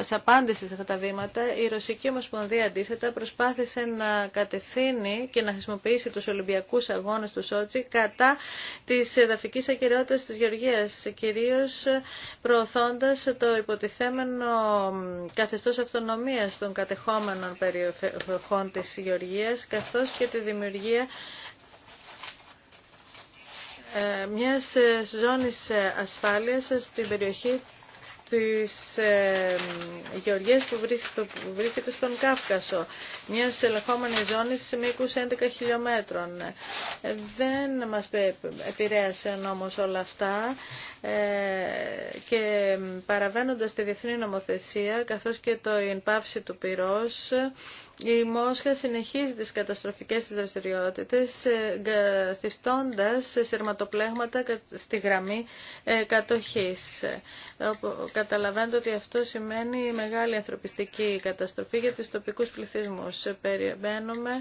σε απάντηση σε αυτά τα βήματα, η Ρωσική Ομοσπονδία αντίθετα προσπάθησε να κατευθύνει και να χρησιμοποιήσει τους Ολυμπιακούς Αγώνες του Σότσι κατά της εδαφικής ακυριότητας της Γεωργίας, κυρίως προωθώντας το υποτιθέμενο καθεστώς αυτονομίας των κατεχόμενων περιοχών της Γεωργίας, καθώς και τη δημιουργία ε, μιας ε, ζώνης ε, ασφάλειας στην περιοχή της γεωργίας που βρίσκεται, στον Κάφκασο, μια ελεγχόμενη ζώνης σε μήκους 11 χιλιόμετρων. δεν μας επηρέασαν όμως όλα αυτά και παραβαίνοντας τη διεθνή νομοθεσία καθώς και το πάυση του πυρός η Μόσχα συνεχίζει τις καταστροφικές της δραστηριότητες, σε σειρματοπλέγματα στη γραμμή ε, κατοχής. Καταλαβαίνετε ότι αυτό σημαίνει μεγάλη ανθρωπιστική καταστροφή για τους τοπικούς πληθυσμούς. Περιμένουμε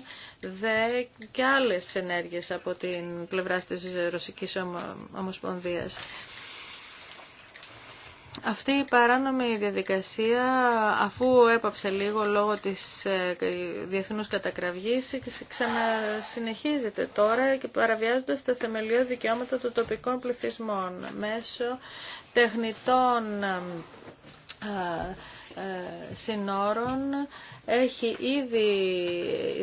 δε και άλλες ενέργειες από την πλευρά της Ρωσικής Ομοσπονδίας. Αυτή η παράνομη διαδικασία, αφού έπαψε λίγο λόγω της ε, διεθνούς κατακραυγής, ξανασυνεχίζεται τώρα και παραβιάζοντας τα θεμελιώδη δικαιώματα των τοπικών πληθυσμών μέσω τεχνητών ε, ε, συνόρων έχει ήδη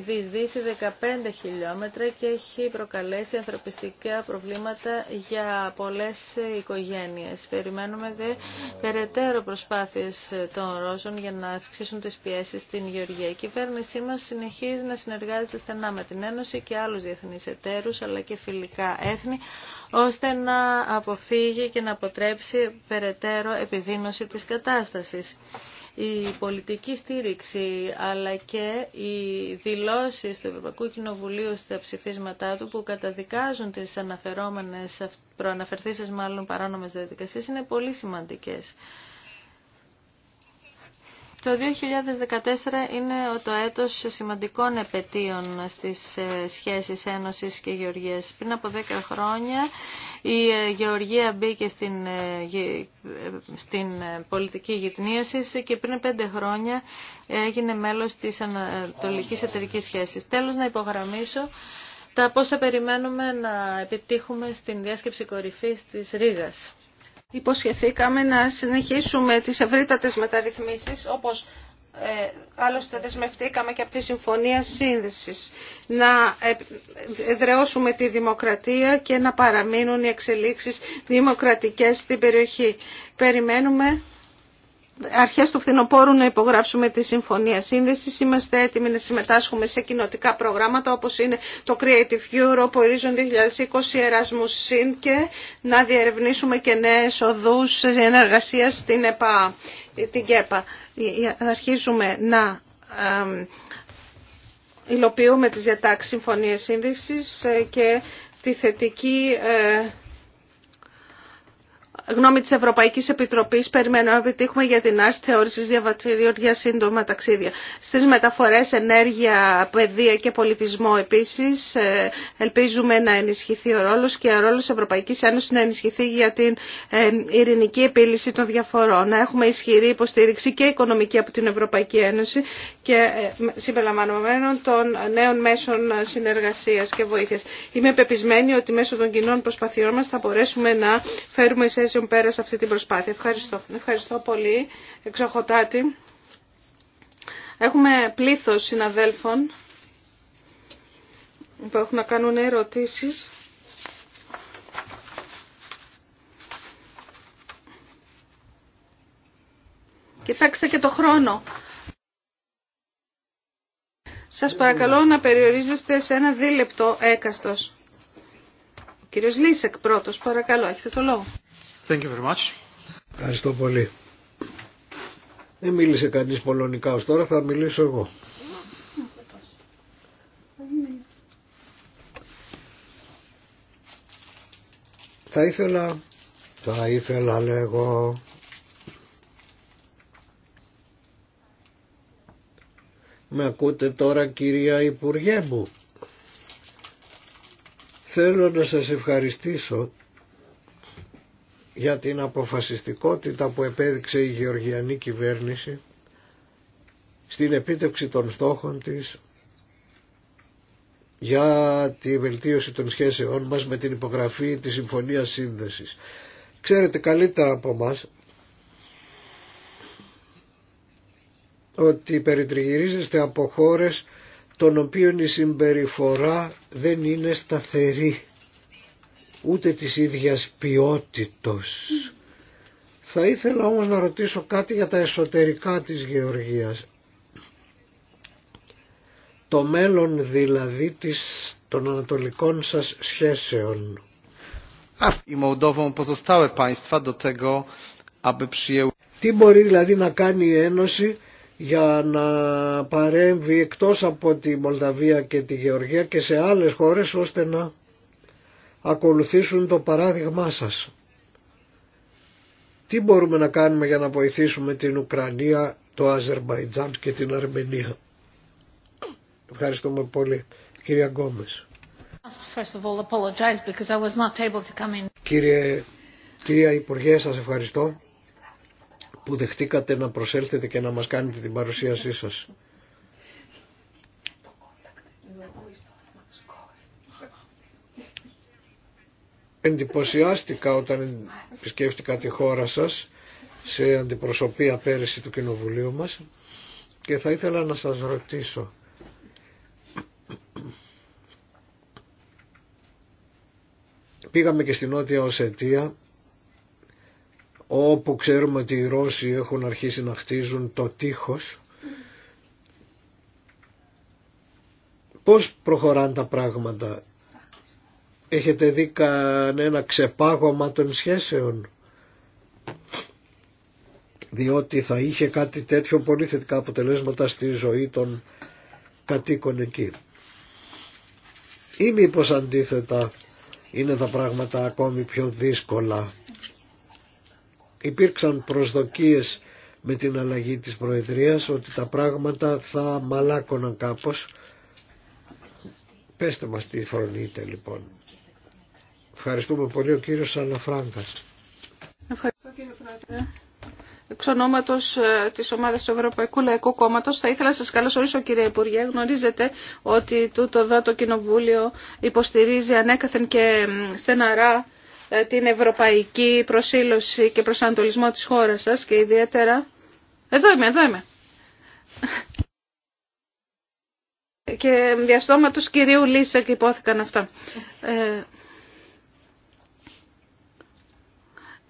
διεισδύσει 15 χιλιόμετρα και έχει προκαλέσει ανθρωπιστικά προβλήματα για πολλές οικογένειες. Περιμένουμε δε περαιτέρω προσπάθειες των Ρώσων για να αυξήσουν τις πιέσεις στην Γεωργία. Η κυβέρνησή μας συνεχίζει να συνεργάζεται στενά με την Ένωση και άλλους διεθνείς εταίρους αλλά και φιλικά έθνη ώστε να αποφύγει και να αποτρέψει περαιτέρω επιδείνωση της κατάστασης η πολιτική στήριξη αλλά και οι δηλώσεις του Ευρωπαϊκού Κοινοβουλίου στα ψηφίσματά του που καταδικάζουν τις αναφερόμενες, προαναφερθήσεις μάλλον παράνομες διαδικασίες είναι πολύ σημαντικές. Το 2014 είναι το έτος σημαντικών επαιτίων στις ε, σχέσεις Ένωσης και Γεωργίας. Πριν από 10 χρόνια η ε, Γεωργία μπήκε στην, ε, στην πολιτική γυτνίαση και πριν 5 χρόνια έγινε μέλος της Ανατολικής Εταιρικής Σχέσης. Τέλος να υπογραμμίσω τα πόσα περιμένουμε να επιτύχουμε στην διάσκεψη κορυφής της Ρήγας. Υποσχεθήκαμε να συνεχίσουμε τις ευρύτατες μεταρρυθμίσεις όπως ε, άλλωστε δεσμευτήκαμε και από τη Συμφωνία Σύνδεσης να ε, εδραιώσουμε τη δημοκρατία και να παραμείνουν οι εξελίξεις δημοκρατικές στην περιοχή. Περιμένουμε αρχές του φθινοπόρου να υπογράψουμε τη Συμφωνία Σύνδεσης. Είμαστε έτοιμοι να συμμετάσχουμε σε κοινοτικά προγράμματα όπως είναι το Creative Europe, Horizon 2020, Erasmus και να διερευνήσουμε και νέες οδούς ενεργασίας στην ΕΠΑ, την ΚΕΠΑ. Αρχίζουμε να υλοποιούμε τις διατάξεις Συμφωνίας Σύνδεσης ε, και τη θετική ε, γνώμη της Ευρωπαϊκής Επιτροπής περιμένω να επιτύχουμε για την άρση θεώρησης διαβατηρίων για σύντομα ταξίδια. Στις μεταφορές, ενέργεια, παιδεία και πολιτισμό επίσης ε, ελπίζουμε να ενισχυθεί ο ρόλος και ο ρόλος της Ευρωπαϊκής Ένωσης να ενισχυθεί για την ε, ειρηνική επίλυση των διαφορών. Να έχουμε ισχυρή υποστήριξη και οικονομική από την Ευρωπαϊκή Ένωση και ε, συμπεριλαμβανομένων των νέων μέσων συνεργασίας και βοήθειας. Είμαι πεπισμένη ότι μέσω των κοινών προσπαθειών μας θα μπορέσουμε να φέρουμε σε πέρα σε αυτή την προσπάθεια. Ευχαριστώ. Ευχαριστώ πολύ. Εξοχοτάτη. Έχουμε πλήθος συναδέλφων που έχουν να κάνουν ερωτήσεις. Κοιτάξτε και το χρόνο. Σας παρακαλώ να περιορίζεστε σε ένα δίλεπτο έκαστος. Ο κύριος Λίσεκ πρώτος, παρακαλώ, έχετε το λόγο. Thank you very much. Ευχαριστώ πολύ. Δεν μίλησε κανείς πολωνικά ως τώρα, θα μιλήσω εγώ. Θα ήθελα, θα ήθελα λέγω, με ακούτε τώρα κυρία Υπουργέ μου. Θέλω να σας ευχαριστήσω για την αποφασιστικότητα που επέδειξε η γεωργιανή κυβέρνηση στην επίτευξη των στόχων της για τη βελτίωση των σχέσεών μας με την υπογραφή της Συμφωνίας Σύνδεσης. Ξέρετε καλύτερα από μας ότι περιτριγυρίζεστε από χώρες των οποίων η συμπεριφορά δεν είναι σταθερή ούτε της ίδιας ποιότητος. Θα ήθελα όμως να ρωτήσω κάτι για τα εσωτερικά της γεωργίας. Το μέλλον δηλαδή της, των ανατολικών σας σχέσεων. Η Τι μπορεί δηλαδή να κάνει η Ένωση για να παρέμβει εκτός από τη Μολδαβία και τη Γεωργία και σε άλλες χώρες ώστε να ακολουθήσουν το παράδειγμά σας. Τι μπορούμε να κάνουμε για να βοηθήσουμε την Ουκρανία, το Αζερμπαϊτζάν και την Αρμενία. Ευχαριστούμε πολύ. Κυρία Γκόμες. Κύριε, κυρία Υπουργέ, σας ευχαριστώ που δεχτήκατε να προσέλθετε και να μας κάνετε την παρουσίασή σας. εντυπωσιάστηκα όταν επισκέφτηκα τη χώρα σας σε αντιπροσωπεία πέρυσι του κοινοβουλίου μας και θα ήθελα να σας ρωτήσω πήγαμε και στην Νότια Οσετία όπου ξέρουμε ότι οι Ρώσοι έχουν αρχίσει να χτίζουν το τείχος πώς προχωράνε τα πράγματα Έχετε δει κανένα ξεπάγωμα των σχέσεων. Διότι θα είχε κάτι τέτοιο πολύ θετικά αποτελέσματα στη ζωή των κατοίκων εκεί. Ή μήπως αντίθετα είναι τα πράγματα ακόμη πιο δύσκολα. Υπήρξαν προσδοκίες με την αλλαγή της Προεδρίας ότι τα πράγματα θα μαλάκωναν κάπως. Πέστε μας τι φρονείτε λοιπόν. Ευχαριστούμε πολύ ο κύριος Σαλαφράγκας. Ευχαριστώ κύριε Πρόεδρε. Εξ ονόματο ε, τη ομάδα του Ευρωπαϊκού Λαϊκού Κόμματο, θα ήθελα να σα καλωσορίσω, κύριε Υπουργέ. Γνωρίζετε ότι τούτο εδώ το Κοινοβούλιο υποστηρίζει ανέκαθεν και στεναρά ε, την ευρωπαϊκή προσήλωση και προσανατολισμό της χώρας σας και ιδιαίτερα... Εδώ είμαι, εδώ είμαι. και διαστόματος κυρίου Λίσεκ υπόθηκαν αυτά. Ε,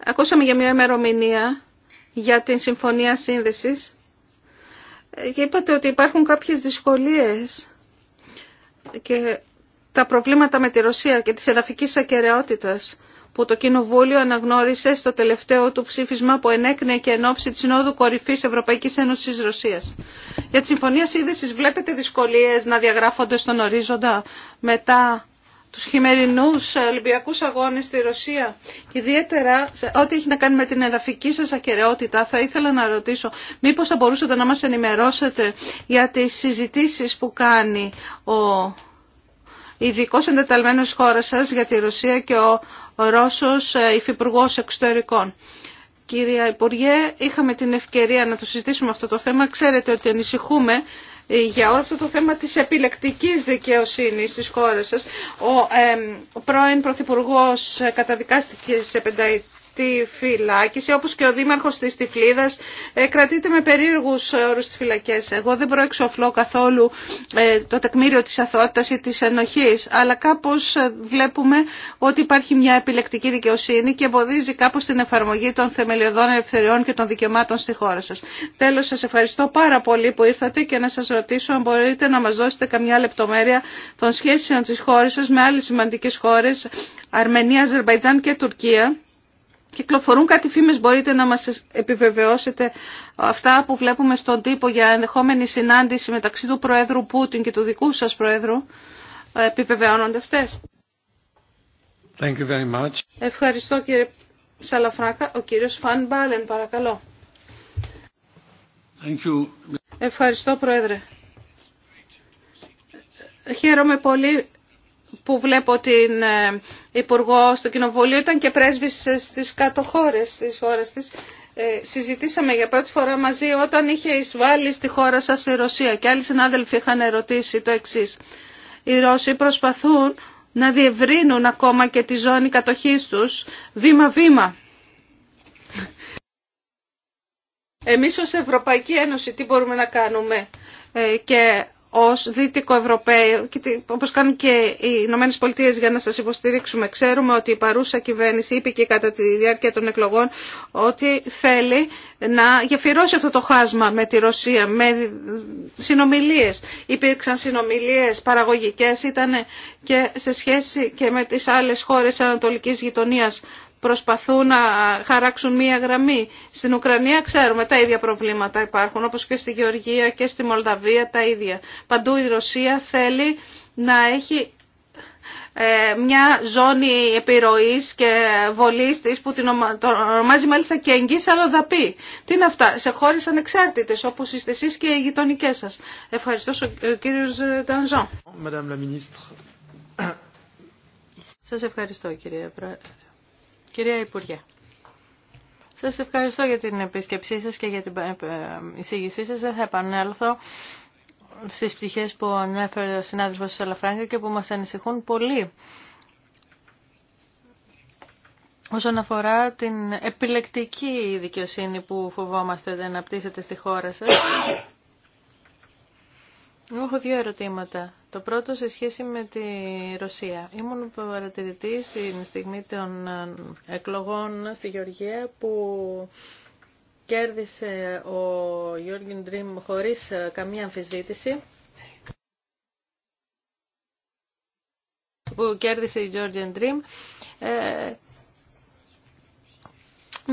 Ακούσαμε για μια ημερομηνία για την Συμφωνία Σύνδεσης και ε, είπατε ότι υπάρχουν κάποιες δυσκολίες και τα προβλήματα με τη Ρωσία και της εδαφικής ακαιρεότητας που το Κοινοβούλιο αναγνώρισε στο τελευταίο του ψήφισμα που ενέκνε και εν ώψη της Συνόδου Κορυφής Ευρωπαϊκής Ένωσης Ρωσίας. Για τη Συμφωνία Σύνδεσης βλέπετε δυσκολίες να διαγράφονται στον ορίζοντα μετά τους χειμερινούς Ολυμπιακούς Αγώνες στη Ρωσία. Και ιδιαίτερα ό,τι έχει να κάνει με την εδαφική σας ακεραιότητα, θα ήθελα να ρωτήσω μήπως θα μπορούσατε να μας ενημερώσετε για τις συζητήσεις που κάνει ο ειδικό εντεταλμένος χώρας σας για τη Ρωσία και ο Ρώσος ε, υφυπουργό Εξωτερικών. Κυρία Υπουργέ, είχαμε την ευκαιρία να το συζητήσουμε αυτό το θέμα. Ξέρετε ότι ανησυχούμε για όλο αυτό το θέμα της επιλεκτικής δικαιοσύνης στις χώρες σας. Ο, ε, ο πρώην Πρωθυπουργός καταδικάστηκε σε πενταετία στη φυλάκιση, όπως και ο δήμαρχος της Τυφλίδας ε, κρατείται με περίεργους όρους στις φυλακές. Εγώ δεν προεξοφλώ καθόλου ε, το τεκμήριο της αθότητας ή της ενοχής, αλλά κάπως ε, βλέπουμε ότι υπάρχει μια επιλεκτική δικαιοσύνη και εμποδίζει κάπως την εφαρμογή των θεμελιωδών ελευθεριών και των δικαιωμάτων στη χώρα σας. Τέλος, σας ευχαριστώ πάρα πολύ που ήρθατε και να σας ρωτήσω αν μπορείτε να μας δώσετε καμιά λεπτομέρεια των σχέσεων της χώρας σας με άλλες σημαντικές χώρες, Αρμενία, Αζερβαϊτζάν και Τουρκία κυκλοφορούν κάτι φήμες, μπορείτε να μας επιβεβαιώσετε αυτά που βλέπουμε στον τύπο για ενδεχόμενη συνάντηση μεταξύ του Προέδρου Πούτιν και του δικού σας Προέδρου. Ε, επιβεβαιώνονται αυτές. Thank you very much. Ευχαριστώ κύριε Σαλαφράκα. Ο κύριος Φαν Μπάλεν παρακαλώ. Thank you. Ευχαριστώ Πρόεδρε. Χαίρομαι πολύ που βλέπω την ε, Υπουργό στο Κοινοβούλιο, ήταν και πρέσβης στις κάτω χώρες της χώρας ε, της. συζητήσαμε για πρώτη φορά μαζί όταν είχε εισβάλει στη χώρα σας η Ρωσία και άλλοι συνάδελφοι είχαν ερωτήσει το εξή. Οι Ρώσοι προσπαθούν να διευρύνουν ακόμα και τη ζώνη κατοχής τους βήμα-βήμα. Εμείς ως Ευρωπαϊκή Ένωση τι μπορούμε να κάνουμε ε, και ως Δυτικό Ευρωπαίο, όπως κάνουν και οι Ηνωμένε Πολιτείε για να σας υποστηρίξουμε. Ξέρουμε ότι η παρούσα κυβέρνηση είπε και κατά τη διάρκεια των εκλογών ότι θέλει να γεφυρώσει αυτό το χάσμα με τη Ρωσία, με συνομιλίε. Υπήρξαν συνομιλίες παραγωγικές, ήταν και σε σχέση και με τις άλλες χώρες ανατολική γειτονία προσπαθούν να χαράξουν μία γραμμή. Στην Ουκρανία ξέρουμε τα ίδια προβλήματα υπάρχουν, όπως και στη Γεωργία και στη Μολδαβία τα ίδια. Παντού η Ρωσία θέλει να έχει ε, μια ζώνη επιρροής και βολής της που την ονομάζει μάλιστα και εγγύς πει. Τι είναι αυτά, σε χώρες ανεξάρτητες όπως είστε εσείς και οι γειτονικές σας. Ευχαριστώ ο κύριος Τανζό. Σας ευχαριστώ κύριε Κυρία Υπουργέ. Σας ευχαριστώ για την επίσκεψή σας και για την ε, ε, εισήγησή σας. Δεν θα επανέλθω στις πτυχές που ανέφερε ο συνάδελφος Σαλαφράγκα και που μας ανησυχούν πολύ όσον αφορά την επιλεκτική δικαιοσύνη που φοβόμαστε να αναπτύσσεται στη χώρα σας. Έχω δύο ερωτήματα. Το πρώτο σε σχέση με τη Ρωσία. Ήμουν παρατηρητή στην στιγμή των ε, εκλογών στη Γεωργία που κέρδισε ο Γιώργιν Τρίμ χωρίς ε, καμία αμφισβήτηση. Που κέρδισε η Georgian Dream.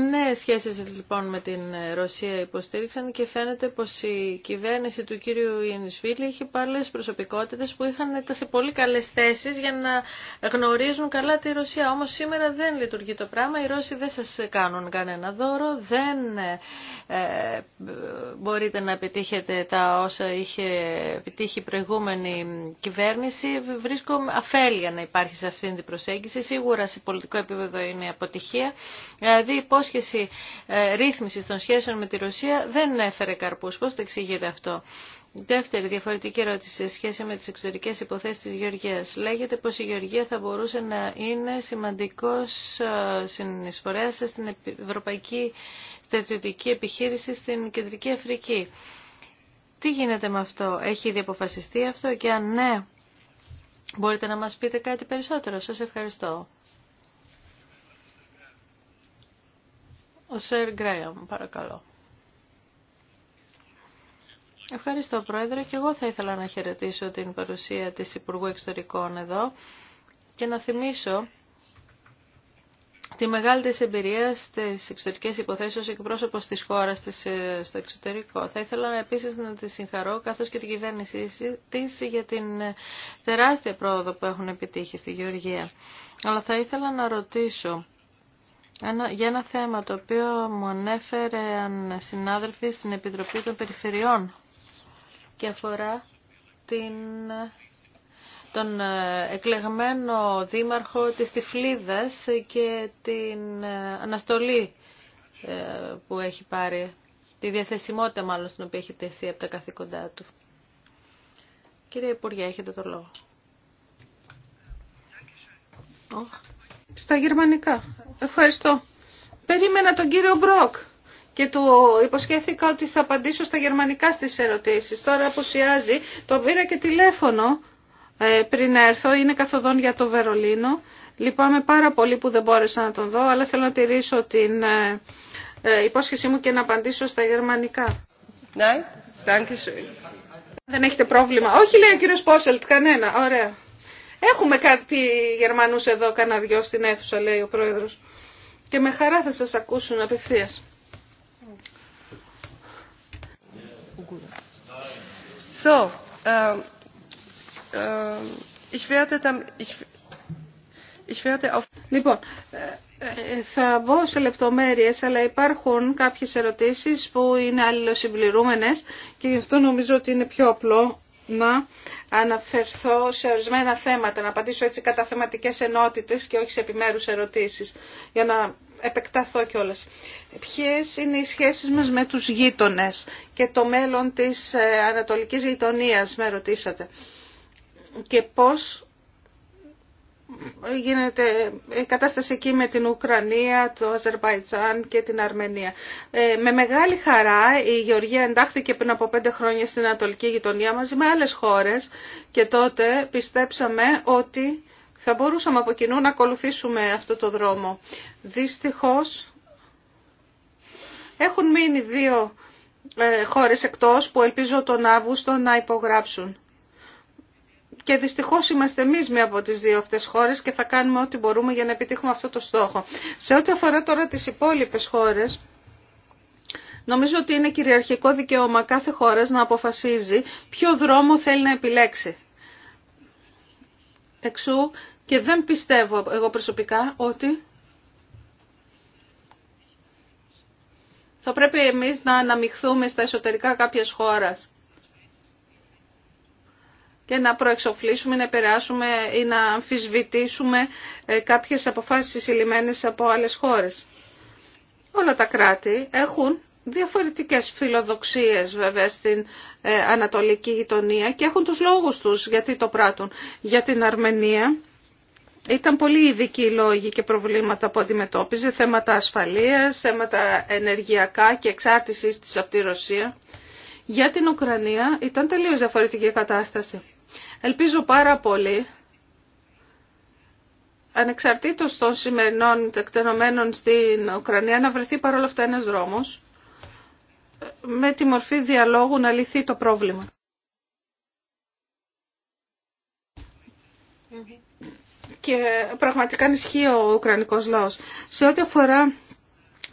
Ναι, σχέσει λοιπόν με την ε, Ρωσία υποστήριξαν και φαίνεται πω η κυβέρνηση του κύριου Ιενισβίλη είχε πάλι προσωπικότητε που είχαν τα σε πολύ καλέ θέσει για να γνωρίζουν καλά τη Ρωσία. Όμω σήμερα δεν λειτουργεί το πράγμα, οι Ρώσοι δεν σας κάνουν κανένα δώρο, δεν ε, ε, μπορείτε να επιτύχετε τα όσα είχε επιτύχει η προηγούμενη κυβέρνηση. Βρίσκω αφέλεια να υπάρχει σε αυτήν την προσέγγιση, σίγουρα σε πολιτικό επίπεδο είναι αποτυχία. Δηλαδή σχέση ε, ρύθμισης των σχέσεων με τη Ρωσία δεν έφερε καρπούς. Πώς το εξηγείτε αυτό. Δεύτερη διαφορετική ερώτηση σε σχέση με τις εξωτερικές υποθέσεις της Γεωργίας. Λέγεται πως η Γεωργία θα μπορούσε να είναι σημαντικός ε, συνεισφορέας στην ευρωπαϊκή στρατιωτική επιχείρηση στην Κεντρική Αφρική. Τι γίνεται με αυτό, έχει ήδη αποφασιστεί αυτό και αν ναι, μπορείτε να μας πείτε κάτι περισσότερο. Σας ευχαριστώ. Ο Σερ Γκρέαμ, παρακαλώ. Ευχαριστώ, Πρόεδρε. Και εγώ θα ήθελα να χαιρετήσω την παρουσία της Υπουργού Εξωτερικών εδώ και να θυμίσω τη μεγάλη της εμπειρία στις εξωτερικές υποθέσεις ως εκπρόσωπος της χώρας της ε, στο εξωτερικό. Θα ήθελα επίσης να τη συγχαρώ καθώς και την κυβέρνησή της για την ε, τεράστια πρόοδο που έχουν επιτύχει στη Γεωργία. Αλλά θα ήθελα να ρωτήσω για ένα θέμα το οποίο μου ανέφερε συνάδελφοι στην Επιτροπή των Περιφερειών και αφορά την, τον ε, εκλεγμένο δήμαρχο της Τυφλίδας και την ε, αναστολή ε, που έχει πάρει, τη διαθεσιμότητα μάλλον στην οποία έχει τεθεί από τα καθήκοντά του. Κύριε Υπουργέ, έχετε το λόγο στα γερμανικά. Ευχαριστώ. Περίμενα τον κύριο Μπροκ και του υποσχέθηκα ότι θα απαντήσω στα γερμανικά στις ερωτήσεις. Τώρα αποσιάζει, το πήρα και τηλέφωνο ε, πριν έρθω, είναι καθοδόν για το Βερολίνο. Λυπάμαι πάρα πολύ που δεν μπόρεσα να τον δω, αλλά θέλω να τηρήσω την ε, ε, υπόσχεσή μου και να απαντήσω στα γερμανικά. Ναι, danke Δεν έχετε πρόβλημα. Όχι, λέει ο κύριος Πόσελτ, κανένα. Ωραία. Έχουμε κάτι Γερμανούς εδώ, κανένα δυο στην αίθουσα, λέει ο Πρόεδρος. Και με χαρά θα σας ακούσουν απευθείας. So, ähm, ähm, ich werde dann, ich, ich werde auf... Λοιπόν, ε, ε, θα μπω σε λεπτομέρειες, αλλά υπάρχουν κάποιες ερωτήσεις που είναι αλληλοσυμπληρούμενες και γι' αυτό νομίζω ότι είναι πιο απλό να αναφερθώ σε ορισμένα θέματα, να απαντήσω έτσι κατά θεματικές ενότητες και όχι σε επιμέρους ερωτήσεις, για να επεκταθώ κιόλα. Ποιε είναι οι σχέσεις μας με τους γείτονε και το μέλλον της ε, ανατολικής γειτονία, με ρωτήσατε. Και πώς γίνεται η κατάσταση εκεί με την Ουκρανία, το Αζερβαϊτζάν και την Αρμενία. Ε, με μεγάλη χαρά η Γεωργία εντάχθηκε πριν από πέντε χρόνια στην Ανατολική γειτονία μαζί με άλλες χώρες και τότε πιστέψαμε ότι θα μπορούσαμε από κοινού να ακολουθήσουμε αυτό το δρόμο. Δυστυχώς έχουν μείνει δύο ε, χώρες εκτός που ελπίζω τον Αύγουστο να υπογράψουν. Και δυστυχώς είμαστε εμείς μία από τις δύο αυτές χώρες και θα κάνουμε ό,τι μπορούμε για να επιτύχουμε αυτό το στόχο. Σε ό,τι αφορά τώρα τις υπόλοιπες χώρες, νομίζω ότι είναι κυριαρχικό δικαίωμα κάθε χώρας να αποφασίζει ποιο δρόμο θέλει να επιλέξει. Εξού και δεν πιστεύω εγώ προσωπικά ότι θα πρέπει εμείς να αναμειχθούμε στα εσωτερικά κάποιες χώρες και να προεξοφλήσουμε, να επηρεάσουμε ή να αμφισβητήσουμε ε, κάποιες αποφάσεις συλλημένες από άλλες χώρες. Όλα τα κράτη έχουν διαφορετικές φιλοδοξίες βέβαια στην ε, Ανατολική γειτονία και έχουν τους λόγους τους γιατί το πράττουν. Για την Αρμενία ήταν πολύ ειδικοί λόγοι και προβλήματα που αντιμετώπιζε, θέματα ασφαλείας, θέματα ενεργειακά και εξάρτησης της από τη Ρωσία. Για την Ουκρανία ήταν τελείως διαφορετική κατάσταση. Ελπίζω πάρα πολύ, ανεξαρτήτως των σημερινών τεκτενωμένων στην Ουκρανία, να βρεθεί παρόλα αυτά ένας δρόμος με τη μορφή διαλόγου να λυθεί το πρόβλημα. και πραγματικά ενισχύει ο Ουκρανικός λαός. Σε ό,τι αφορά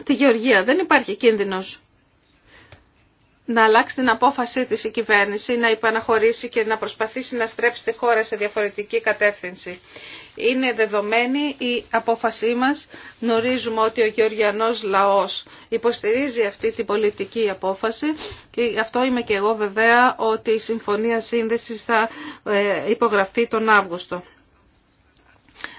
τη γεωργία δεν υπάρχει κίνδυνος να αλλάξει την απόφασή της η κυβέρνηση, να υπαναχωρήσει και να προσπαθήσει να στρέψει τη χώρα σε διαφορετική κατεύθυνση. Είναι δεδομένη η απόφασή μας. Γνωρίζουμε ότι ο γεωργιανός λαός υποστηρίζει αυτή την πολιτική απόφαση και αυτό είμαι και εγώ βεβαία ότι η Συμφωνία Σύνδεσης θα ε, υπογραφεί τον Αύγουστο.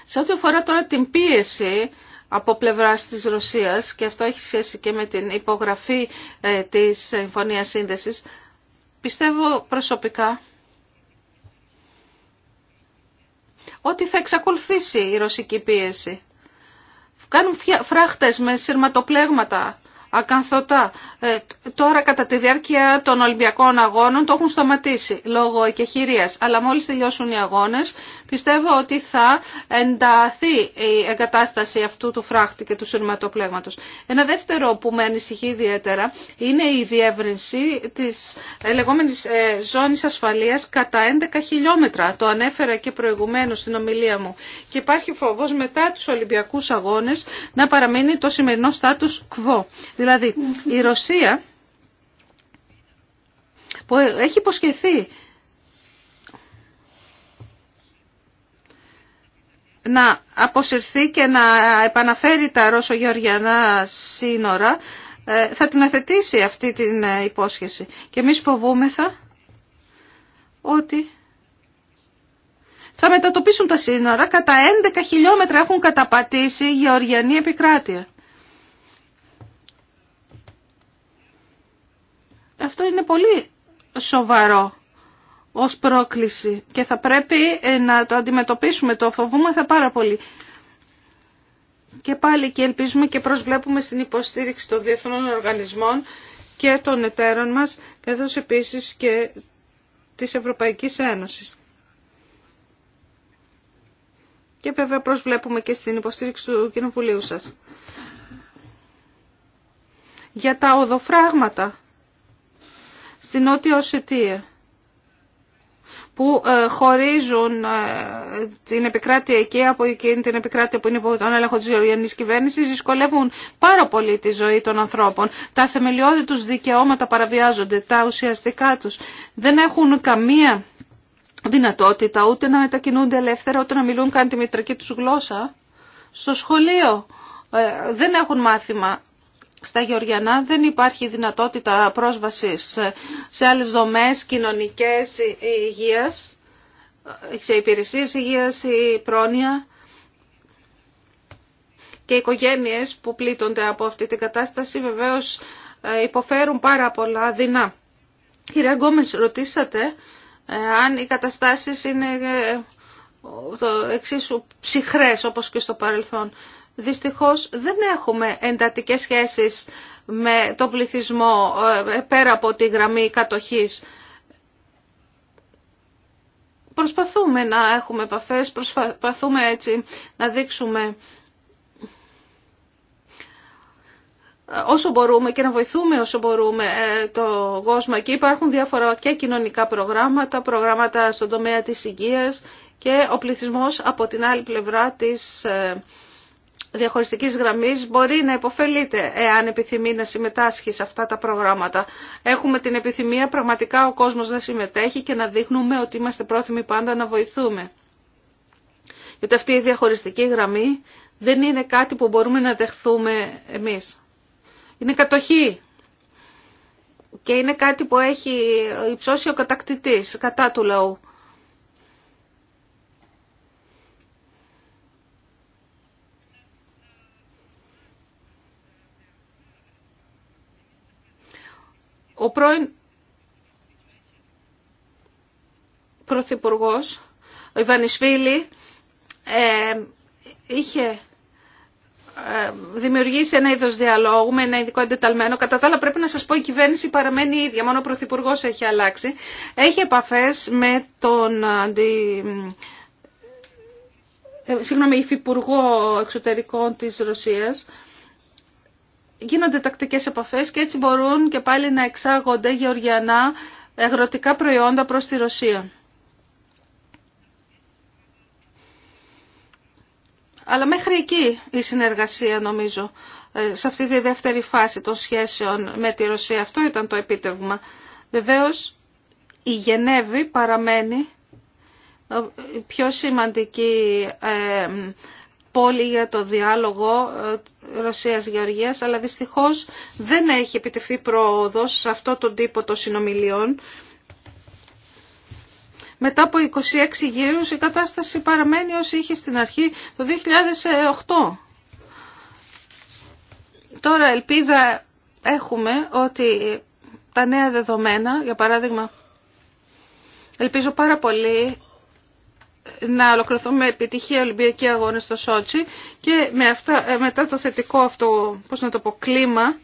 Σε ό,τι αφορά τώρα την πίεση από πλευράς της Ρωσίας και αυτό έχει σχέση και με την υπογραφή ε, της συμφωνία Σύνδεσης. Πιστεύω προσωπικά ότι θα εξακολουθήσει η ρωσική πίεση. Κάνουν φράχτες με σειρματοπλέγματα ακανθώτα, ε, τώρα κατά τη διάρκεια των Ολυμπιακών Αγώνων το έχουν σταματήσει λόγω εκεχηρίας. Αλλά μόλις τελειώσουν οι αγώνες πιστεύω ότι θα ενταθεί η εγκατάσταση αυτού του φράχτη και του σειρματοπλέγματος. Ένα δεύτερο που με ανησυχεί ιδιαίτερα είναι η διεύρυνση της ε, λεγόμενης ε, ζώνης ασφαλείας κατά 11 χιλιόμετρα. Το ανέφερα και προηγουμένως στην ομιλία μου. Και υπάρχει φόβος μετά τους Ολυμπιακούς Αγώνες να παραμείνει το σημερινό στάτους κβο. Δηλαδή η Ρωσία που έχει υποσχεθεί να αποσυρθεί και να επαναφέρει τα Ρώσο-Γεωργιανά σύνορα, ε, θα την αθετήσει αυτή την ε, υπόσχεση. Και εμείς φοβούμεθα ότι θα μετατοπίσουν τα σύνορα, κατά 11 χιλιόμετρα έχουν καταπατήσει γεωργιανή επικράτεια. Αυτό είναι πολύ σοβαρό ως πρόκληση και θα πρέπει ε, να το αντιμετωπίσουμε, το θα πάρα πολύ. Και πάλι και ελπίζουμε και προσβλέπουμε στην υποστήριξη των διεθνών οργανισμών και των εταίρων μας, καθώς επίσης και της Ευρωπαϊκής Ένωσης. Και βέβαια προσβλέπουμε και στην υποστήριξη του Κοινοβουλίου σας. Για τα οδοφράγματα στην Νότια Οσετία που ε, χωρίζουν ε, την επικράτεια εκεί από εκείνη την επικράτεια που είναι υπό τον έλεγχο της γεωργιανής κυβέρνησης δυσκολεύουν πάρα πολύ τη ζωή των ανθρώπων. Τα θεμελιώδη τους δικαιώματα παραβιάζονται, τα ουσιαστικά τους δεν έχουν καμία δυνατότητα ούτε να μετακινούνται ελεύθερα, ούτε να μιλούν καν τη μητρική τους γλώσσα στο σχολείο. Ε, δεν έχουν μάθημα στα Γεωργιανά δεν υπάρχει δυνατότητα πρόσβασης σε άλλες δομές κοινωνικές υγείας, σε υπηρεσίες υγείας ή πρόνοια και οι οικογένειες που πλήττονται από αυτή την κατάσταση βεβαίως ε, υποφέρουν πάρα πολλά δεινά. Κύριε ρωτήσατε ε, αν οι καταστάσεις είναι ε, το εξίσου ψυχρές όπως και στο παρελθόν δυστυχώς δεν έχουμε εντατικές σχέσεις με τον πληθυσμό ε, πέρα από τη γραμμή κατοχής. Προσπαθούμε να έχουμε επαφές, προσπαθούμε έτσι να δείξουμε όσο μπορούμε και να βοηθούμε όσο μπορούμε ε, το κόσμο εκεί. Υπάρχουν διάφορα και κοινωνικά προγράμματα, προγράμματα στον τομέα της υγείας και ο πληθυσμός από την άλλη πλευρά της ε, διαχωριστικής γραμμής μπορεί να υποφελείται εάν επιθυμεί να συμμετάσχει σε αυτά τα προγράμματα. Έχουμε την επιθυμία πραγματικά ο κόσμος να συμμετέχει και να δείχνουμε ότι είμαστε πρόθυμοι πάντα να βοηθούμε. Γιατί αυτή η διαχωριστική γραμμή δεν είναι κάτι που μπορούμε να δεχθούμε εμείς. Είναι κατοχή και είναι κάτι που έχει υψώσει ο κατακτητής κατά του λαού. Ο πρώην Πρωθυπουργός, ο Ιβανισβίλη, ε, είχε ε, δημιουργήσει ένα είδος διαλόγου με ένα ειδικό εντεταλμένο. Κατά τα άλλα πρέπει να σας πω η κυβέρνηση παραμένει η ίδια, μόνο ο Πρωθυπουργό έχει αλλάξει. Έχει επαφές με τον ε, αντι... Ε, συγγνώμη, υφυπουργό εξωτερικών της Ρωσίας γίνονται τακτικές επαφές και έτσι μπορούν και πάλι να εξάγονται γεωργιανά αγροτικά προϊόντα προς τη Ρωσία. Αλλά μέχρι εκεί η συνεργασία νομίζω, ε, σε αυτή τη δεύτερη φάση των σχέσεων με τη Ρωσία. Αυτό ήταν το επίτευγμα. Βεβαίως η Γενέβη παραμένει ε, πιο σημαντική ε, πόλη για το διάλογο ε, Ρωσίας-Γεωργίας, αλλά δυστυχώς δεν έχει επιτευχθεί πρόοδος σε αυτό τον τύπο των συνομιλιών. Μετά από 26 γύρους η κατάσταση παραμένει όσοι είχε στην αρχή το 2008. Τώρα ελπίδα έχουμε ότι τα νέα δεδομένα, για παράδειγμα, ελπίζω πάρα πολύ να ολοκληρωθούν με επιτυχία Ολυμπιακοί Αγώνες στο Σότσι και με αυτά, ε, μετά το θετικό αυτό, πώς να το πω, κλίμα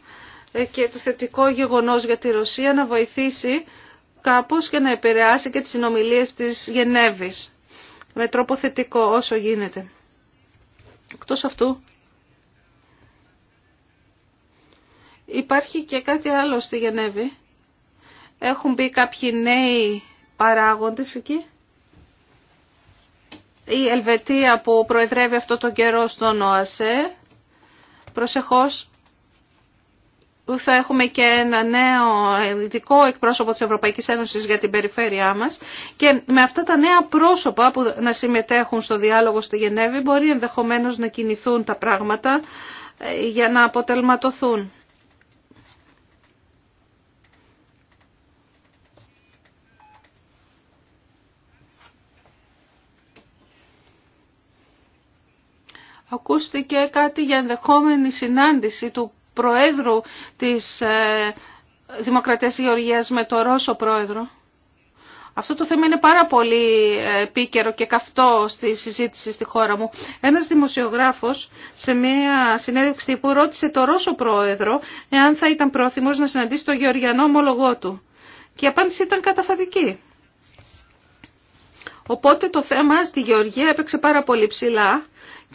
ε, και το θετικό γεγονός για τη Ρωσία να βοηθήσει κάπως και να επηρεάσει και τις συνομιλίες της Γενέβης με τρόπο θετικό όσο γίνεται. Εκτός αυτού, υπάρχει και κάτι άλλο στη Γενέβη. Έχουν μπει κάποιοι νέοι παράγοντες εκεί η Ελβετία που προεδρεύει αυτό τον καιρό στον ΟΑΣΕ. Προσεχώς θα έχουμε και ένα νέο ειδικό εκπρόσωπο της Ευρωπαϊκής Ένωσης για την περιφέρειά μας και με αυτά τα νέα πρόσωπα που να συμμετέχουν στο διάλογο στη Γενέβη μπορεί ενδεχομένως να κινηθούν τα πράγματα ε, για να αποτελματοθούν. Ακούστηκε κάτι για ενδεχόμενη συνάντηση του Προέδρου της ε, Δημοκρατίας Γεωργίας με τον Ρώσο Πρόεδρο. Αυτό το θέμα είναι πάρα πολύ επίκαιρο και καυτό στη συζήτηση στη χώρα μου. Ένας δημοσιογράφος σε μια συνέντευξη που ρώτησε τον Ρώσο Πρόεδρο εάν θα ήταν πρόθυμος να συναντήσει τον Γεωργιανό ομολογό του. Και η απάντηση ήταν καταφατική. Οπότε το θέμα στη Γεωργία έπαιξε πάρα πολύ ψηλά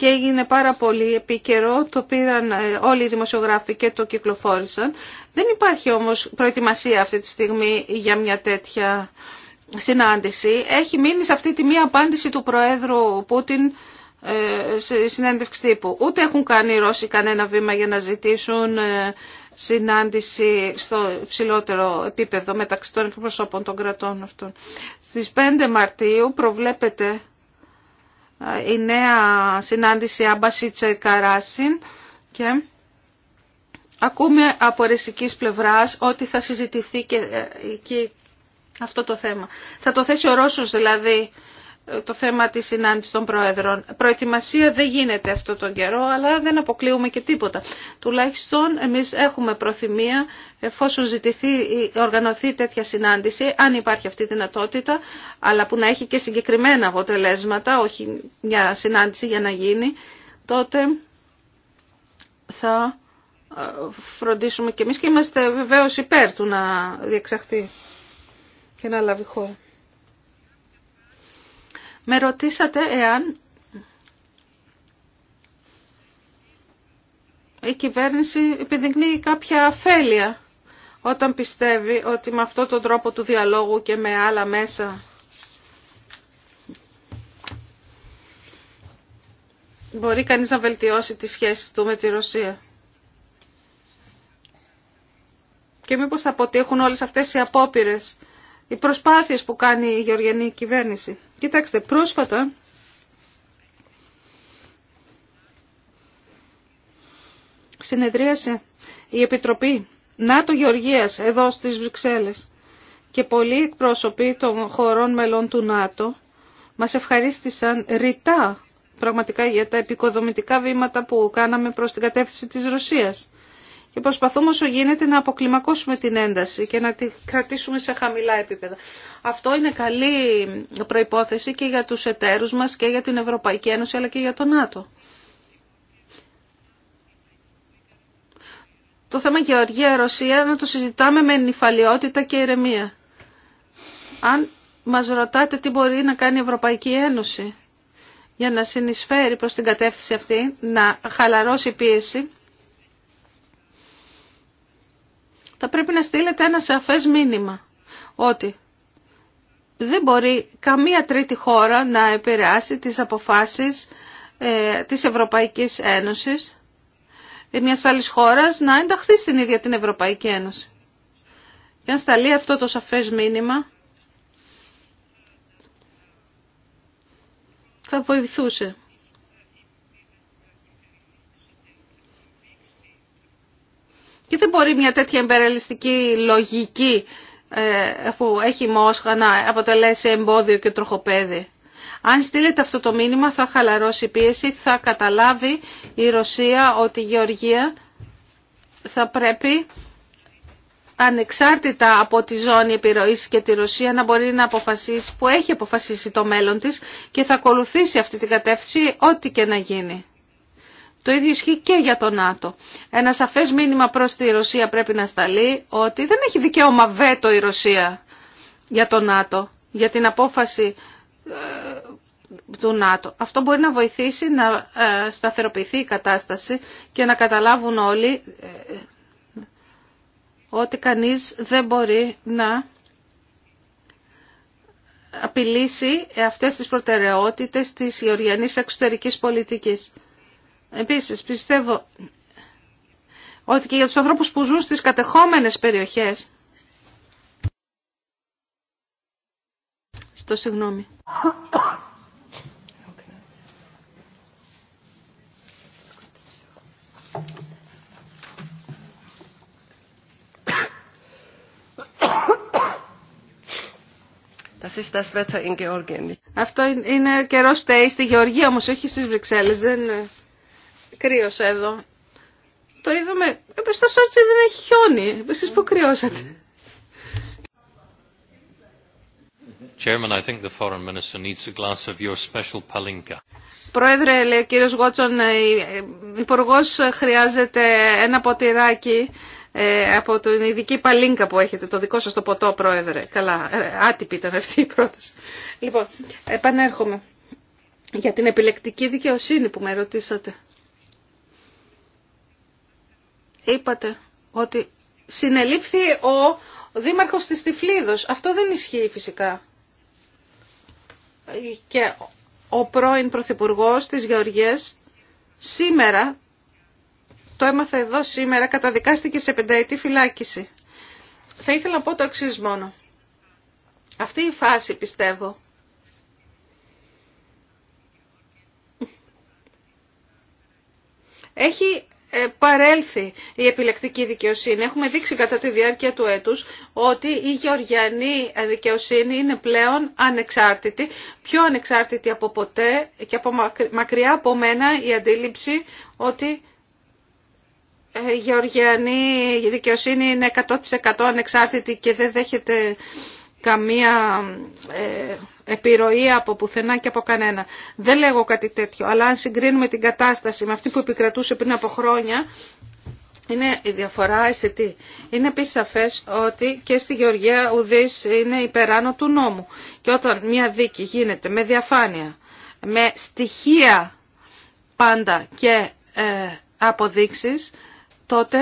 και έγινε πάρα πολύ επίκαιρο, το πήραν ε, όλοι οι δημοσιογράφοι και το κυκλοφόρησαν. Δεν υπάρχει όμως προετοιμασία αυτή τη στιγμή για μια τέτοια συνάντηση. Έχει μείνει σε αυτή τη μία απάντηση του Προέδρου Πούτιν ε, σε συνέντευξη τύπου. Ούτε έχουν κάνει οι Ρώσοι κανένα βήμα για να ζητήσουν ε, συνάντηση στο ψηλότερο επίπεδο μεταξύ των εκπροσώπων των κρατών αυτών. Στις 5 Μαρτίου προβλέπεται η νέα συνάντηση Αμπασίτσε Καράσιν και ακούμε από ρεσικής πλευράς ότι θα συζητηθεί και ε, αυτό το θέμα. Θα το θέσει ο Ρώσος δηλαδή το θέμα της συνάντησης των Πρόεδρων. Προετοιμασία δεν γίνεται αυτό τον καιρό, αλλά δεν αποκλείουμε και τίποτα. Τουλάχιστον εμείς έχουμε προθυμία, εφόσον ζητηθεί ή οργανωθεί τέτοια συνάντηση, αν υπάρχει αυτή η δυνατότητα, αλλά που να έχει και συγκεκριμένα αποτελέσματα, όχι μια συνάντηση για να γίνει, τότε θα ε, φροντίσουμε και εμείς και είμαστε βεβαίως υπέρ του να διεξαχθεί και να λάβει χώρο. Με ρωτήσατε εάν η κυβέρνηση επιδεικνύει κάποια αφέλεια όταν πιστεύει ότι με αυτόν τον τρόπο του διαλόγου και με άλλα μέσα μπορεί κανείς να βελτιώσει τις σχέσεις του με τη Ρωσία. Και μήπως θα αποτύχουν όλες αυτές οι απόπειρες, οι προσπάθειες που κάνει η γεωργιανή κυβέρνηση. Κοιτάξτε, πρόσφατα συνεδρίασε η Επιτροπή ΝΑΤΟ Γεωργίας εδώ στις Βρυξέλλες και πολλοί εκπρόσωποι των χωρών μελών του ΝΑΤΟ μας ευχαρίστησαν ρητά πραγματικά για τα επικοδομητικά βήματα που κάναμε προς την κατεύθυνση της Ρωσίας και προσπαθούμε όσο γίνεται να αποκλιμακώσουμε την ένταση και να τη κρατήσουμε σε χαμηλά επίπεδα. Αυτό είναι καλή προϋπόθεση και για τους εταίρους μας και για την Ευρωπαϊκή Ένωση αλλά και για τον ΝΑΤΟ. Το θέμα Γεωργία-Ρωσία να το συζητάμε με νυφαλιότητα και ηρεμία. Αν μας ρωτάτε τι μπορεί να κάνει η Ευρωπαϊκή Ένωση για να συνεισφέρει προς την κατεύθυνση αυτή, να χαλαρώσει πίεση, θα πρέπει να στείλετε ένα σαφές μήνυμα ότι δεν μπορεί καμία τρίτη χώρα να επηρεάσει τις αποφάσεις ε, της Ευρωπαϊκής Ένωσης ή ε, μια άλλη χώρας να ενταχθεί στην ίδια την Ευρωπαϊκή Ένωση. Και αν σταλεί αυτό το σαφές μήνυμα, θα βοηθούσε. Και δεν μπορεί μια τέτοια εμπεραλιστική λογική που ε, έχει μόσχα να αποτελέσει εμπόδιο και τροχοπέδι. Αν στείλετε αυτό το μήνυμα θα χαλαρώσει η πίεση, θα καταλάβει η Ρωσία ότι η Γεωργία θα πρέπει ανεξάρτητα από τη ζώνη επιρροής και τη Ρωσία να μπορεί να αποφασίσει που έχει αποφασίσει το μέλλον της και θα ακολουθήσει αυτή την κατεύθυνση ό,τι και να γίνει. Το ίδιο ισχύει και για το ΝΑΤΟ. Ένα σαφέ μήνυμα προς τη Ρωσία πρέπει να σταλεί ότι δεν έχει δικαίωμα βέτο η Ρωσία για το ΝΑΤΟ, για την απόφαση ε, του ΝΑΤΟ. Αυτό μπορεί να βοηθήσει να ε, σταθεροποιηθεί η κατάσταση και να καταλάβουν όλοι ε, ότι κανείς δεν μπορεί να απειλήσει αυτές τις προτεραιότητες της γεωργιανής εξωτερικής πολιτικής. Επίσης πιστεύω ότι και για τους ανθρώπους που ζουν στις κατεχόμενες περιοχές Στο συγγνώμη. Αυτό είναι καιρό στέι στη Γεωργία όμω όχι στι Βρυξέλλε. Δεν κρύος εδώ. Το είδαμε. Στο Σότσι δεν έχει χιόνι. Εσείς που κρυώσατε. Chairman, I think the foreign minister needs a glass of your special palinka. Πρόεδρε, λέει ο κύριος Γότσον, ε, ε, υπουργός ε, χρειάζεται ένα ποτηράκι από την ειδική παλίνκα που έχετε, το δικό σας το ποτό, πρόεδρε. Καλά, άτυπη ήταν αυτή η πρόταση. Λοιπόν, επανέρχομαι για την επιλεκτική δικαιοσύνη που με ρωτήσατε είπατε ότι συνελήφθη ο δήμαρχος της Τυφλίδος. Αυτό δεν ισχύει φυσικά. Και ο πρώην πρωθυπουργός της Γεωργίας σήμερα, το έμαθα εδώ σήμερα, καταδικάστηκε σε πενταετή φυλάκιση. Θα ήθελα να πω το εξή μόνο. Αυτή η φάση πιστεύω έχει ε, παρέλθει η επιλεκτική δικαιοσύνη. Έχουμε δείξει κατά τη διάρκεια του έτους ότι η γεωργιανή δικαιοσύνη είναι πλέον ανεξάρτητη, πιο ανεξάρτητη από ποτέ και από μακριά από μένα η αντίληψη ότι ε, η γεωργιανή δικαιοσύνη είναι 100% ανεξάρτητη και δεν δέχεται καμία ε, επιρροή από πουθενά και από κανένα. Δεν λέγω κάτι τέτοιο, αλλά αν συγκρίνουμε την κατάσταση με αυτή που επικρατούσε πριν από χρόνια, είναι η διαφορά αισθητή. Είναι επίσης σαφές ότι και στη Γεωργία ουδής είναι υπεράνω του νόμου. Και όταν μια δίκη γίνεται με διαφάνεια, με στοιχεία πάντα και ε, αποδείξεις, τότε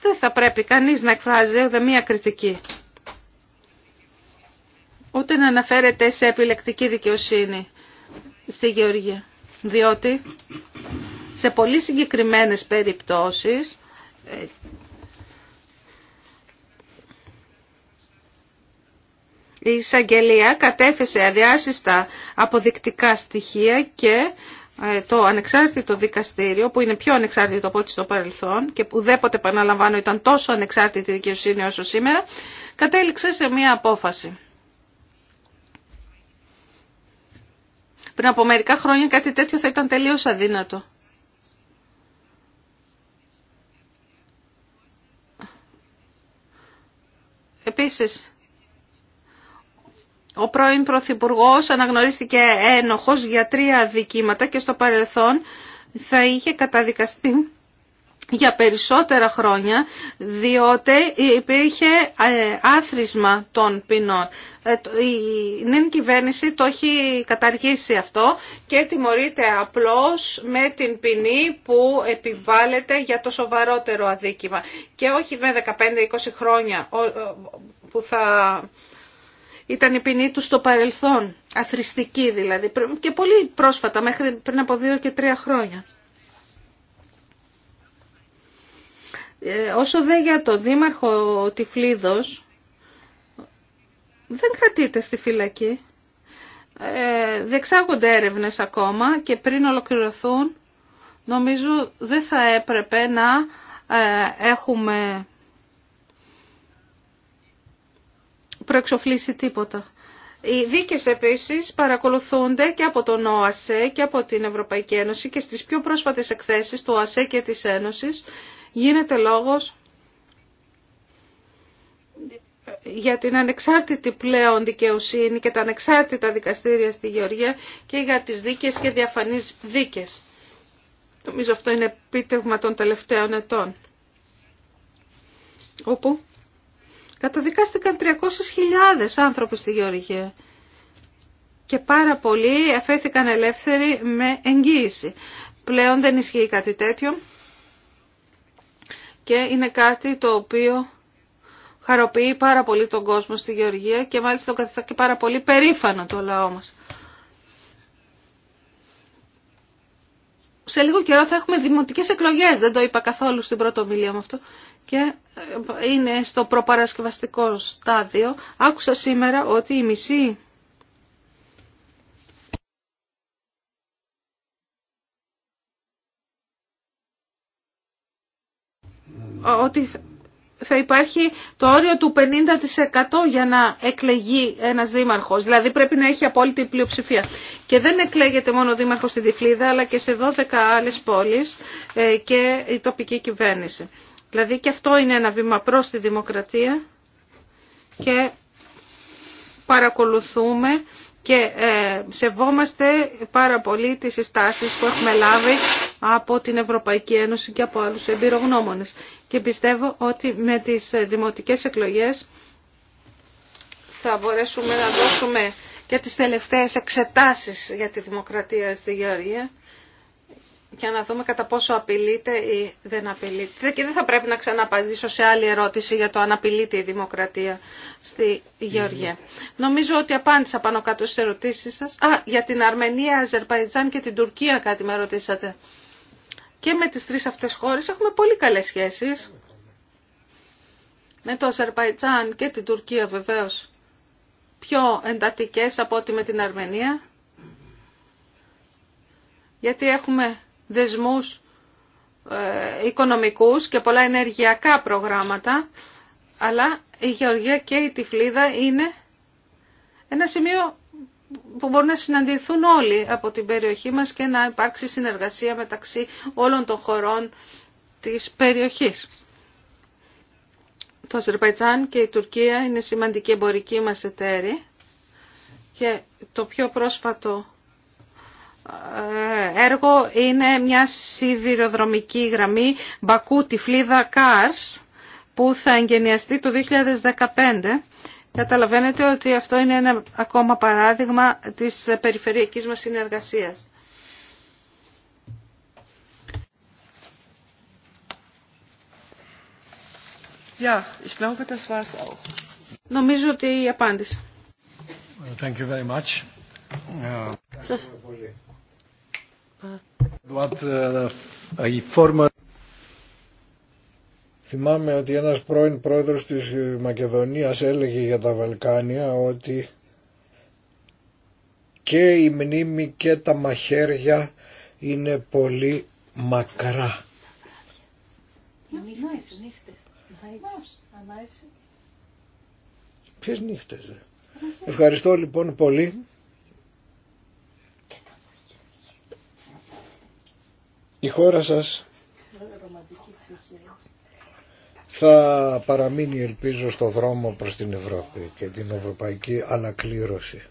δεν θα πρέπει κανείς να εκφράζει ούτε μία κριτική ούτε να αναφέρεται σε επιλεκτική δικαιοσύνη στη Γεωργία. Διότι σε πολύ συγκεκριμένες περιπτώσεις ε, η εισαγγελία κατέθεσε αδιάσυστα αποδεικτικά στοιχεία και ε, το ανεξάρτητο δικαστήριο που είναι πιο ανεξάρτητο από ό,τι στο παρελθόν και που ουδέποτε επαναλαμβάνω ήταν τόσο ανεξάρτητη δικαιοσύνη όσο σήμερα κατέληξε σε μία απόφαση. Πριν από μερικά χρόνια κάτι τέτοιο θα ήταν τελείως αδύνατο. Επίσης, ο πρώην Πρωθυπουργό αναγνωρίστηκε ένοχος για τρία δικήματα και στο παρελθόν θα είχε καταδικαστεί για περισσότερα χρόνια διότι υπήρχε ε, άθροισμα των ποινών. Ε, η νυν κυβέρνηση το έχει καταργήσει αυτό και τιμωρείται απλώς με την ποινή που επιβάλλεται για το σοβαρότερο αδίκημα και όχι με 15-20 χρόνια που θα ήταν η ποινή του στο παρελθόν, αθρηστική δηλαδή και πολύ πρόσφατα μέχρι πριν από 2 και 3 χρόνια. Ε, όσο δε για τον δήμαρχο Τυφλίδος, δεν κρατείται στη φυλακή. Ε, διεξάγονται έρευνες ακόμα και πριν ολοκληρωθούν, νομίζω δεν θα έπρεπε να ε, έχουμε προεξοφλήσει τίποτα. Οι δίκες επίσης παρακολουθούνται και από τον ΟΑΣΕ και από την Ευρωπαϊκή Ένωση και στις πιο πρόσφατες εκθέσεις του ΟΑΣΕ και της Ένωσης γίνεται λόγος για την ανεξάρτητη πλέον δικαιοσύνη και τα ανεξάρτητα δικαστήρια στη Γεωργία και για τις δίκες και διαφανείς δίκες. Νομίζω αυτό είναι επίτευγμα των τελευταίων ετών. Όπου καταδικάστηκαν 300.000 άνθρωποι στη Γεωργία και πάρα πολλοί αφέθηκαν ελεύθεροι με εγγύηση. Πλέον δεν ισχύει κάτι τέτοιο και είναι κάτι το οποίο χαροποιεί πάρα πολύ τον κόσμο στη Γεωργία και μάλιστα τον καθιστά και πάρα πολύ περήφανο το λαό μας. σε λίγο καιρό θα έχουμε δημοτικές εκλογές, δεν το είπα καθόλου στην πρώτη ομιλία μου αυτό, και ε, είναι στο προπαρασκευαστικό στάδιο. Άκουσα σήμερα ότι η μισή ότι θα υπάρχει το όριο του 50% για να εκλεγεί ένας δήμαρχος. Δηλαδή πρέπει να έχει απόλυτη πλειοψηφία. Και δεν εκλέγεται μόνο ο δήμαρχος στη Διφλίδα, αλλά και σε 12 άλλες πόλεις ε, και η τοπική κυβέρνηση. Δηλαδή και αυτό είναι ένα βήμα προς τη δημοκρατία και παρακολουθούμε και ε, σεβόμαστε πάρα πολύ τις συστάσεις που έχουμε λάβει από την Ευρωπαϊκή Ένωση και από άλλους εμπειρογνώμονες και πιστεύω ότι με τις δημοτικές εκλογές θα μπορέσουμε να δώσουμε και τις τελευταίες εξετάσεις για τη δημοκρατία στη Γεωργία και να δούμε κατά πόσο απειλείται ή δεν απειλείται. Και δεν θα πρέπει να ξαναπαντήσω σε άλλη ερώτηση για το αν απειλείται η δημοκρατία στη Γεωργία. Νομίζω ότι απάντησα πάνω κάτω στις ερωτήσεις σας. Α, για την Αρμενία, Αζερπαϊτζάν και την Τουρκία κάτι με ρωτήσατε και με τις τρεις αυτές χώρες έχουμε πολύ καλές σχέσεις. Με το Αζερμπαϊτζάν και την Τουρκία βεβαίως πιο εντατικές από ό,τι με την Αρμενία. Γιατί έχουμε δεσμούς ε, οικονομικούς και πολλά ενεργειακά προγράμματα, αλλά η Γεωργία και η Τυφλίδα είναι ένα σημείο που μπορούν να συναντηθούν όλοι από την περιοχή μας και να υπάρξει συνεργασία μεταξύ όλων των χωρών της περιοχής. Το Αζερβαϊτζάν και η Τουρκία είναι σημαντική εμπορική μας εταίροι και το πιο πρόσφατο ε, έργο είναι μια σιδηροδρομική γραμμή Μπακού Τυφλίδα Κάρς που θα εγκαινιαστεί το 2015 Καταλαβαίνετε ότι αυτό είναι ένα ακόμα παράδειγμα της περιφερειακής μας συνεργασίας. Ja, ich glaube, das war's auch. Νομίζω ότι η απάντηση. Thank you very much. Σας... What, uh, former... Θυμάμαι ότι ένας πρώην πρόεδρος της Μακεδονίας έλεγε για τα Βαλκάνια ότι και η μνήμη και τα μαχαίρια είναι πολύ μακρά. Ποιες νύχτες. Ρε. Ευχαριστώ λοιπόν πολύ. Η χώρα σας θα παραμείνει ελπίζω στο δρόμο προς την Ευρώπη και την ευρωπαϊκή ανακλήρωση.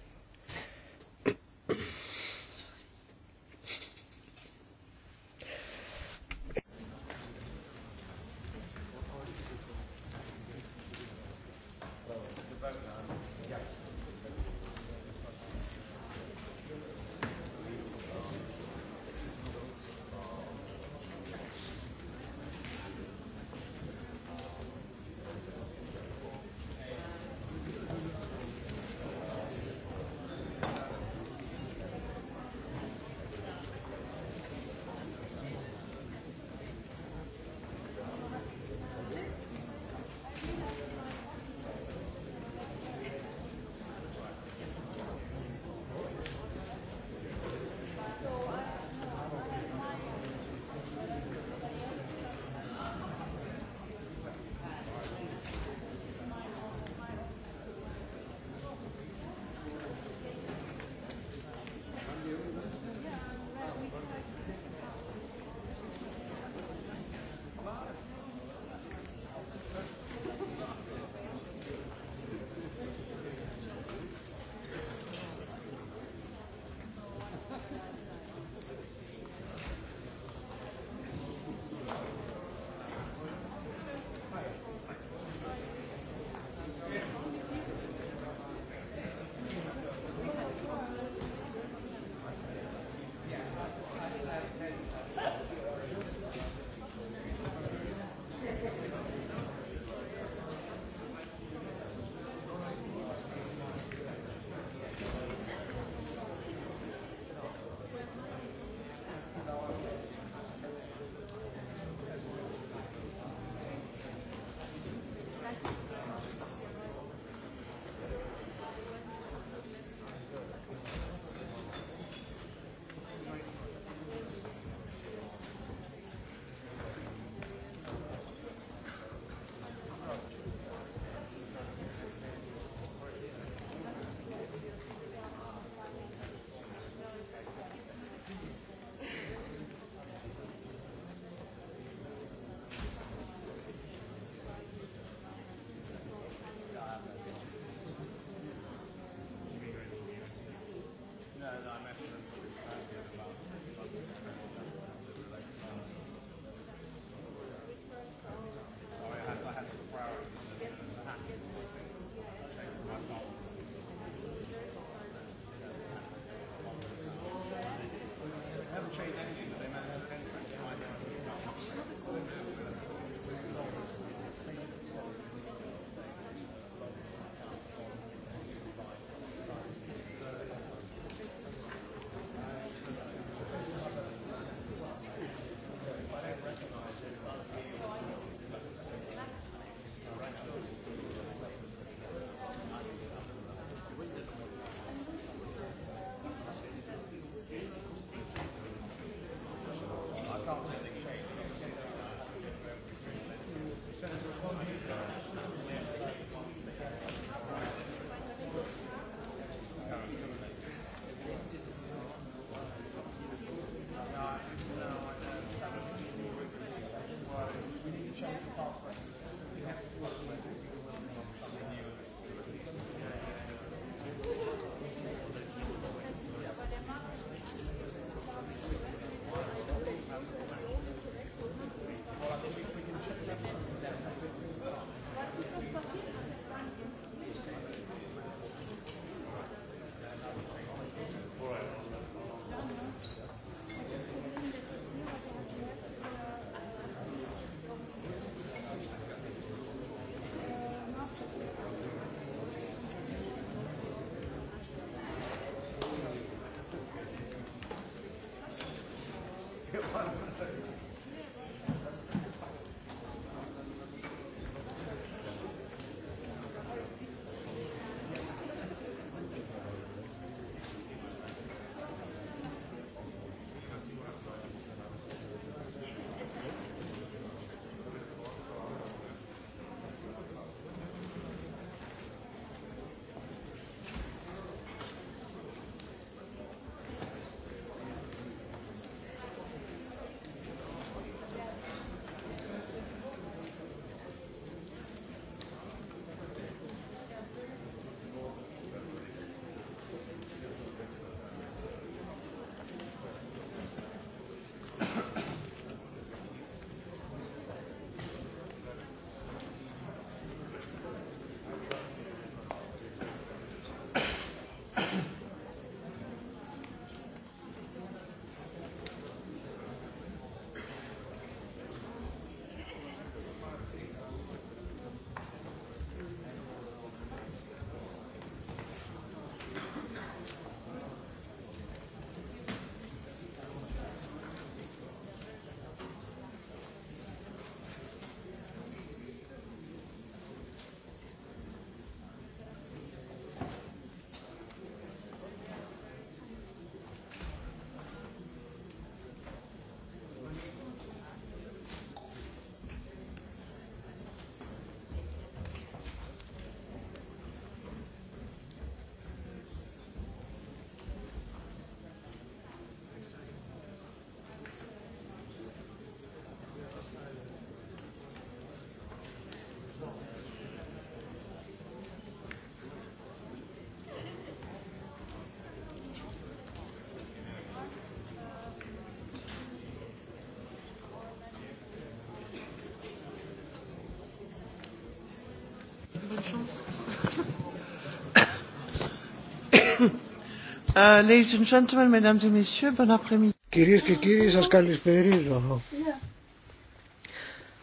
Κυρίε και κύριοι σα καλησπερίζω.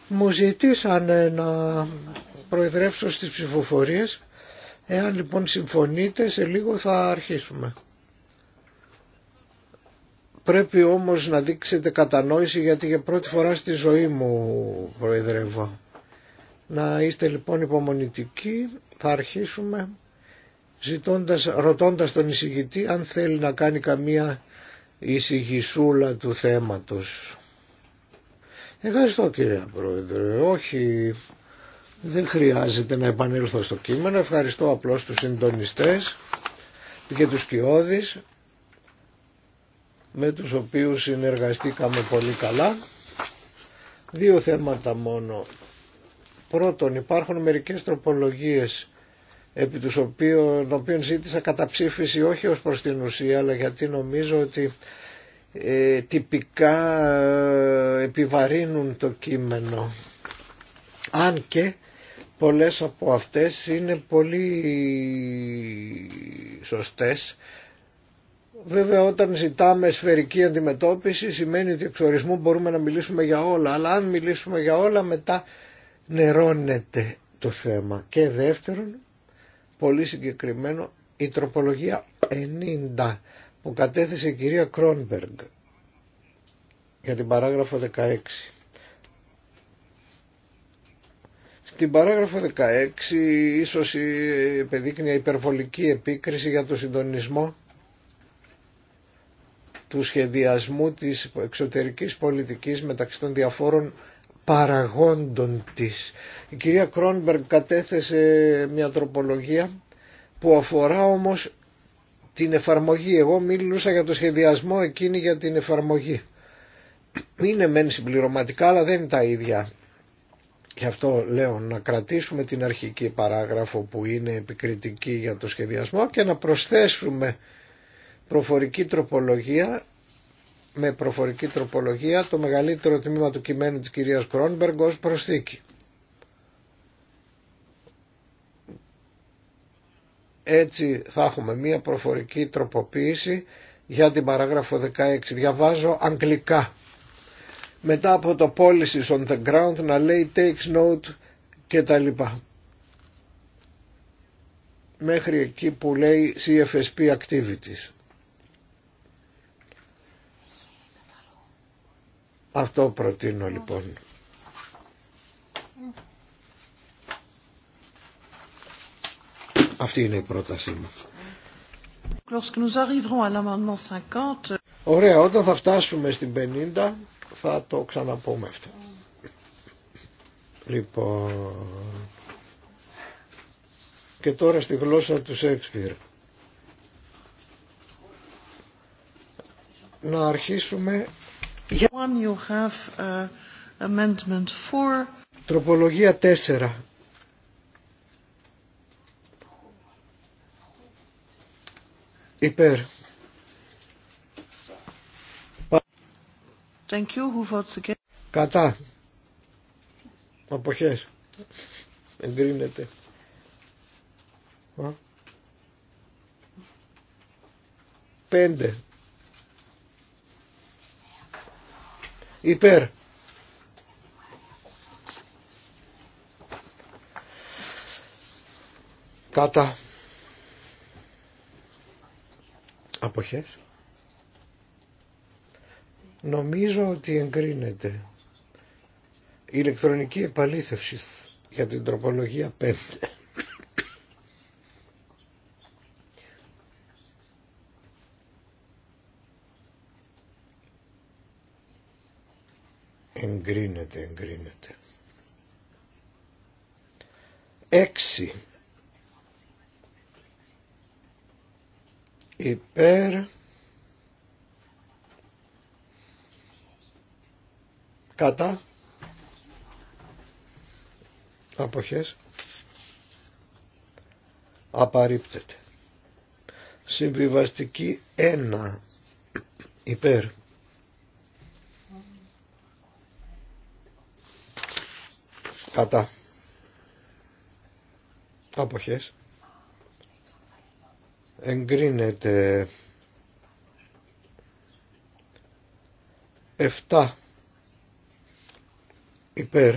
Μου ζητήσανε να προεδρεύσω στις ψηφοφορίες. Εάν λοιπόν συμφωνείτε σε λίγο θα αρχίσουμε. Πρέπει όμως να δείξετε κατανόηση γιατί για πρώτη φορά στη ζωή μου προεδρεύω. Να είστε λοιπόν υπομονητικοί, θα αρχίσουμε ζητώντας, ρωτώντας τον εισηγητή αν θέλει να κάνει καμία εισηγησούλα του θέματος. Ευχαριστώ κύριε Πρόεδρε, όχι δεν χρειάζεται να επανέλθω στο κείμενο, ευχαριστώ απλώς τους συντονιστές και τους κοιόδης με τους οποίους συνεργαστήκαμε πολύ καλά. Δύο θέματα μόνο Πρώτον, υπάρχουν μερικές τροπολογίες επί τους οποίων, ζήτησα καταψήφιση όχι ως προς την ουσία αλλά γιατί νομίζω ότι ε, τυπικά ε, επιβαρύνουν το κείμενο. Αν και πολλές από αυτές είναι πολύ σωστές. Βέβαια όταν ζητάμε σφαιρική αντιμετώπιση σημαίνει ότι εξ ορισμού μπορούμε να μιλήσουμε για όλα, αλλά αν μιλήσουμε για όλα μετά νερώνεται το θέμα. Και δεύτερον, πολύ συγκεκριμένο, η τροπολογία 90 που κατέθεσε η κυρία Κρόνμπεργκ για την παράγραφο 16. Στην παράγραφο 16 ίσως μια υπερβολική επίκριση για το συντονισμό του σχεδιασμού της εξωτερικής πολιτικής μεταξύ των διαφόρων παραγόντων της. Η κυρία Κρόνμπεργκ κατέθεσε μια τροπολογία που αφορά όμως την εφαρμογή. Εγώ μίλησα για το σχεδιασμό εκείνη για την εφαρμογή. Είναι μεν συμπληρωματικά αλλά δεν είναι τα ίδια. Γι' αυτό λέω να κρατήσουμε την αρχική παράγραφο που είναι επικριτική για το σχεδιασμό και να προσθέσουμε προφορική τροπολογία με προφορική τροπολογία το μεγαλύτερο τμήμα του κειμένου της κυρίας Κρόνμπεργκ ως προσθήκη. Έτσι θα έχουμε μία προφορική τροποποίηση για την παράγραφο 16. Διαβάζω αγγλικά. Μετά από το policies on the ground να λέει takes note και τα λοιπά. Μέχρι εκεί που λέει CFSP activities. Αυτό προτείνω λοιπόν. Αυτή είναι η πρότασή μου. Ωραία, όταν θα φτάσουμε στην 50 θα το ξαναπούμε αυτό. Λοιπόν, και τώρα στη γλώσσα του Σέξπιρ. Να αρχίσουμε you have, uh, amendment Τροπολογία 4. Υπέρ. Thank you. Who votes again? Κατά. Αποχές. Εγκρίνεται. Πέντε. υπέρ. Κατά. Αποχές. Νομίζω ότι εγκρίνεται ηλεκτρονική επαλήθευση για την τροπολογία 5. εγκρίνεται, εγκρίνεται. Έξι. Υπέρ κατά αποχές απαρρίπτεται. Συμβιβαστική ένα υπέρ κατά αποχές εγκρίνεται 7 υπέρ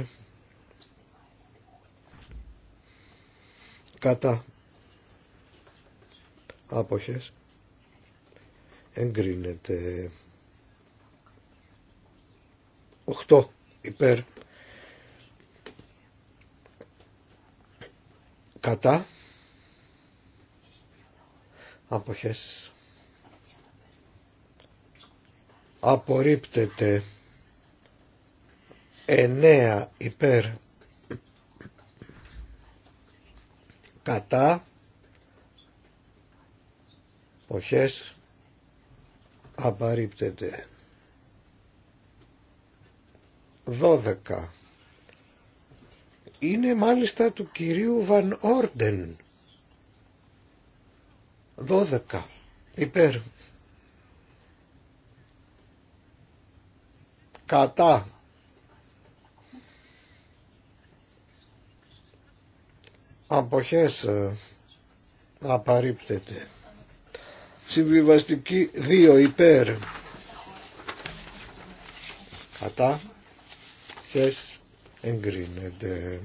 κατά άποχες εγκρίνεται 8 υπέρ κατά αποχές απορρίπτεται εννέα υπέρ κατά αποχές απορρίπτεται δώδεκα είναι μάλιστα του κυρίου Βαν Όρντεν. Δώδεκα. Υπέρ. Κατά. Αποχές ε, απαρρίπτεται. Συμβιβαστική Δύο υπέρ. Κατά. Χες εγκρίνεται.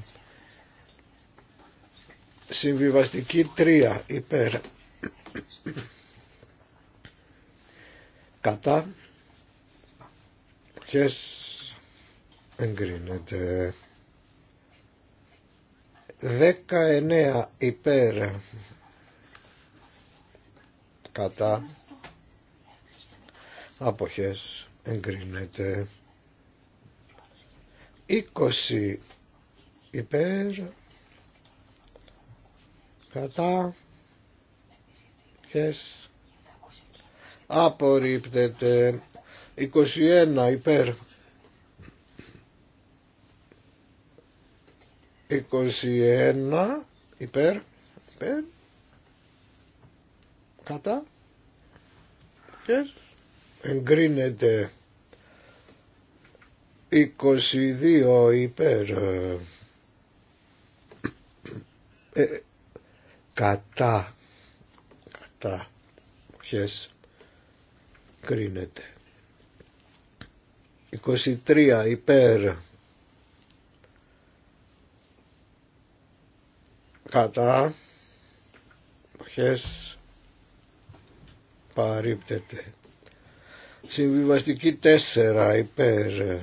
Συμβιβαστική τρία υπέρ κατά ποιες εγκρίνεται εννέα υπέρ κατά αποχές εγκρίνεται 20 υπέρ κατά χες απορρίπτεται 21 υπέρ 21 υπέρ υπέρ κατά χες εγκρίνεται 22 υπέρ ε, κατά κατά χες κρίνεται 23 υπέρ κατά χες παρύπτεται συμβιβαστική 4 υπέρ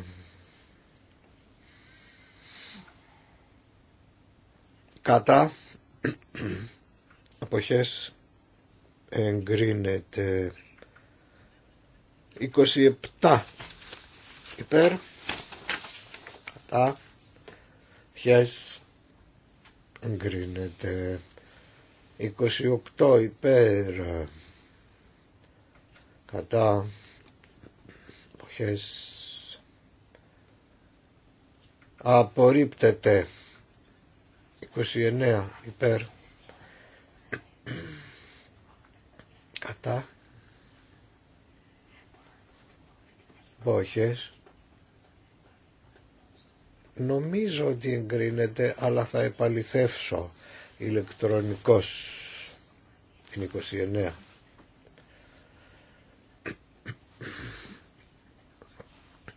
κατά αποχές εγκρίνεται 27 υπέρ κατά αποχές εγκρίνεται 28 υπέρ κατά αποχές απορρίπτεται 29 υπέρ κατά βόχες νομίζω ότι εγκρίνεται αλλά θα επαληθεύσω ηλεκτρονικός την 29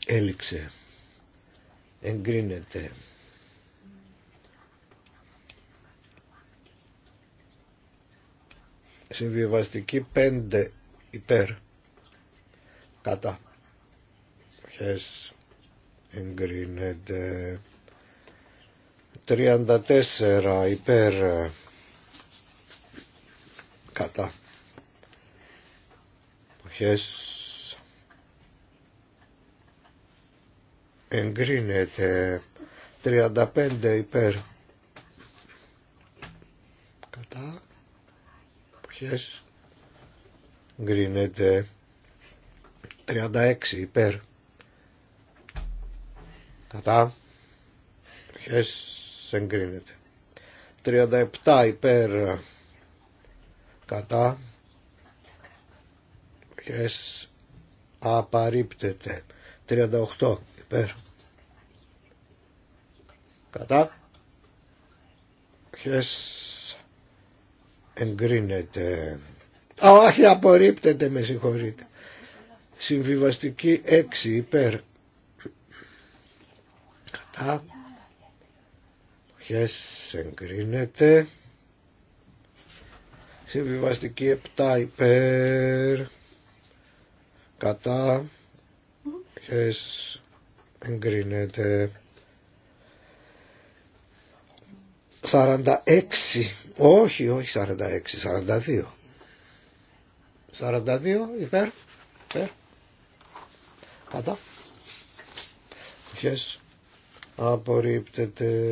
έληξε εγκρίνεται Συμβιβαστική 5 υπέρ. Κατά. Χες εγκρίνεται. 34 υπέρ. Κατά. Χες εγκρίνεται 35 υπέρ κατά αποχές γκρίνεται 36 υπέρ κατά αποχές εγκρίνεται 37 υπέρ κατά αποχές απαρρίπτεται 38 υπέρ κατά αποχές εγκρίνεται. Α, όχι, απορρίπτεται, με συγχωρείτε. Συμβιβαστική 6 υπέρ. Κατά. Χες εγκρίνεται. Συμβιβαστική 7 υπέρ. Κατά. Χες εγκρίνεται. 46, όχι, όχι 46, 42. 42 υπέρ, υπέρ, κατά. Ποιες απορρίπτεται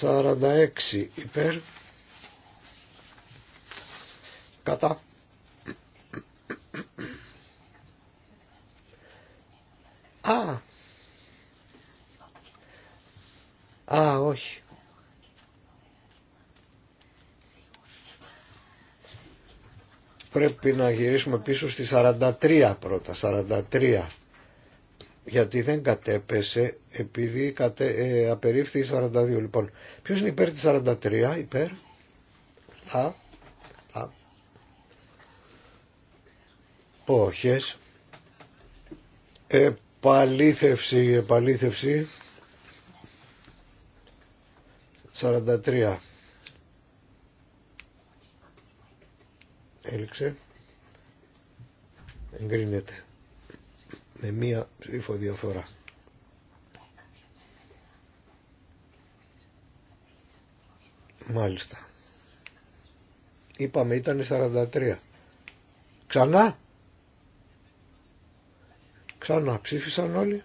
46 υπέρ, κατά. πρέπει να γυρίσουμε πίσω στη 43 πρώτα, 43 γιατί δεν κατέπεσε επειδή κατε, ε, απερίφθη η 42. Λοιπόν, ποιος είναι υπέρ της 43, υπέρ, θα, θα, πόχες, επαλήθευση, επαλήθευση, 43. Έληξε. Εγκρίνεται. Με μία ψήφο διαφορά. Μάλιστα. Είπαμε ήταν 43. Ξανά. Ξανά ψήφισαν όλοι.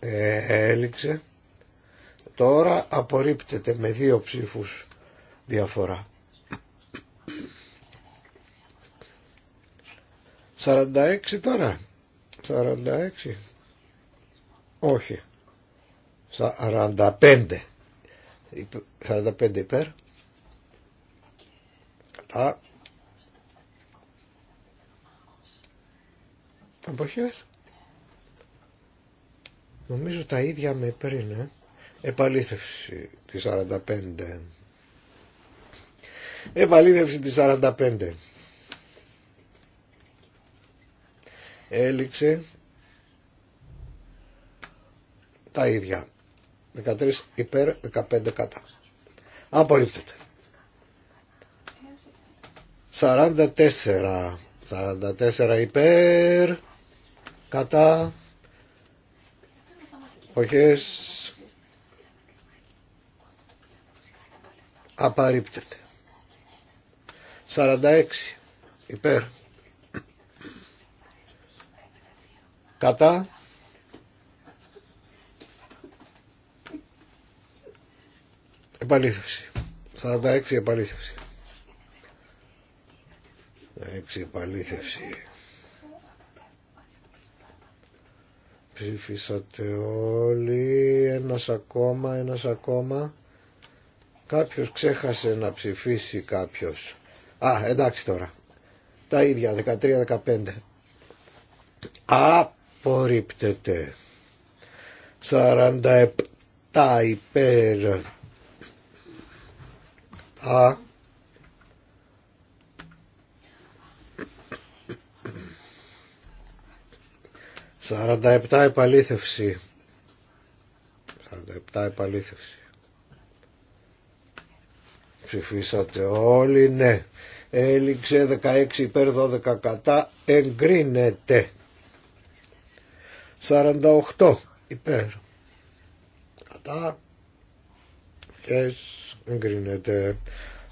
Ε, έληξε. Τώρα απορρίπτεται με δύο ψήφους διαφορά. 46 τώρα. 46. Όχι. 45. 45 υπέρ. Κατά. Αποχές. Νομίζω τα ίδια με πριν, ε. Επαλήθευση τη 45. Επαλήθευση τη 45. Έληξε τα ίδια. 13 υπέρ, 15 κατά. Απορρίπτεται. 44. 44 υπέρ, κατά, οχες, απαρρίπτεται. 46 υπέρ κατά επαλήθευση 46 επαλήθευση 6 επαλήθευση ψήφισατε όλοι ένας ακόμα ένας ακόμα Κάποιος ξέχασε να ψηφίσει κάποιος. Α, εντάξει τώρα. Τα ίδια, 13-15. Απορρίπτεται. 47 υπέρ. Α. Σαράντα επαλήθευση. Σαράντα επαλήθευση. Ψηφίσατε όλοι, ναι. Έληξε 16 υπέρ 12 κατά, εγκρίνεται. 48 υπέρ. Κατά. Yes, εγκρίνεται.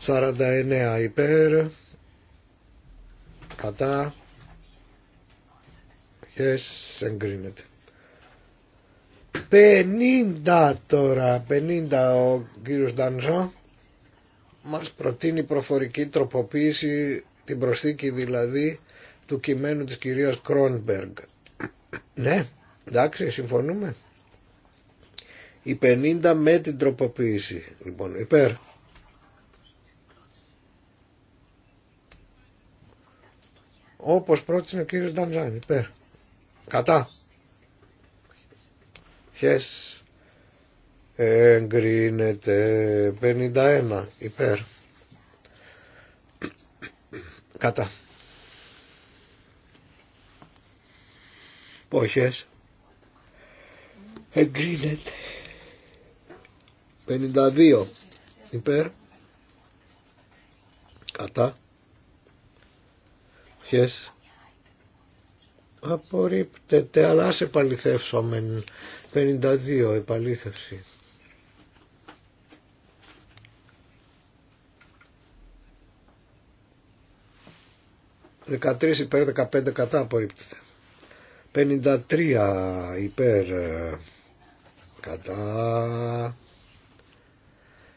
49 υπέρ. Κατά. Yes, εγκρίνεται. 50 τώρα, 50 ο κύριος Ντανζό μας προτείνει προφορική τροποποίηση, την προσθήκη δηλαδή του κειμένου της κυρίας Κρόνμπεργκ. Ναι, εντάξει, συμφωνούμε. Η 50 με την τροποποίηση, λοιπόν, υπέρ. Όπως πρότεινε ο κύριος Ντανζάν, υπέρ. Κατά. Yes εγκρίνεται 51 υπέρ κατά πόχες εγκρίνεται 52 υπέρ κατά πόχες απορρίπτεται αλλά ας επαληθεύσουμε 52 επαλήθευση 13 υπέρ 15 κατά απορρίπτεται. 53 ε, υπέρ κατά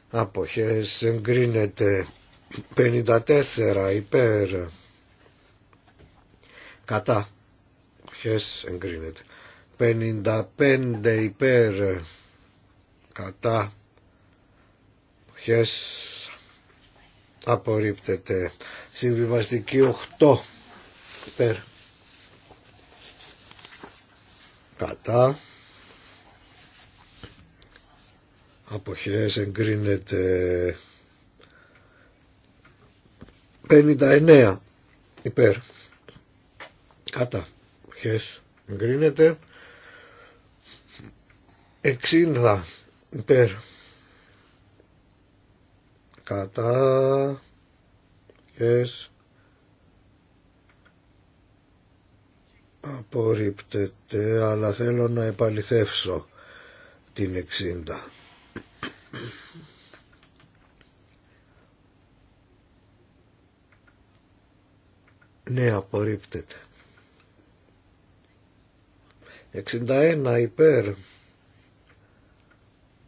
αποχές εγκρίνεται 54 υπέρ κατά αποχές εγκρίνεται 55 υπέρ κατά αποχές απορρίπτεται Συμβιβαστική 8 υπέρ. Κατά. Αποχές εγκρίνεται 59 υπέρ. Κατά. Αποχές εγκρίνεται 60 υπέρ. Κατά αποχές απορρίπτεται αλλά θέλω να επαληθεύσω την 60 ναι απορρίπτεται 61 υπέρ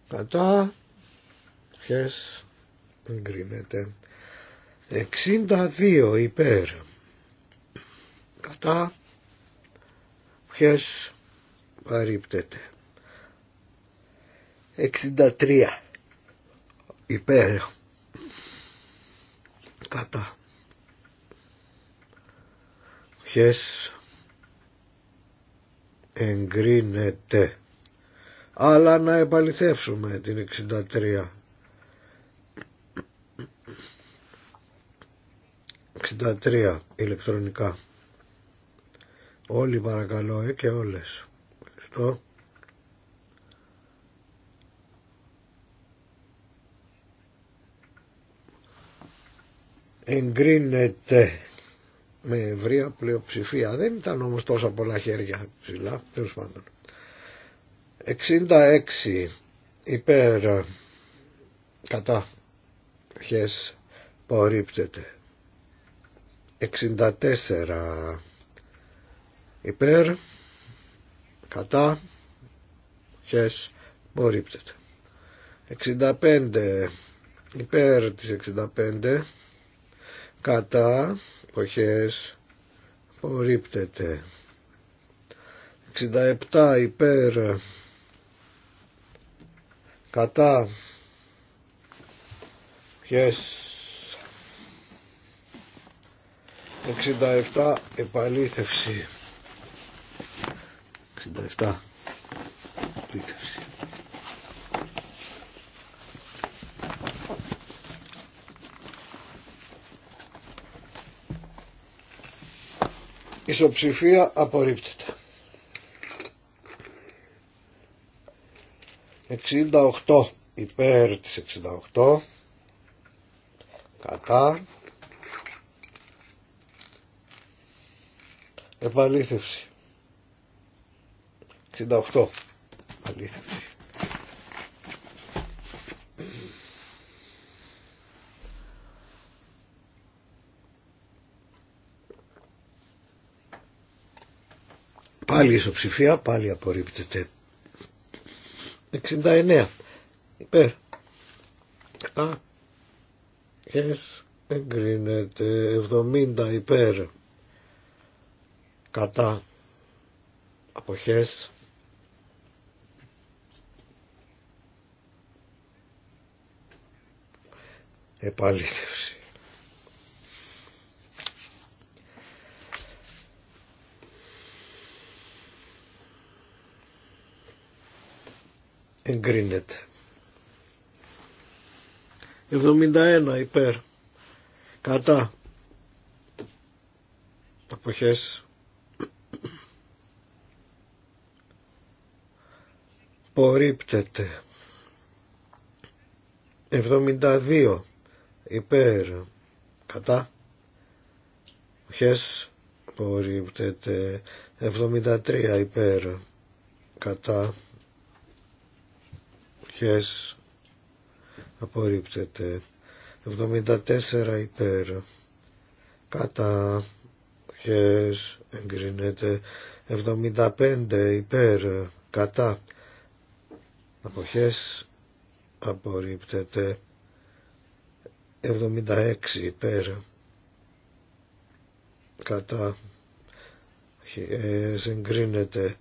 κατά χες εγκρίνεται 62 υπέρ κατά ποιες παρύπτεται 63 υπέρ κατά ποιες εγκρίνεται αλλά να επαληθεύσουμε την 63 63 ηλεκτρονικά. Όλοι παρακαλώ ε, και όλες. Ευχαριστώ. Εγκρίνεται με ευρεία πλειοψηφία. Δεν ήταν όμως τόσα πολλά χέρια ψηλά, τέλο πάντων. 66 υπέρ κατά χες απορρίπτεται. 64 υπέρ κατά χες μπορείπτεται 65 υπέρ της 65 κατά χες μπορείπτεται 67 υπέρ κατά χες 67 επαλήθευση. 67 επαλήθευση. Ισοψηφία απορρίπτεται. 68 υπέρ της 68 κατά Επαλήθευση. 68. Επαλήθευση. Πάλι ισοψηφία, πάλι απορρίπτεται. 69. Υπέρ. Α. Yes. Εγκρίνεται. 70 υπέρ κατά αποχές επαλήθευση. Εγκρίνεται. 71 υπέρ. Κατά. Αποχές. απορρίπτεται 72 υπέρ κατά χες απορρίπτεται 73 υπέρ κατά χες απορρίπτεται 74 υπέρ κατά χες εγκρίνεται 75 υπέρ κατά αποχές απορρίπτεται 76 υπέρ κατά συγκρίνεται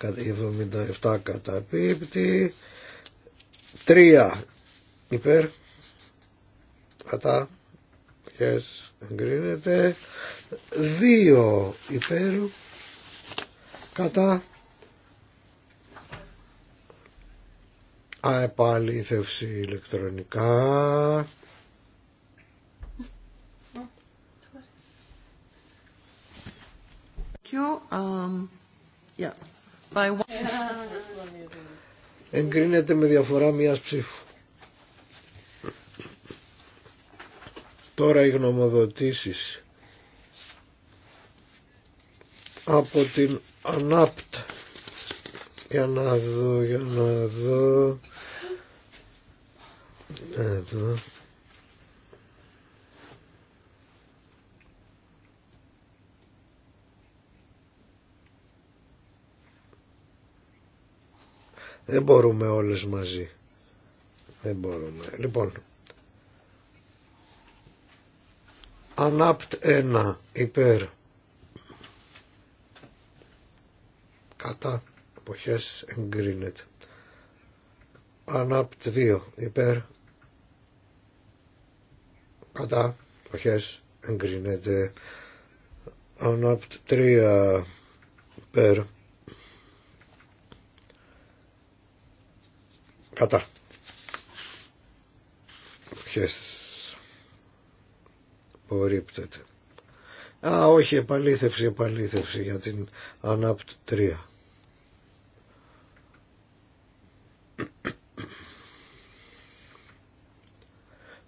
εγκρίνεται 77 πίπτη, 3 υπέρ κατά ποιες εγκρίνεται δύο υπέρ κατά αεπαλήθευση ηλεκτρονικά um, εγκρίνεται με διαφορά μιας ψήφου Τώρα οι γνωμοδοτήσεις από την ΑΝΑΠΤ για να δω, για να δω εδώ Δεν μπορούμε όλες μαζί. Δεν μπορούμε. Λοιπόν, Ανάπτ 1 υπέρ κατά εποχές εγκρίνεται. Ανάπτ 2 υπέρ κατά εποχέ εγκρίνεται. Ανάπτ 3 υπέρ κατά Α, όχι, επαλήθευση, επαλήθευση για την ΑΝΑΠΤ 3.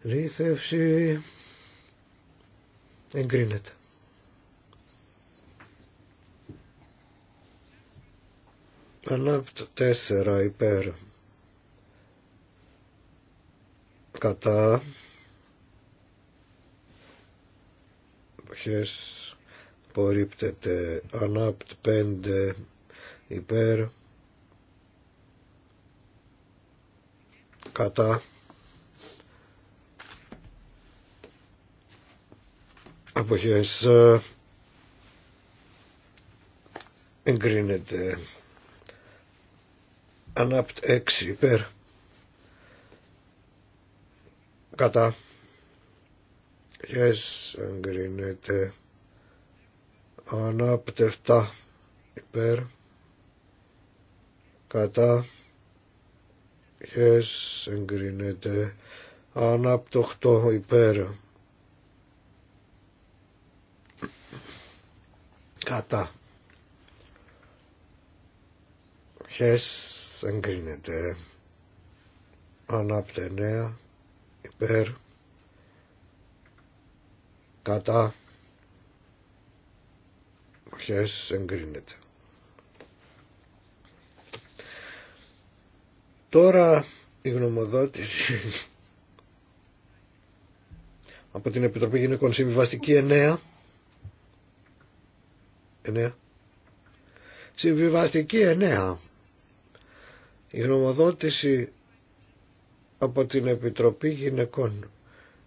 Λήθευση εγκρίνεται. Ανάπτ 4 υπέρ κατά αποχές πορύπτεται ανάπτ πέντε, υπέρ κατά αποχές ε, εγκρίνεται ανάπτ έξι, υπέρ κατά αποχές εγκρίνεται ανάπτευτα υπέρ κατά χες εγκρίνεται ανάπτωχτο υπέρ κατά χες εγκρίνεται ανάπτενέα υπέρ κατά χες εγκρίνεται. Τώρα η γνωμοδότηση από την Επιτροπή Γυναικών Συμβιβαστική 9 9 Συμβιβαστική 9 η γνωμοδότηση από την Επιτροπή Γυναικών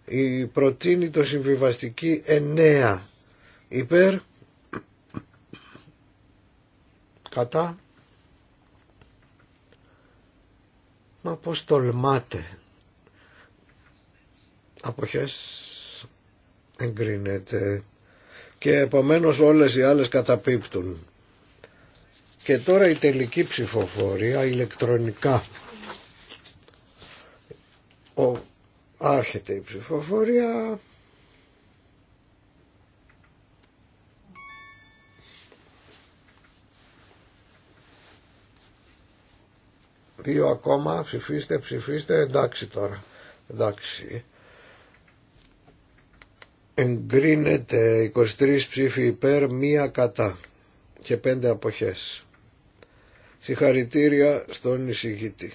η προτείνει το συμβιβαστική 9 υπέρ κατά μα πως τολμάτε αποχές εγκρίνεται και επομένως όλες οι άλλες καταπίπτουν και τώρα η τελική ψηφοφορία ηλεκτρονικά ο Άρχεται η ψηφοφορία. Δύο ακόμα, ψηφίστε, ψηφίστε, εντάξει τώρα, εντάξει. Εγκρίνεται 23 ψήφοι υπέρ, μία κατά και πέντε αποχές. Συγχαρητήρια στον εισηγητή.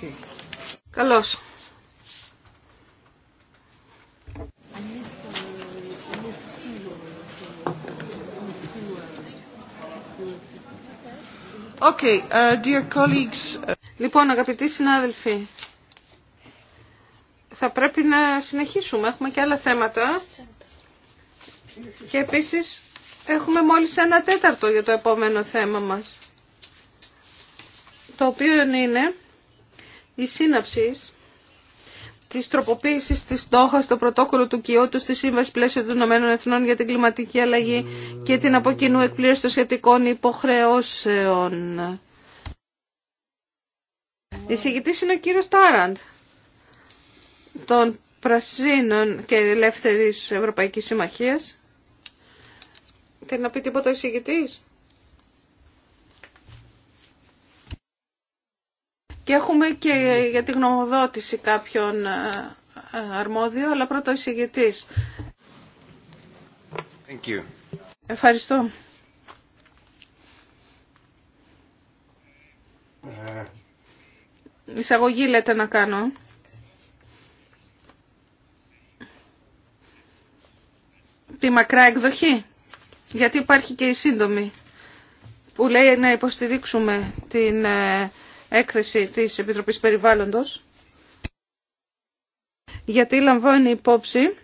Okay, uh, dear colleagues. Uh, λοιπόν, αγαπητοί συνάδελφοι, θα πρέπει να συνεχίσουμε. Έχουμε και άλλα θέματα. Και επίσης έχουμε μόλις ένα τέταρτο για το επόμενο θέμα μας. Το οποίο είναι η σύναψη της τροποποίησης της στόχα στο πρωτόκολλο του Κιώτου στη Σύμβαση Πλαίσιο των Ηνωμένων Εθνών για την Κλιματική Αλλαγή και την από κοινού εκπλήρωση των σχετικών υποχρεώσεων. Η συγκητής είναι ο κύριος Τάραντ των Πρασίνων και Ελεύθερης Ευρωπαϊκής Συμμαχίας. Θέλει να πει τίποτα ο συγκητής. Και έχουμε και για τη γνωμοδότηση κάποιον ε, ε, αρμόδιο, αλλά πρώτα ο εισηγητής. Ευχαριστώ. Εισαγωγή λέτε να κάνω. Τη μακρά εκδοχή. Γιατί υπάρχει και η σύντομη που λέει να υποστηρίξουμε την ε, έκθεση της Επιτροπής Περιβάλλοντος γιατί λαμβάνει υπόψη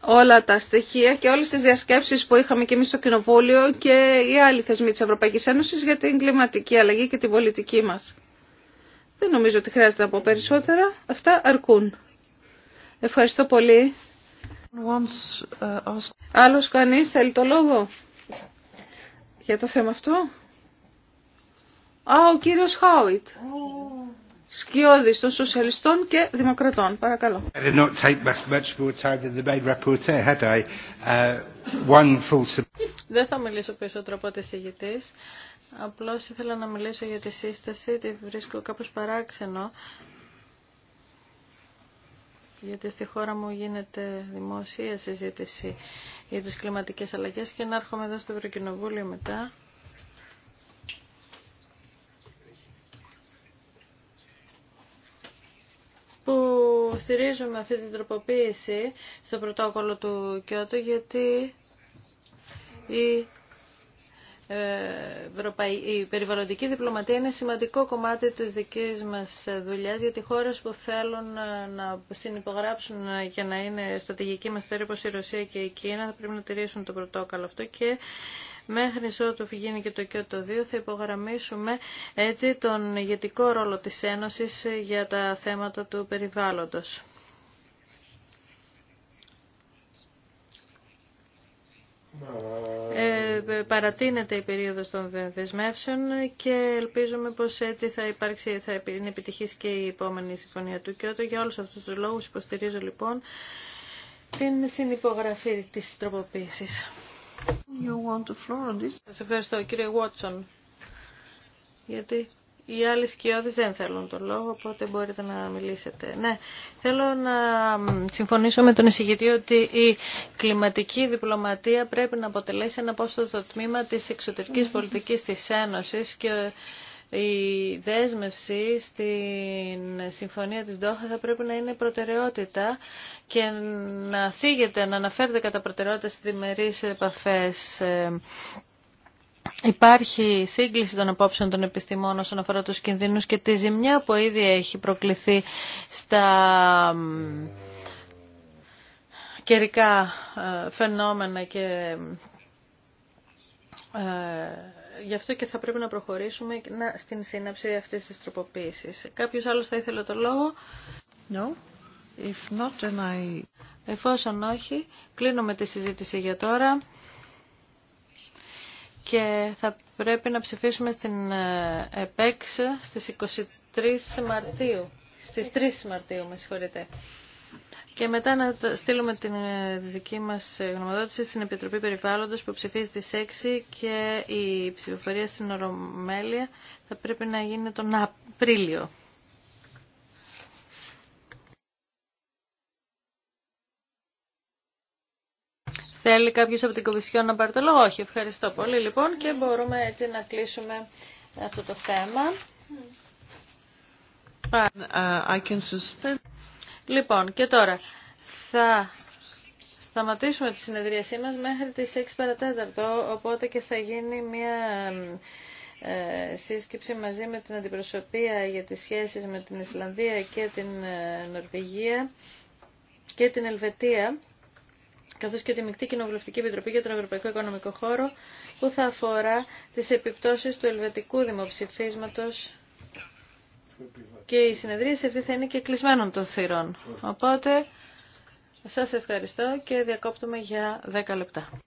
όλα τα στοιχεία και όλες τις διασκέψεις που είχαμε και εμείς στο Κοινοβούλιο και οι άλλοι θεσμοί της Ευρωπαϊκής Ένωσης για την κλιματική αλλαγή και την πολιτική μας. Δεν νομίζω ότι χρειάζεται να πω περισσότερα. Αυτά αρκούν. Ευχαριστώ πολύ. Uh, Άλλος κανείς θέλει το λόγο για το θέμα αυτό. Α, ο κύριος Χάουιτ. Σκιώδη των Σοσιαλιστών και Δημοκρατών. Παρακαλώ. Δεν θα μιλήσω περισσότερο από τις ηγητής. Απλώς ήθελα να μιλήσω για τη σύσταση. Τη βρίσκω κάπως παράξενο. Γιατί στη χώρα μου γίνεται δημοσία συζήτηση για τις κλιματικές αλλαγές και να έρχομαι εδώ στο Ευρωκοινοβούλιο μετά Υποστηρίζουμε αυτή την τροποποίηση στο πρωτόκολλο του Κιώτο γιατί η ε, η περιβαλλοντική διπλωματία είναι σημαντικό κομμάτι της δικής μας δουλειάς γιατί χώρες που θέλουν να συνυπογράψουν και να είναι στατηγική μας θέση όπως η Ρωσία και η Κίνα θα πρέπει να τηρήσουν το πρωτόκολλο αυτό και Μέχρι ότου γίνει και το Κιώτο 2 θα υπογραμμίσουμε έτσι τον ηγετικό ρόλο της Ένωσης για τα θέματα του περιβάλλοντος. Ε, παρατείνεται η περίοδος των δεσμεύσεων και ελπίζουμε πως έτσι θα, υπάρξει, θα είναι επιτυχής και η επόμενη συμφωνία του Κιώτο. Για όλους αυτούς τους λόγους υποστηρίζω λοιπόν την συνυπογραφή της τροποποίησης. Σας ευχαριστώ κύριε Βότσον. Γιατί οι άλλοι σκιώδεις δεν θέλουν τον λόγο, οπότε μπορείτε να μιλήσετε. Ναι, θέλω να συμφωνήσω με τον εισηγητή ότι η κλιματική διπλωματία πρέπει να αποτελέσει ένα απόστατο τμήμα της εξωτερικής πολιτικής της Ένωσης και η δέσμευση στην συμφωνία της ΔΟΧΑ θα πρέπει να είναι προτεραιότητα και να θίγεται, να αναφέρεται κατά προτεραιότητα στις διμερείς επαφές. Ε, υπάρχει σύγκληση των απόψεων των επιστημών όσον αφορά τους κινδύνους και τη ζημιά που ήδη έχει προκληθεί στα καιρικά ε, φαινόμενα και ε, γι' αυτό και θα πρέπει να προχωρήσουμε στην σύναψη αυτής της τροποποίησης. Κάποιος άλλος θα ήθελε το λόγο. No. If not, then I... Εφόσον όχι, κλείνουμε τη συζήτηση για τώρα και θα πρέπει να ψηφίσουμε στην ε, ΕΠΕΞ στις 23 Μαρτίου. Στις 3 Μαρτίου, με συγχωρείτε και μετά να στείλουμε την ε, δική μας ε, γνωμοδότηση στην Επιτροπή Περιβάλλοντος που ψηφίζει τις 6 και η ψηφοφορία στην Ορομέλεια θα πρέπει να γίνει τον Απρίλιο. Θέλει κάποιος από την Κομισιόν να πάρει το λόγο. Όχι, ευχαριστώ πολύ λοιπόν και μπορούμε έτσι να κλείσουμε αυτό το θέμα. Mm. Uh, I can suspend. Λοιπόν, και τώρα θα σταματήσουμε τη συνεδρίασή μας μέχρι τις 6 παρατέταρτο, οπότε και θα γίνει μια ε, σύσκεψη μαζί με την αντιπροσωπεία για τις σχέσεις με την Ισλανδία και την ε, Νορβηγία και την Ελβετία καθώς και τη Μικτή Κοινοβουλευτική Επιτροπή για τον Ευρωπαϊκό Οικονομικό Χώρο, που θα αφορά τις επιπτώσεις του ελβετικού δημοψηφίσματος και η σε αυτή θα είναι και κλεισμένων των θύρων. Οπότε σας ευχαριστώ και διακόπτουμε για 10 λεπτά.